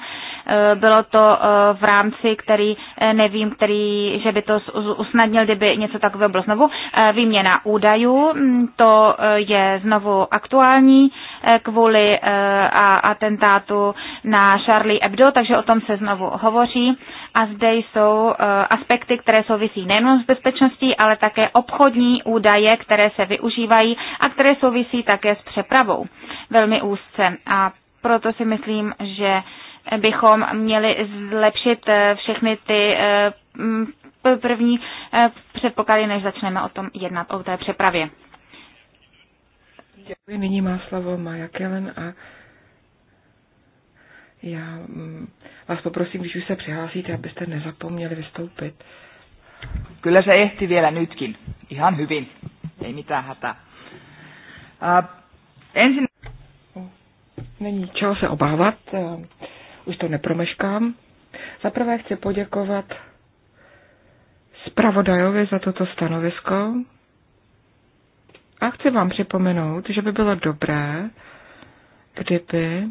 Eh, bylo to eh, v rámci, který eh, nevím, který, že by to usnadnil, kdyby něco takového bylo znovu. Výměna údajů, mm, to je znovu aktuální kvůli atentátu na Charlie Hebdo, takže o tom se znovu hovoří. A zde jsou aspekty, které souvisí nejen s bezpečností, ale také obchodní údaje, které se využívají a které souvisí také s přepravou velmi úzce. A proto si myslím, že bychom měli zlepšit eh, všechny ty eh, první eh, předpoklady, než začneme o tom jednat, o té přepravě. Děkuji. Nyní má slovo Maja Kellen a já mm, vás poprosím, když už se přihlásíte, abyste nezapomněli vystoupit. Kyllä se ehti vielä nytkin. Ihan hyvin. Ei mitään hätää. Uh, ensin... Není čeho se obávat už to nepromeškám. prvé chci poděkovat zpravodajovi za toto stanovisko a chci vám připomenout, že by bylo dobré, kdyby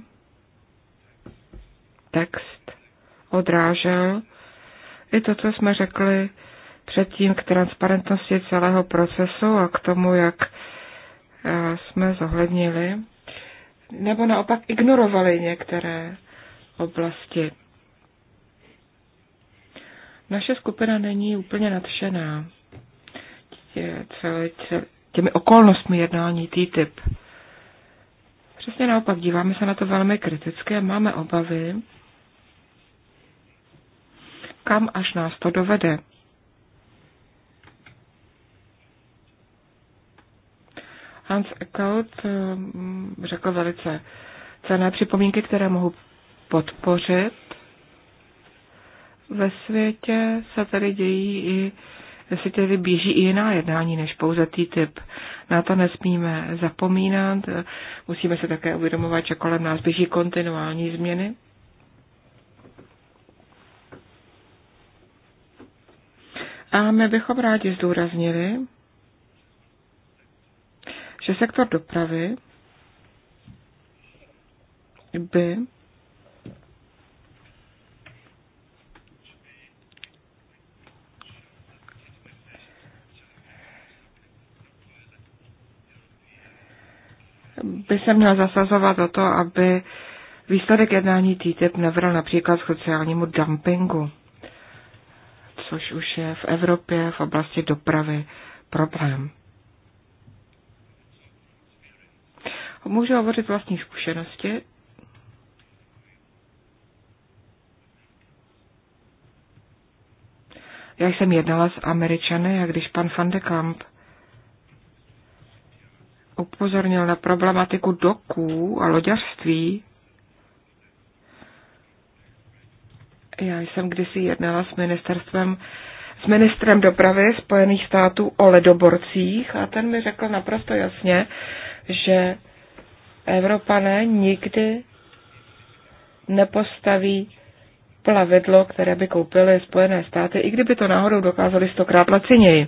text odrážel i to, co jsme řekli předtím k transparentnosti celého procesu a k tomu, jak eh, jsme zohlednili nebo naopak ignorovali některé oblasti. Naše skupina není úplně nadšená tě, celé, těmi okolnostmi jednání TTIP. Přesně naopak, díváme se na to velmi kritické, máme obavy, kam až nás to dovede. Hans Eckelt eh, řekl velice cené připomínky, které mohu podpořit. Ve světě se tady dějí i ve světě tady běží i jiná jednání než pouze typ. Na to nesmíme zapomínat, musíme se také uvědomovat, že kolem nás běží kontinuální změny. A my bychom rádi zdůraznili, že sektor dopravy by by se měl zasazovat o to, aby výsledek jednání TTIP nevrl například k sociálnímu dumpingu, což už je v Evropě v oblasti dopravy problém. Můžu hovořit vlastní zkušenosti. Já jsem jednala s Američany a když pan Van de Kamp upozornil na problematiku doků a loďařství. Já jsem kdysi jednala s ministerstvem s ministrem dopravy Spojených států o ledoborcích a ten mi řekl naprosto jasně, že Evropané nikdy nepostaví plavidlo, které by koupily Spojené státy, i kdyby to náhodou dokázali stokrát laciněji.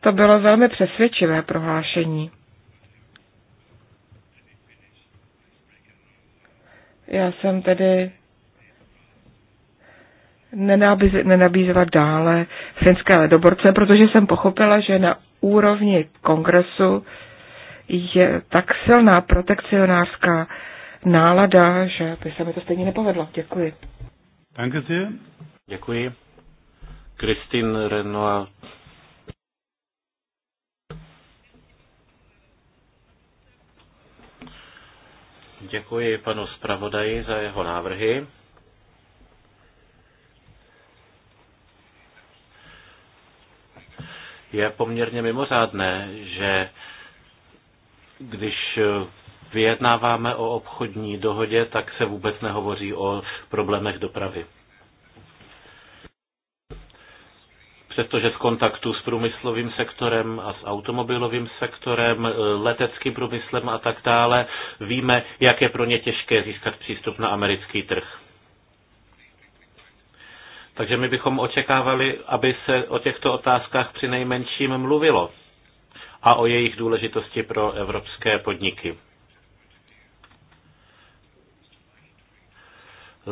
To bylo velmi přesvědčivé prohlášení. Já jsem tedy nenabízela dále finské ledoborce, protože jsem pochopila, že na úrovni kongresu je tak silná protekcionářská nálada, že by se mi to stejně nepovedlo. Děkuji. Děkuji. Kristin Renoir Děkuji panu zpravodaji za jeho návrhy. Je poměrně mimořádné, že když vyjednáváme o obchodní dohodě, tak se vůbec nehovoří o problémech dopravy. přestože v kontaktu s průmyslovým sektorem a s automobilovým sektorem, e, leteckým průmyslem a tak dále, víme, jak je pro ně těžké získat přístup na americký trh. Takže my bychom očekávali, aby se o těchto otázkách při nejmenším mluvilo a o jejich důležitosti pro evropské podniky.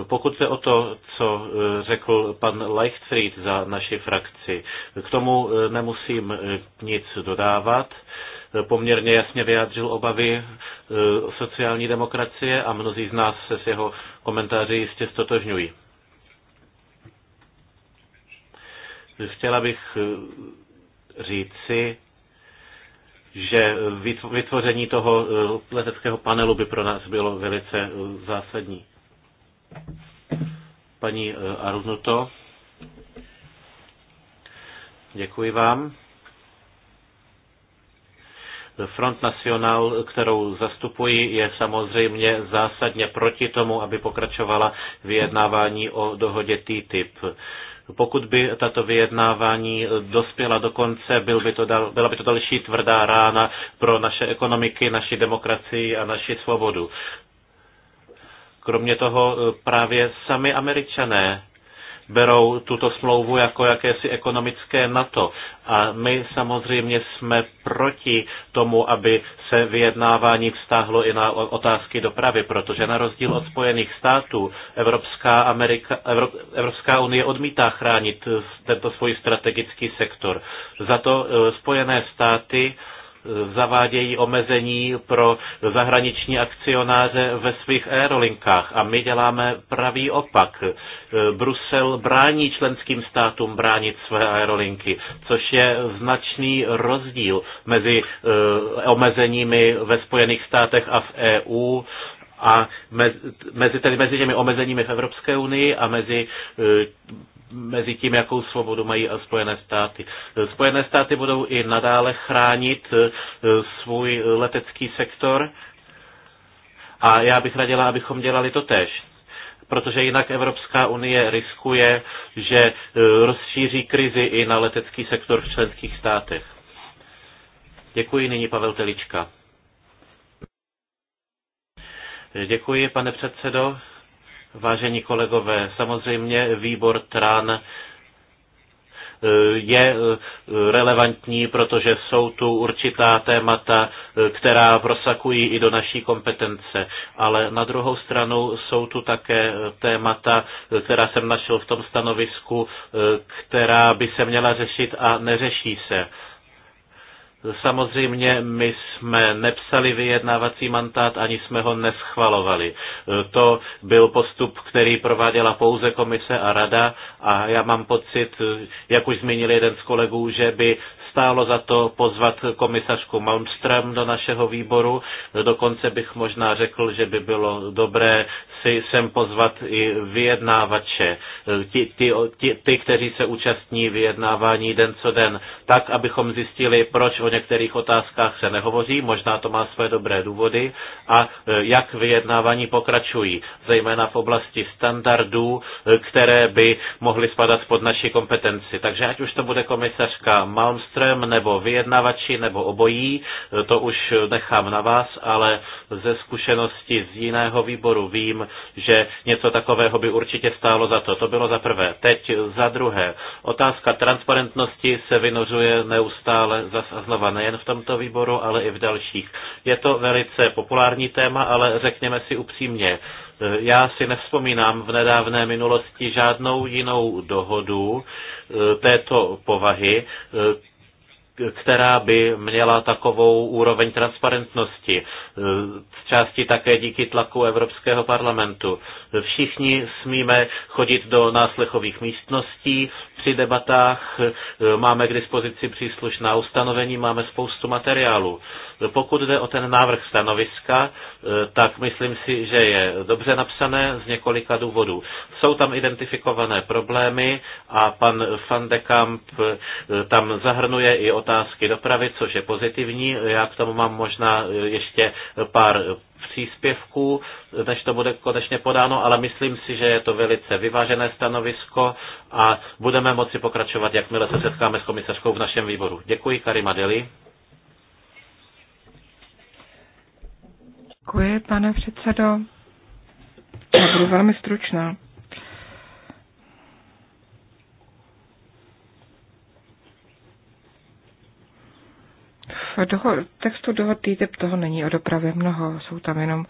Pokud se o to, co e, řekl pan Leichtfried za naši frakci, k tomu e, nemusím e, nic dodávat. Poměrně jasně vyjádřil obavy sociální demokracie a mnozí z nás se s jeho komentáři jistě stotožňují. Chtěla bych říci, že vytvoření toho leteckého panelu by pro nás bylo velice zásadní. Paní eh, Arunuto, děkuji vám. Front National, kterou zastupuji, je samozřejmě zásadně proti tomu, aby pokračovala vyjednávání o dohodě TTIP. Pokud by tato vyjednávání dospěla do konce, byl by to dal, byla by to další tvrdá rána pro naše ekonomiky, naši demokracii a naši svobodu. Kromě toho e, právě sami američané berou tuto smlouvu jako jakési ekonomické NATO. A my samozřejmě jsme proti tomu, aby se vyjednávání vztáhlo i na otázky dopravy, protože na rozdíl od Spojených států Evropská, Amerika, Evropská unie odmítá chránit e, tento svůj strategický sektor. Za to e, Spojené státy zavádějí omezení pro zahraniční akcionáře ve svých aerolinkách a my děláme pravý opak. Brusel brání členským státům bránit své aerolinky, což je značný rozdíl mezi eh, omezeními ve Spojených státech a v EU a mezi, tedy mezi těmi omezeními v Evropské unii a mezi eh, mezi tím, jakou svobodu mají Spojené státy. Spojené státy budou i nadále chránit eh, svůj letecký sektor a já bych raděla, abychom dělali to tež protože jinak Evropská unie riskuje, že eh, rozšíří krizi i na letecký sektor v členských státech. Děkuji, nyní Pavel Telička. Děkuji, pane předsedo. Vážení kolegové, samozřejmě výbor TRAN eh, je eh, relevantní, protože jsou tu určitá témata, eh, která prosakují i do naší kompetence. Ale na druhou stranu jsou tu také témata, která jsem našel v tom stanovisku, která by se měla řešit a neřeší se. Samozřejmě my jsme nepsali vyjednávací mandát, ani jsme ho neschvalovali. To byl postup, který prováděla pouze komise a rada a já mám pocit, jak už zmínil jeden z kolegů, že by stálo za to pozvat komisařku Malmström do našeho výboru. Dokonce bych možná řekl, že by bylo dobré si sem pozvat i vyjednávače, ti, ti, ti, ty, kteří se účastní vyjednávání den co den, tak, abychom zjistili, proč o některých otázkách se nehovoří, možná to má své dobré důvody, a e, jak vyjednávání pokračují, zejména v oblasti standardů, e, které by mohly spadat pod naši kompetenci. Takže ať už to bude komisařka Malmström, soudcem nebo vyjednavači nebo obojí, to už nechám na vás, ale ze zkušenosti z jiného výboru vím, že něco takového by určitě stálo za to. To bylo za prvé. Teď za druhé. Otázka transparentnosti se vynořuje neustále zas a znova, nejen v tomto výboru, ale i v dalších. Je to velice populární téma, ale řekněme si upřímně, já si nevzpomínám v nedávné minulosti žádnou jinou dohodu e, této povahy, e, která by měla takovou úroveň transparentnosti. Z e, části také díky tlaku Evropského parlamentu. Všichni smíme chodit do náslechových místností při debatách, e, máme k dispozici příslušná ustanovení, máme spoustu materiálu. Pokud jde o ten návrh stanoviska, e, tak myslím si, že je dobře napsané z několika důvodů. Jsou tam identifikované problémy a pan Van de Kamp e, tam zahrnuje i otázky dopravy, což je pozitivní. Já k tomu mám možná e, ještě pár příspěvků, než to bude konečně podáno, ale myslím si, že je to velice vyvážené stanovisko a budeme moci pokračovat, jakmile se setkáme s komisařkou v našem výboru. Děkuji, Karima Deli. Děkuji, pane předsedo. Já budu velmi stručná. V doho- textu dohod TTIP toho není o dopravě mnoho, jsou tam jenom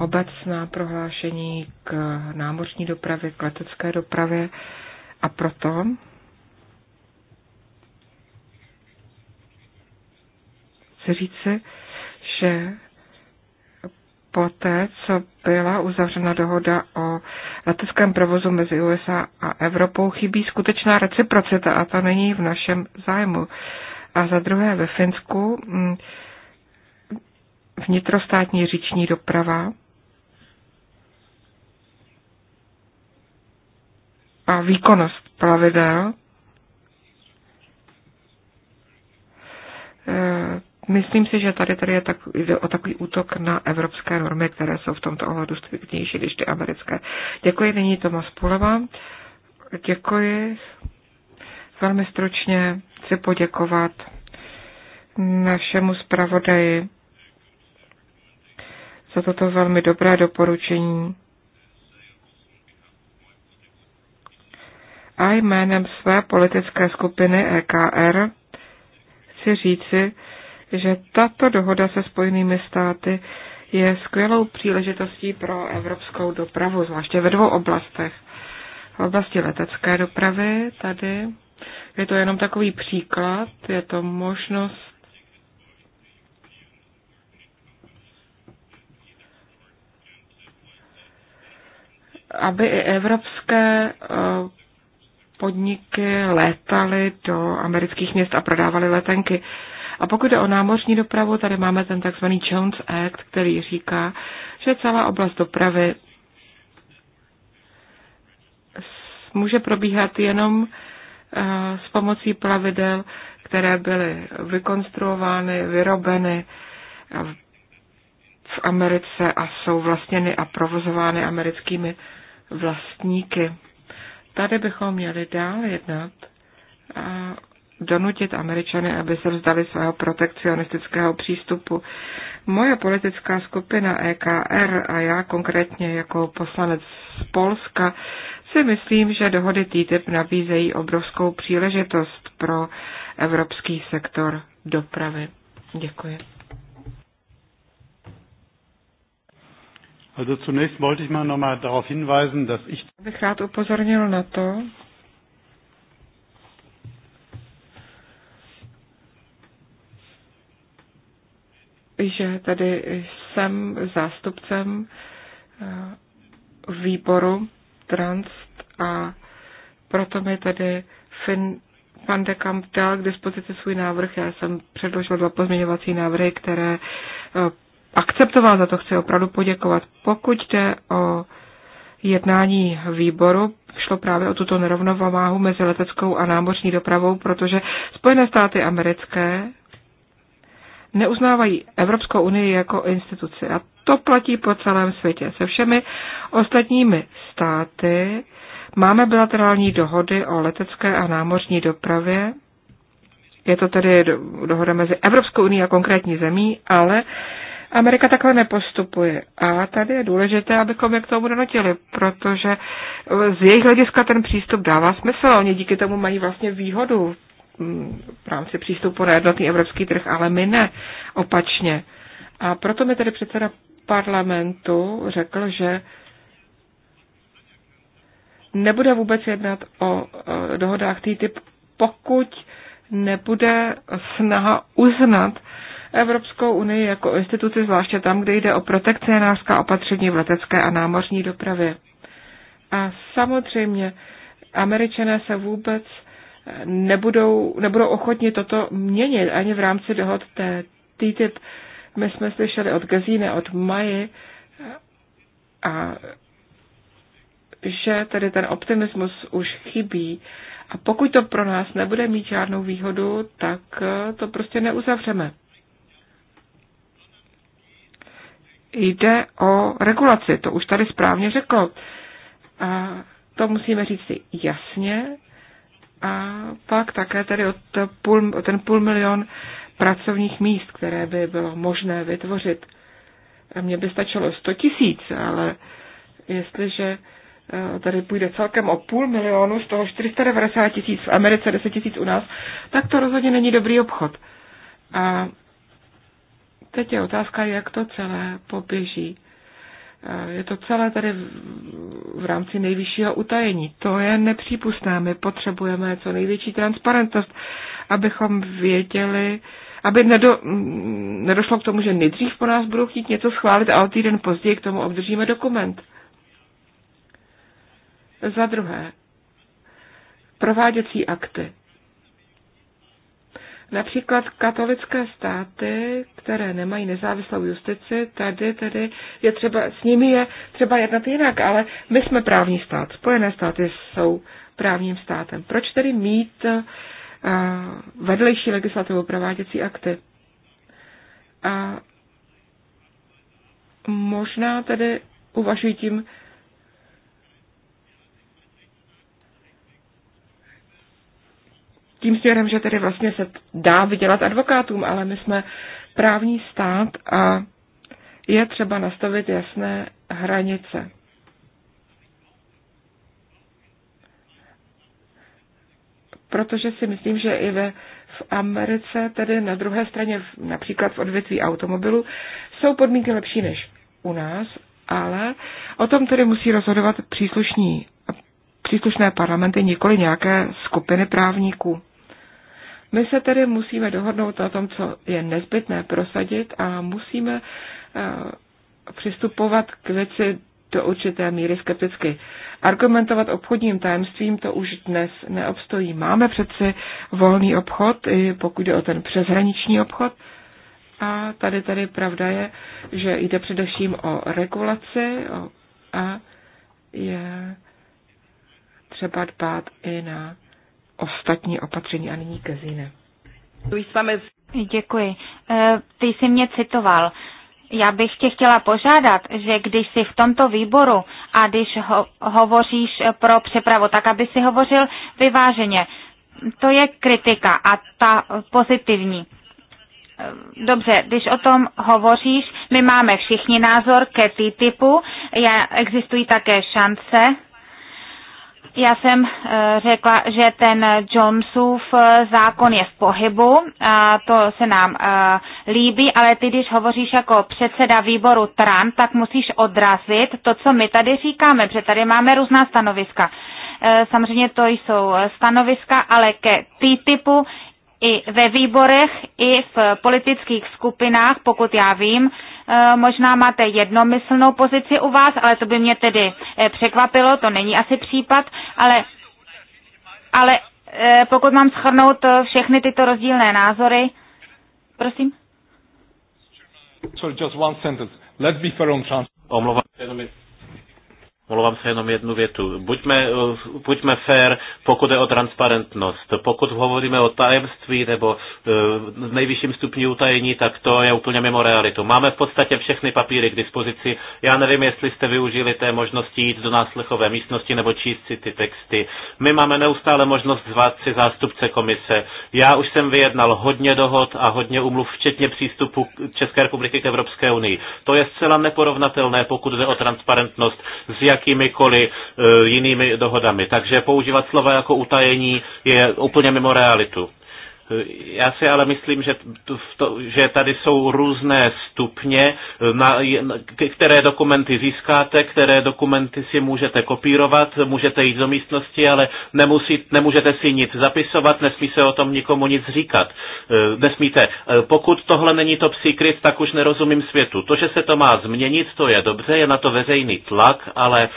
obecná prohlášení k námořní dopravě, k letecké dopravě a proto chci říci, že poté, co byla uzavřena dohoda o leteckém provozu mezi USA a Evropou, chybí skutečná reciprocita a ta není v našem zájmu. A za druhé ve Finsku mm, vnitrostátní říční doprava a výkonnost plavidel eh, Myslím si, že tady, tady je tak, jde o takový útok na evropské normy, které jsou v tomto ohledu striktnější než ty americké. Děkuji, nyní Tomas Puleva. Děkuji. Velmi stručně chci poděkovat našemu zpravodaji za toto velmi dobré doporučení. A jménem své politické skupiny EKR chci říci, že tato dohoda se Spojenými státy je skvělou příležitostí pro evropskou dopravu, zvláště ve dvou oblastech. V oblasti letecké dopravy tady je to jenom takový příklad, je to možnost aby i evropské eh, podniky létaly do amerických měst a prodávaly letenky. A pokud jde o námořní dopravu, tady máme ten tzv. Jones Act, který říká, že celá oblast dopravy může probíhat jenom eh, s pomocí plavidel, které byly vykonstruovány, vyrobeny eh, v Americe a jsou vlastněny a provozovány americkými vlastníky. Tady bychom měli dál jednat donutit Američany, aby se vzdali svého protekcionistického přístupu. Moje politická skupina EKR a já konkrétně jako poslanec z Polska si myslím, že dohody TTIP nabízejí obrovskou příležitost pro evropský sektor dopravy. Děkuji. Also zunächst wollte ich mal mal darauf hinweisen, dass ich. Bych rád upozornil na to, že tady jsem zástupcem eh, výboru Trans a proto mi tady fin, pan de dal k dispozici svůj návrh. Já jsem předložil dva pozměňovací návrhy, které eh, akceptoval, za to chci opravdu poděkovat. Pokud jde o jednání výboru, šlo právě o tuto nerovnováhu mezi leteckou a námořní dopravou, protože Spojené státy americké neuznávají Evropskou unii jako instituci. A to platí po celém světě. Se všemi ostatními státy máme bilaterální dohody o letecké a námořní dopravě. Je to tedy dohoda mezi Evropskou unii a konkrétní zemí, ale Amerika takhle nepostupuje. A tady je důležité, abychom je k tomu donotili, protože z jejich hlediska ten přístup dává smysl. Oni díky tomu mají vlastně výhodu Mm, v rámci přístupu na jednotný evropský trh, ale my ne, opačně. A proto mi tedy předseda parlamentu řekl, že nebude vůbec jednat o dohodách TTIP, pokud nebude snaha uznat Evropskou unii jako instituci, zvláště tam, kde jde o protekcionářská opatření v letecké a námořní dopravě. A samozřejmě američané se vůbec nebudou, nebudou ochotni toto měnit ani v rámci dohod té TTIP. My jsme slyšeli od Gazíne, od Maji, a že tedy ten optimismus už chybí. A pokud to pro nás nebude mít žádnou výhodu, tak to prostě neuzavřeme. Jde o regulaci, to už tady správně řekl. A to musíme říct si jasně, a pak také tedy od půl, ten půl milion pracovních míst, které by bylo možné vytvořit. Mně by stačilo 100 tisíc, ale jestliže eh, tady půjde celkem o půl milionu, z toho 490 tisíc v Americe, 10 tisíc u nás, tak to rozhodně není dobrý obchod. A teď je otázka, jak to celé poběží. Je to celé tady v rámci nejvyššího utajení. To je nepřípustné. My potřebujeme co největší transparentnost, abychom věděli, aby nedo, nedošlo k tomu, že nejdřív po nás budou chtít něco schválit a o týden později k tomu obdržíme dokument. Za druhé, prováděcí akty. Například katolické státy, které nemají nezávislou justici, tady tedy je třeba, s nimi je třeba jednat jinak, ale my jsme právní stát. Spojené státy jsou právním státem. Proč tedy mít uh, vedlejší legislativu prováděcí akty? A možná tedy uvažují tím tím směrem, že tedy vlastně se dá vydělat advokátům, ale my jsme právní stát a je třeba nastavit jasné hranice. Protože si myslím, že i ve v Americe, tedy na druhé straně, například v odvětví automobilu, jsou podmínky lepší než u nás, ale o tom tedy musí rozhodovat příslušní, příslušné parlamenty, nikoli nějaké skupiny právníků. My se tedy musíme dohodnout na tom, co je nezbytné prosadit a musíme eh, přistupovat k věci do určité míry skepticky. Argumentovat obchodním tajemstvím to už dnes neobstojí. Máme přeci volný obchod, i pokud jde o ten přeshraniční obchod. A tady tady pravda je, že jde především o regulaci a je třeba dbát i na ostatní opatření a nyní Kezine. Děkuji. E, ty jsi mě citoval. Já bych tě chtěla požádat, že když jsi v tomto výboru a když ho, hovoříš pro přepravu, tak aby si hovořil vyváženě. To je kritika a ta pozitivní. E, dobře, když o tom hovoříš, my máme všichni názor ke typu, existují také šance, já jsem eh, řekla, že ten Jonesův eh, zákon je v pohybu, a to se nám eh, líbí, ale ty, když hovoříš jako předseda výboru Trump, tak musíš odrazit to, co my tady říkáme, protože tady máme různá stanoviska. Samozřejmě to jsou stanoviska, ale ke T-typu i ve výborech, i v politických skupinách, pokud já vím, Eh, možná máte jednomyslnou pozici u vás, ale to by mě tedy eh, překvapilo, to není asi případ, ale, ale eh, pokud mám schrnout všechny tyto rozdílné názory, prosím. Sorry, just one sentence. Let's be fair on Omlouvám se, jenom Mluvám se jenom jednu větu. Buďme, eh, buďme fair, pokud je o transparentnost. Pokud hovoříme o tajemství nebo eh, v nejvyšším stupni utajení, tak to je úplně mimo realitu. Máme v podstatě všechny papíry k dispozici. Já nevím, jestli jste využili té možnosti jít do náslechové místnosti nebo číst si ty texty. My máme neustále možnost zvát si zástupce komise. Já už jsem vyjednal hodně dohod a hodně umluv, včetně přístupu České republiky k Evropské unii. To je zcela neporovnatelné, pokud jde o transparentnost, z jak jakýmikoliv e, jinými dohodami. Takže používat slova jako utajení je úplně mimo realitu. Já si ale myslím, že, to, že tady jsou různé stupně, eh, na, které dokumenty získáte, které dokumenty si můžete kopírovat, můžete jít do místnosti, ale nemusí, nemůžete si nic zapisovat, nesmí se o tom nikomu nic říkat. Eh, nesmíte. Eh, pokud tohle není top secret, tak už nerozumím světu. To, že se to má změnit, to je dobře, je na to veřejný tlak, ale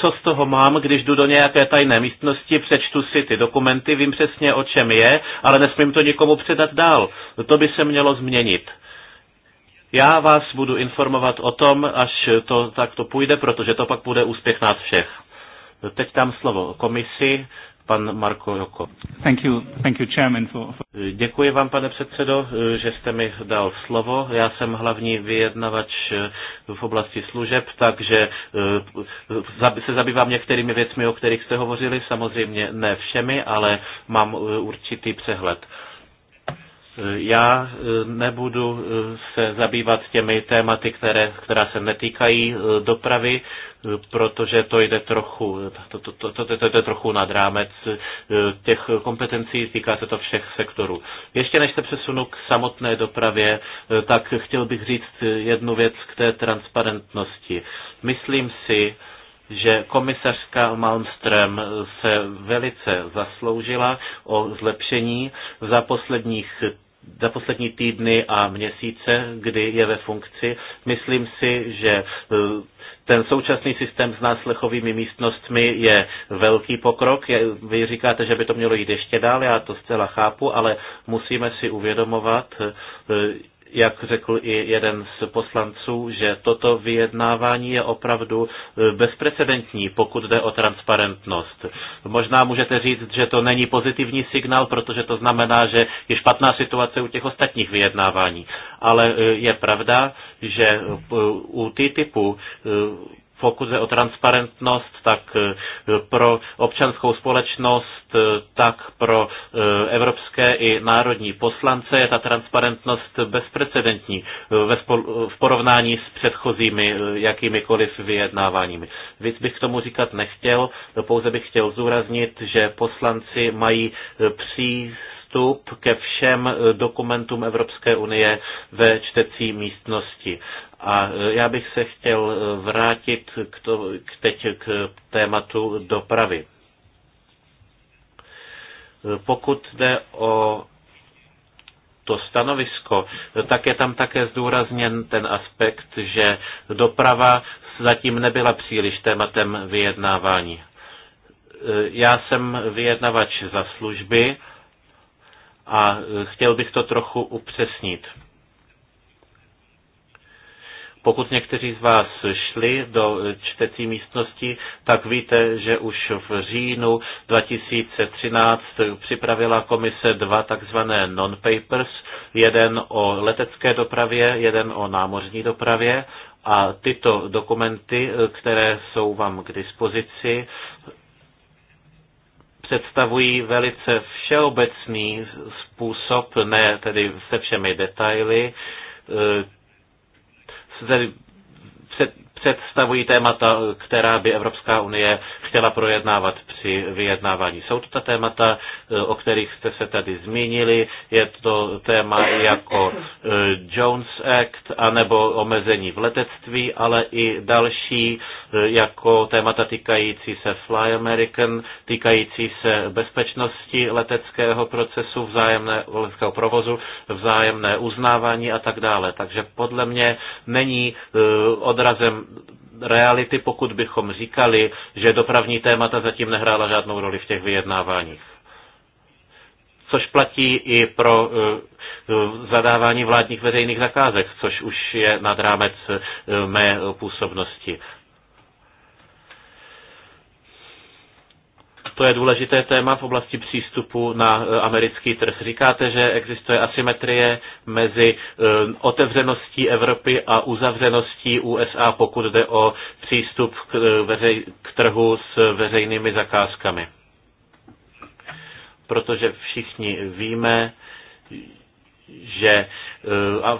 co z toho mám, když jdu do nějaké tajné místnosti, přečtu si ty dokumenty, vím přesně o čem je, ale nesmím nemůžeme to nikomu předat dál. To by se mělo změnit. Já vás budu informovat o tom, až to takto půjde, protože to pak bude úspěch nás všech. Teď tam slovo komisi pan Marko Joko. Thank you, thank you, chairman, for, for... Děkuji vám, pane předsedo, že jste mi dal slovo. Já jsem hlavní vyjednavač eh, v oblasti služeb, takže eh, se zabývám některými věcmi, o kterých jste hovořili, samozřejmě ne všemi, ale mám eh, určitý přehled. Já e, nebudu e, se zabývat těmi tématy, které, která se netýkají e, dopravy, protože to jde trochu, to, to, to, to, to jde trochu nad rámec těch kompetencí, týká se to všech sektorů. Ještě než se přesunu k samotné dopravě, tak chtěl bych říct jednu věc k té transparentnosti. Myslím si, že komisařka Malmström se velice zasloužila o zlepšení. Za posledních za poslední týdny a měsíce, kdy je ve funkci. Myslím si, že eh, ten současný systém s náslechovými místnostmi je velký pokrok. vy říkáte, že by to mělo jít ještě dál, já to zcela chápu, ale musíme si uvědomovat, eh, jak řekl i jeden z poslanců, že toto vyjednávání je opravdu e, bezprecedentní, pokud jde o transparentnost. Možná můžete říct, že to není pozitivní signál, protože to znamená, že je špatná situace u těch ostatních vyjednávání. Ale e, je pravda, že e, u TTIPu pokud jde o transparentnost, tak eh, pro občanskou společnost, eh, tak pro eh, evropské i národní poslance je ta transparentnost bezprecedentní v porovnání s předchozími jakýmikoliv vyjednáváními. Víc bych k tomu říkat nechtěl, pouze bych chtěl zúraznit, že poslanci mají přístup přístup ke všem eh, dokumentům Evropské unie ve čtecí místnosti. A eh, já bych se chtěl eh, vrátit k to, k teď k tématu dopravy. Pokud jde o to stanovisko, tak je tam také zdůrazněn ten aspekt, že doprava zatím nebyla příliš tématem vyjednávání. Já jsem vyjednavač za služby a e, chtěl bych to trochu upřesnit. Pokud někteří z vás šli do e, čtecí místnosti, tak víte, že už v říjnu 2013 připravila komise dva takzvané non-papers, jeden o letecké dopravě, jeden o námořní dopravě. A tyto dokumenty, e, které jsou vám k dispozici, představují velice všeobecný způsob, ne tedy se všemi detaily, eh, tedy představují témata, která by Evropská unie chtěla projednávat při vyjednávání. Jsou to ta témata, o kterých jste se tady zmínili. Je to téma jako e, Jones Act anebo omezení v letectví, ale i další e, jako témata týkající se Fly American, týkající se bezpečnosti leteckého procesu, vzájemné leteckého provozu, vzájemné uznávání a tak dále. Takže podle mě není e, odrazem reality, pokud bychom říkali, že dopravní témata zatím nehrála žádnou roli v těch vyjednáváních. Což platí i pro eh, eh, zadávání vládních veřejných zakázek, což už je nad rámec eh, mé působnosti. To je důležité téma v oblasti přístupu na e, americký trh. Říkáte, že existuje asymetrie mezi e, otevřeností Evropy a uzavřeností USA, pokud jde o přístup k, e, veřej, k trhu s veřejnými zakázkami. Protože všichni víme, že e,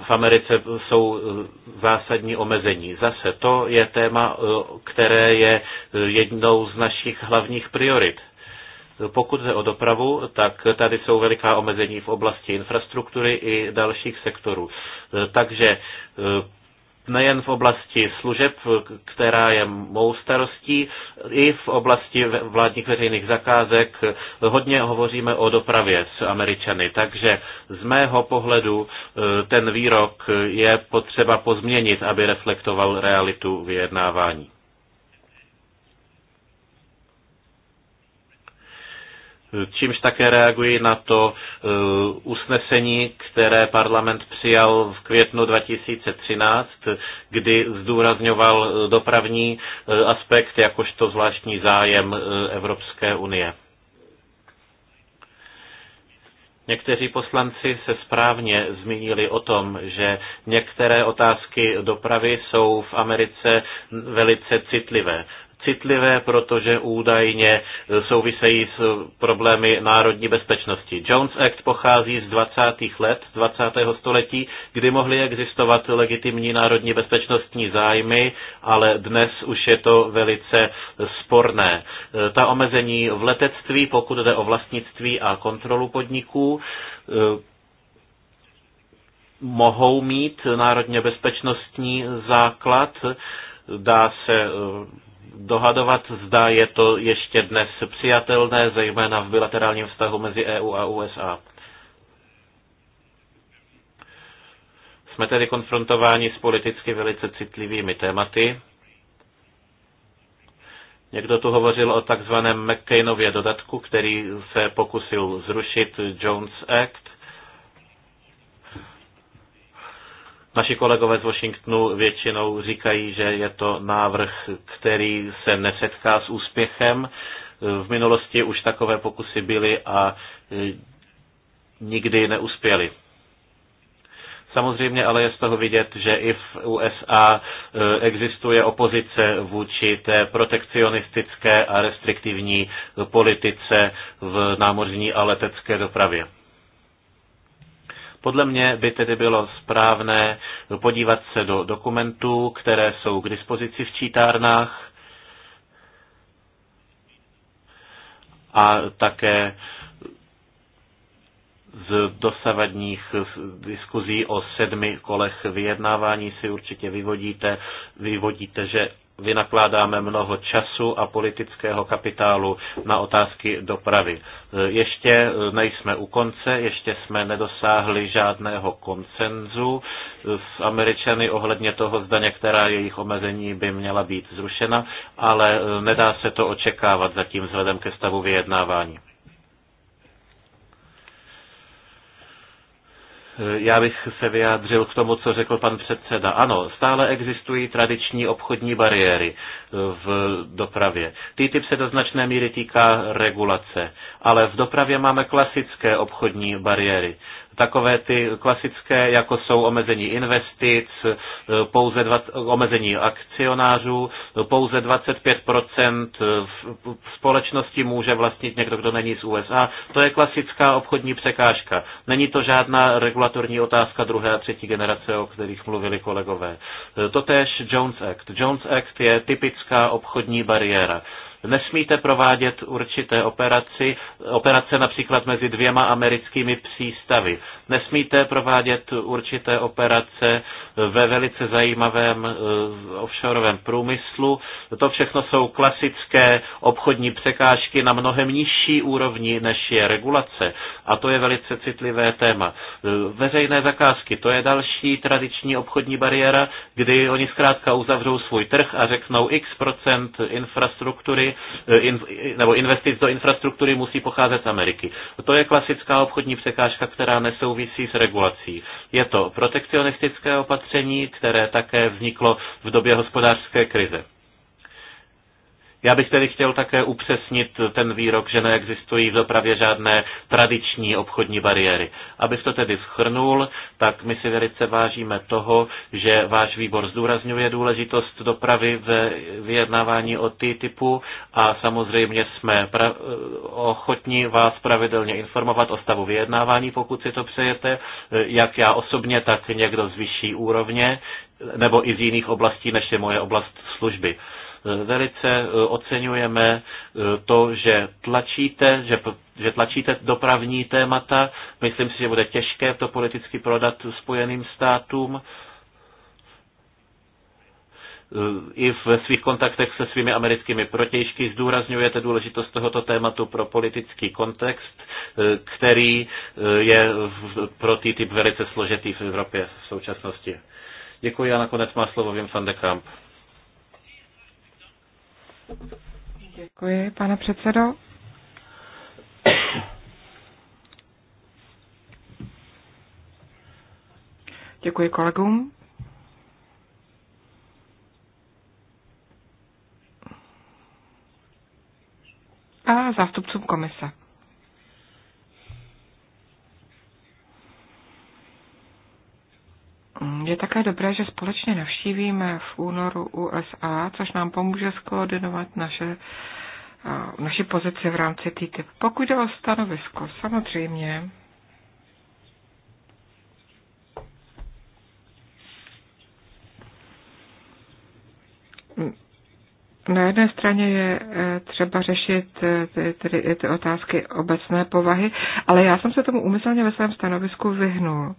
v Americe jsou e, zásadní omezení. Zase to je téma, e, které je jednou z našich hlavních priorit. Pokud jde o dopravu, tak tady jsou veliká omezení v oblasti infrastruktury i dalších sektorů. Takže nejen v oblasti služeb, která je mou starostí, i v oblasti vládních veřejných zakázek. Hodně hovoříme o dopravě s Američany, takže z mého pohledu e, ten výrok je potřeba pozměnit, aby reflektoval realitu vyjednávání. čímž také reaguji na to eh, usnesení, které parlament přijal v květnu 2013, kdy zdůrazňoval eh, dopravní eh, aspekt jakožto zvláštní zájem Evropské unie. Někteří poslanci se správně zmínili o tom, že některé otázky dopravy jsou v Americe velice citlivé citlivé, protože údajně e, souvisejí s e, problémy národní bezpečnosti. Jones Act pochází z 20. let, 20. století, kdy mohly existovat legitimní národní bezpečnostní zájmy, ale dnes už je to velice sporné. E, ta omezení v letectví, pokud jde o vlastnictví a kontrolu podniků, mohou mít národně bezpečnostní základ, dá se dohadovat, zda je to ještě dnes přijatelné, zejména v bilaterálním vztahu mezi EU a USA. Jsme tedy konfrontováni s politicky velice citlivými tématy. Někdo tu hovořil o takzvaném McCainově dodatku, který se pokusil zrušit Jones Act. Naši kolegové z Washingtonu většinou říkají, že je to návrh, který se nesetká s úspěchem. V minulosti už takové pokusy byly a e, nikdy neuspěly. Samozřejmě ale je z toho vidět, že i v USA e, existuje opozice vůči té protekcionistické a restriktivní politice v námořní a letecké dopravě. Podle mě by tedy bylo správné podívat se do dokumentů, které jsou k dispozici v čítárnách a také z dosavadních diskuzí o sedmi kolech vyjednávání si určitě vyvodíte, vyvodíte že vynakládáme mnoho času a politického kapitálu na otázky dopravy. E, ještě e, nejsme u konce, ještě jsme nedosáhli žádného koncenzu s Američany ohledně toho, zda některá jejich omezení by měla být zrušena, ale e, nedá se to očekávat zatím vzhledem ke stavu vyjednávání. Já bych se vyjádřil k tomu, co řekl pan předseda. Ano, stále existují tradiční obchodní bariéry e, v dopravě. TTIP se do značné míry týká regulace, ale v dopravě máme klasické obchodní bariéry takové ty klasické, jako jsou omezení investic, e, pouze 20, omezení akcionářů, pouze 25% e, společnosti může vlastnit někdo, kdo není z USA. To je klasická obchodní překážka. Není to žádná regulatorní otázka druhé a třetí generace, o kterých mluvili kolegové. E, Totež Jones Act. Jones Act je typická obchodní bariéra. Nesmíte provádět určité operaci, operace například mezi dvěma americkými přístavy. Nesmíte provádět určité operace ve velice zajímavém eh, offshoreovém průmyslu. To všechno jsou klasické obchodní překážky na mnohem nižší úrovni, než je regulace. A to je velice citlivé téma. Eh, veřejné zakázky, to je další tradiční obchodní bariéra, kdy oni zkrátka uzavřou svůj trh a řeknou x procent infrastruktury Eh, in, nebo investic do infrastruktury musí pocházet z Ameriky. To je klasická obchodní překážka, která nesouvisí s regulací. Je to protekcionistické opatření, které také vzniklo v době hospodářské krize. Já bych tedy chtěl také upřesnit ten výrok, že neexistují v dopravě žádné tradiční obchodní bariéry. Abych to tedy schrnul, tak my si velice vážíme toho, že váš výbor zdůrazňuje důležitost dopravy v vyjednávání o ty typu a samozřejmě jsme pra- eh, ochotní vás pravidelně informovat o stavu vyjednávání, pokud si to přejete, eh, jak já osobně, tak někdo z vyšší úrovně nebo i z jiných oblastí, než je moje oblast služby. Velice eh, oceňujeme eh, to, že tlačíte, že že tlačíte dopravní témata. Myslím si, že bude těžké to politicky prodat Spojeným státům eh, i v svých kontaktech se svými americkými protějšky zdůrazňujete důležitost tohoto tématu pro politický kontext, který je pro TTIP velice složitý v Evropě v současnosti. Děkuji a nakonec má slovo Wim van de Kamp. Děkuji, pane předsedo. Děkuji kolegům. A zástupcům komise. Je také dobré, že společně navštívíme v únoru USA, což nám pomůže skoordinovat naše, naše pozici v rámci TTIP. Pokud jde o stanovisko, samozřejmě Na jedné straně je e, třeba řešit e, ty, ty, ty otázky obecné povahy, ale já jsem se tomu úmyslně ve svém stanovisku vyhnul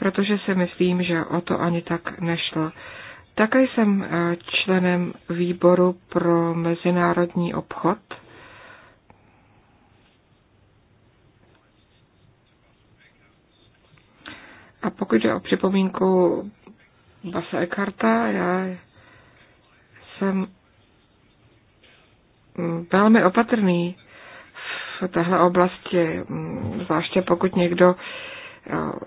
protože si myslím, že o to ani tak nešlo. Také jsem eh, členem výboru pro mezinárodní obchod. A pokud jde o připomínku Basa Eckharta, já jsem mm, velmi opatrný v téhle oblasti, mm, zvláště pokud někdo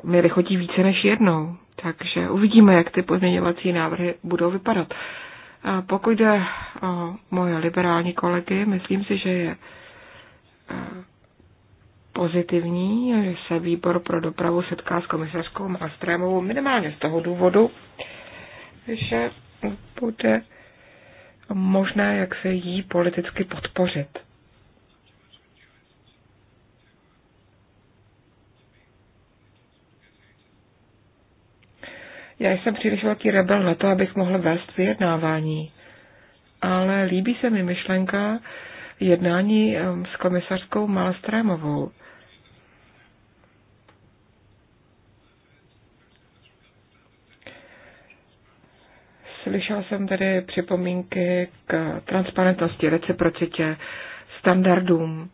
mi vychodí více než jednou. Takže uvidíme, jak ty pozměňovací návrhy budou vypadat. pokud jde o moje liberální kolegy, myslím si, že je pozitivní, že se výbor pro dopravu setká s komisařkou Malstrémovou minimálně z toho důvodu, že bude možné, jak se jí politicky podpořit. Já jsem příliš velký rebel na to, abych mohl vést vyjednávání. Ale líbí se mi myšlenka jednání s komisařkou Malstrémovou. Slyšel jsem tady připomínky k transparentnosti, reciprocitě, standardům.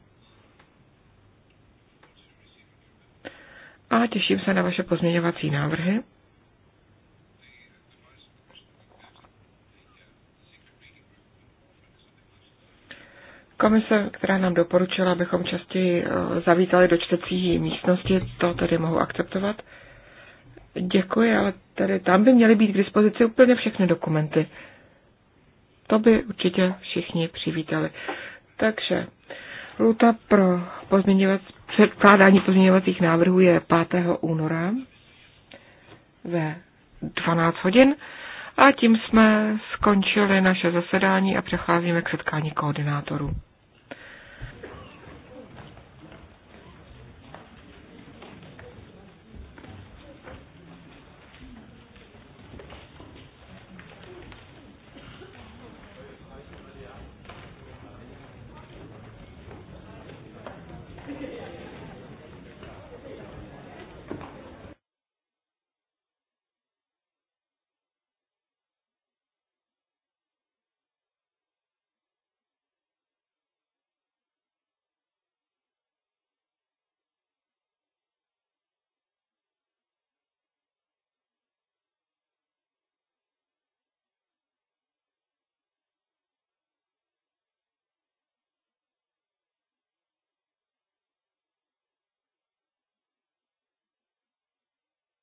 A těším se na vaše pozměňovací návrhy. Komise, která nám doporučila, abychom častěji eh, zavítali do čtecí místnosti, to tedy mohu akceptovat. Děkuji, ale tady tam by měly být k dispozici úplně všechny dokumenty. To by určitě všichni přivítali. Takže luta pro pozměňovac, předkládání pozměňovacích návrhů je 5. února ve 12 hodin. A tím jsme skončili naše zasedání a přecházíme k setkání koordinátorů.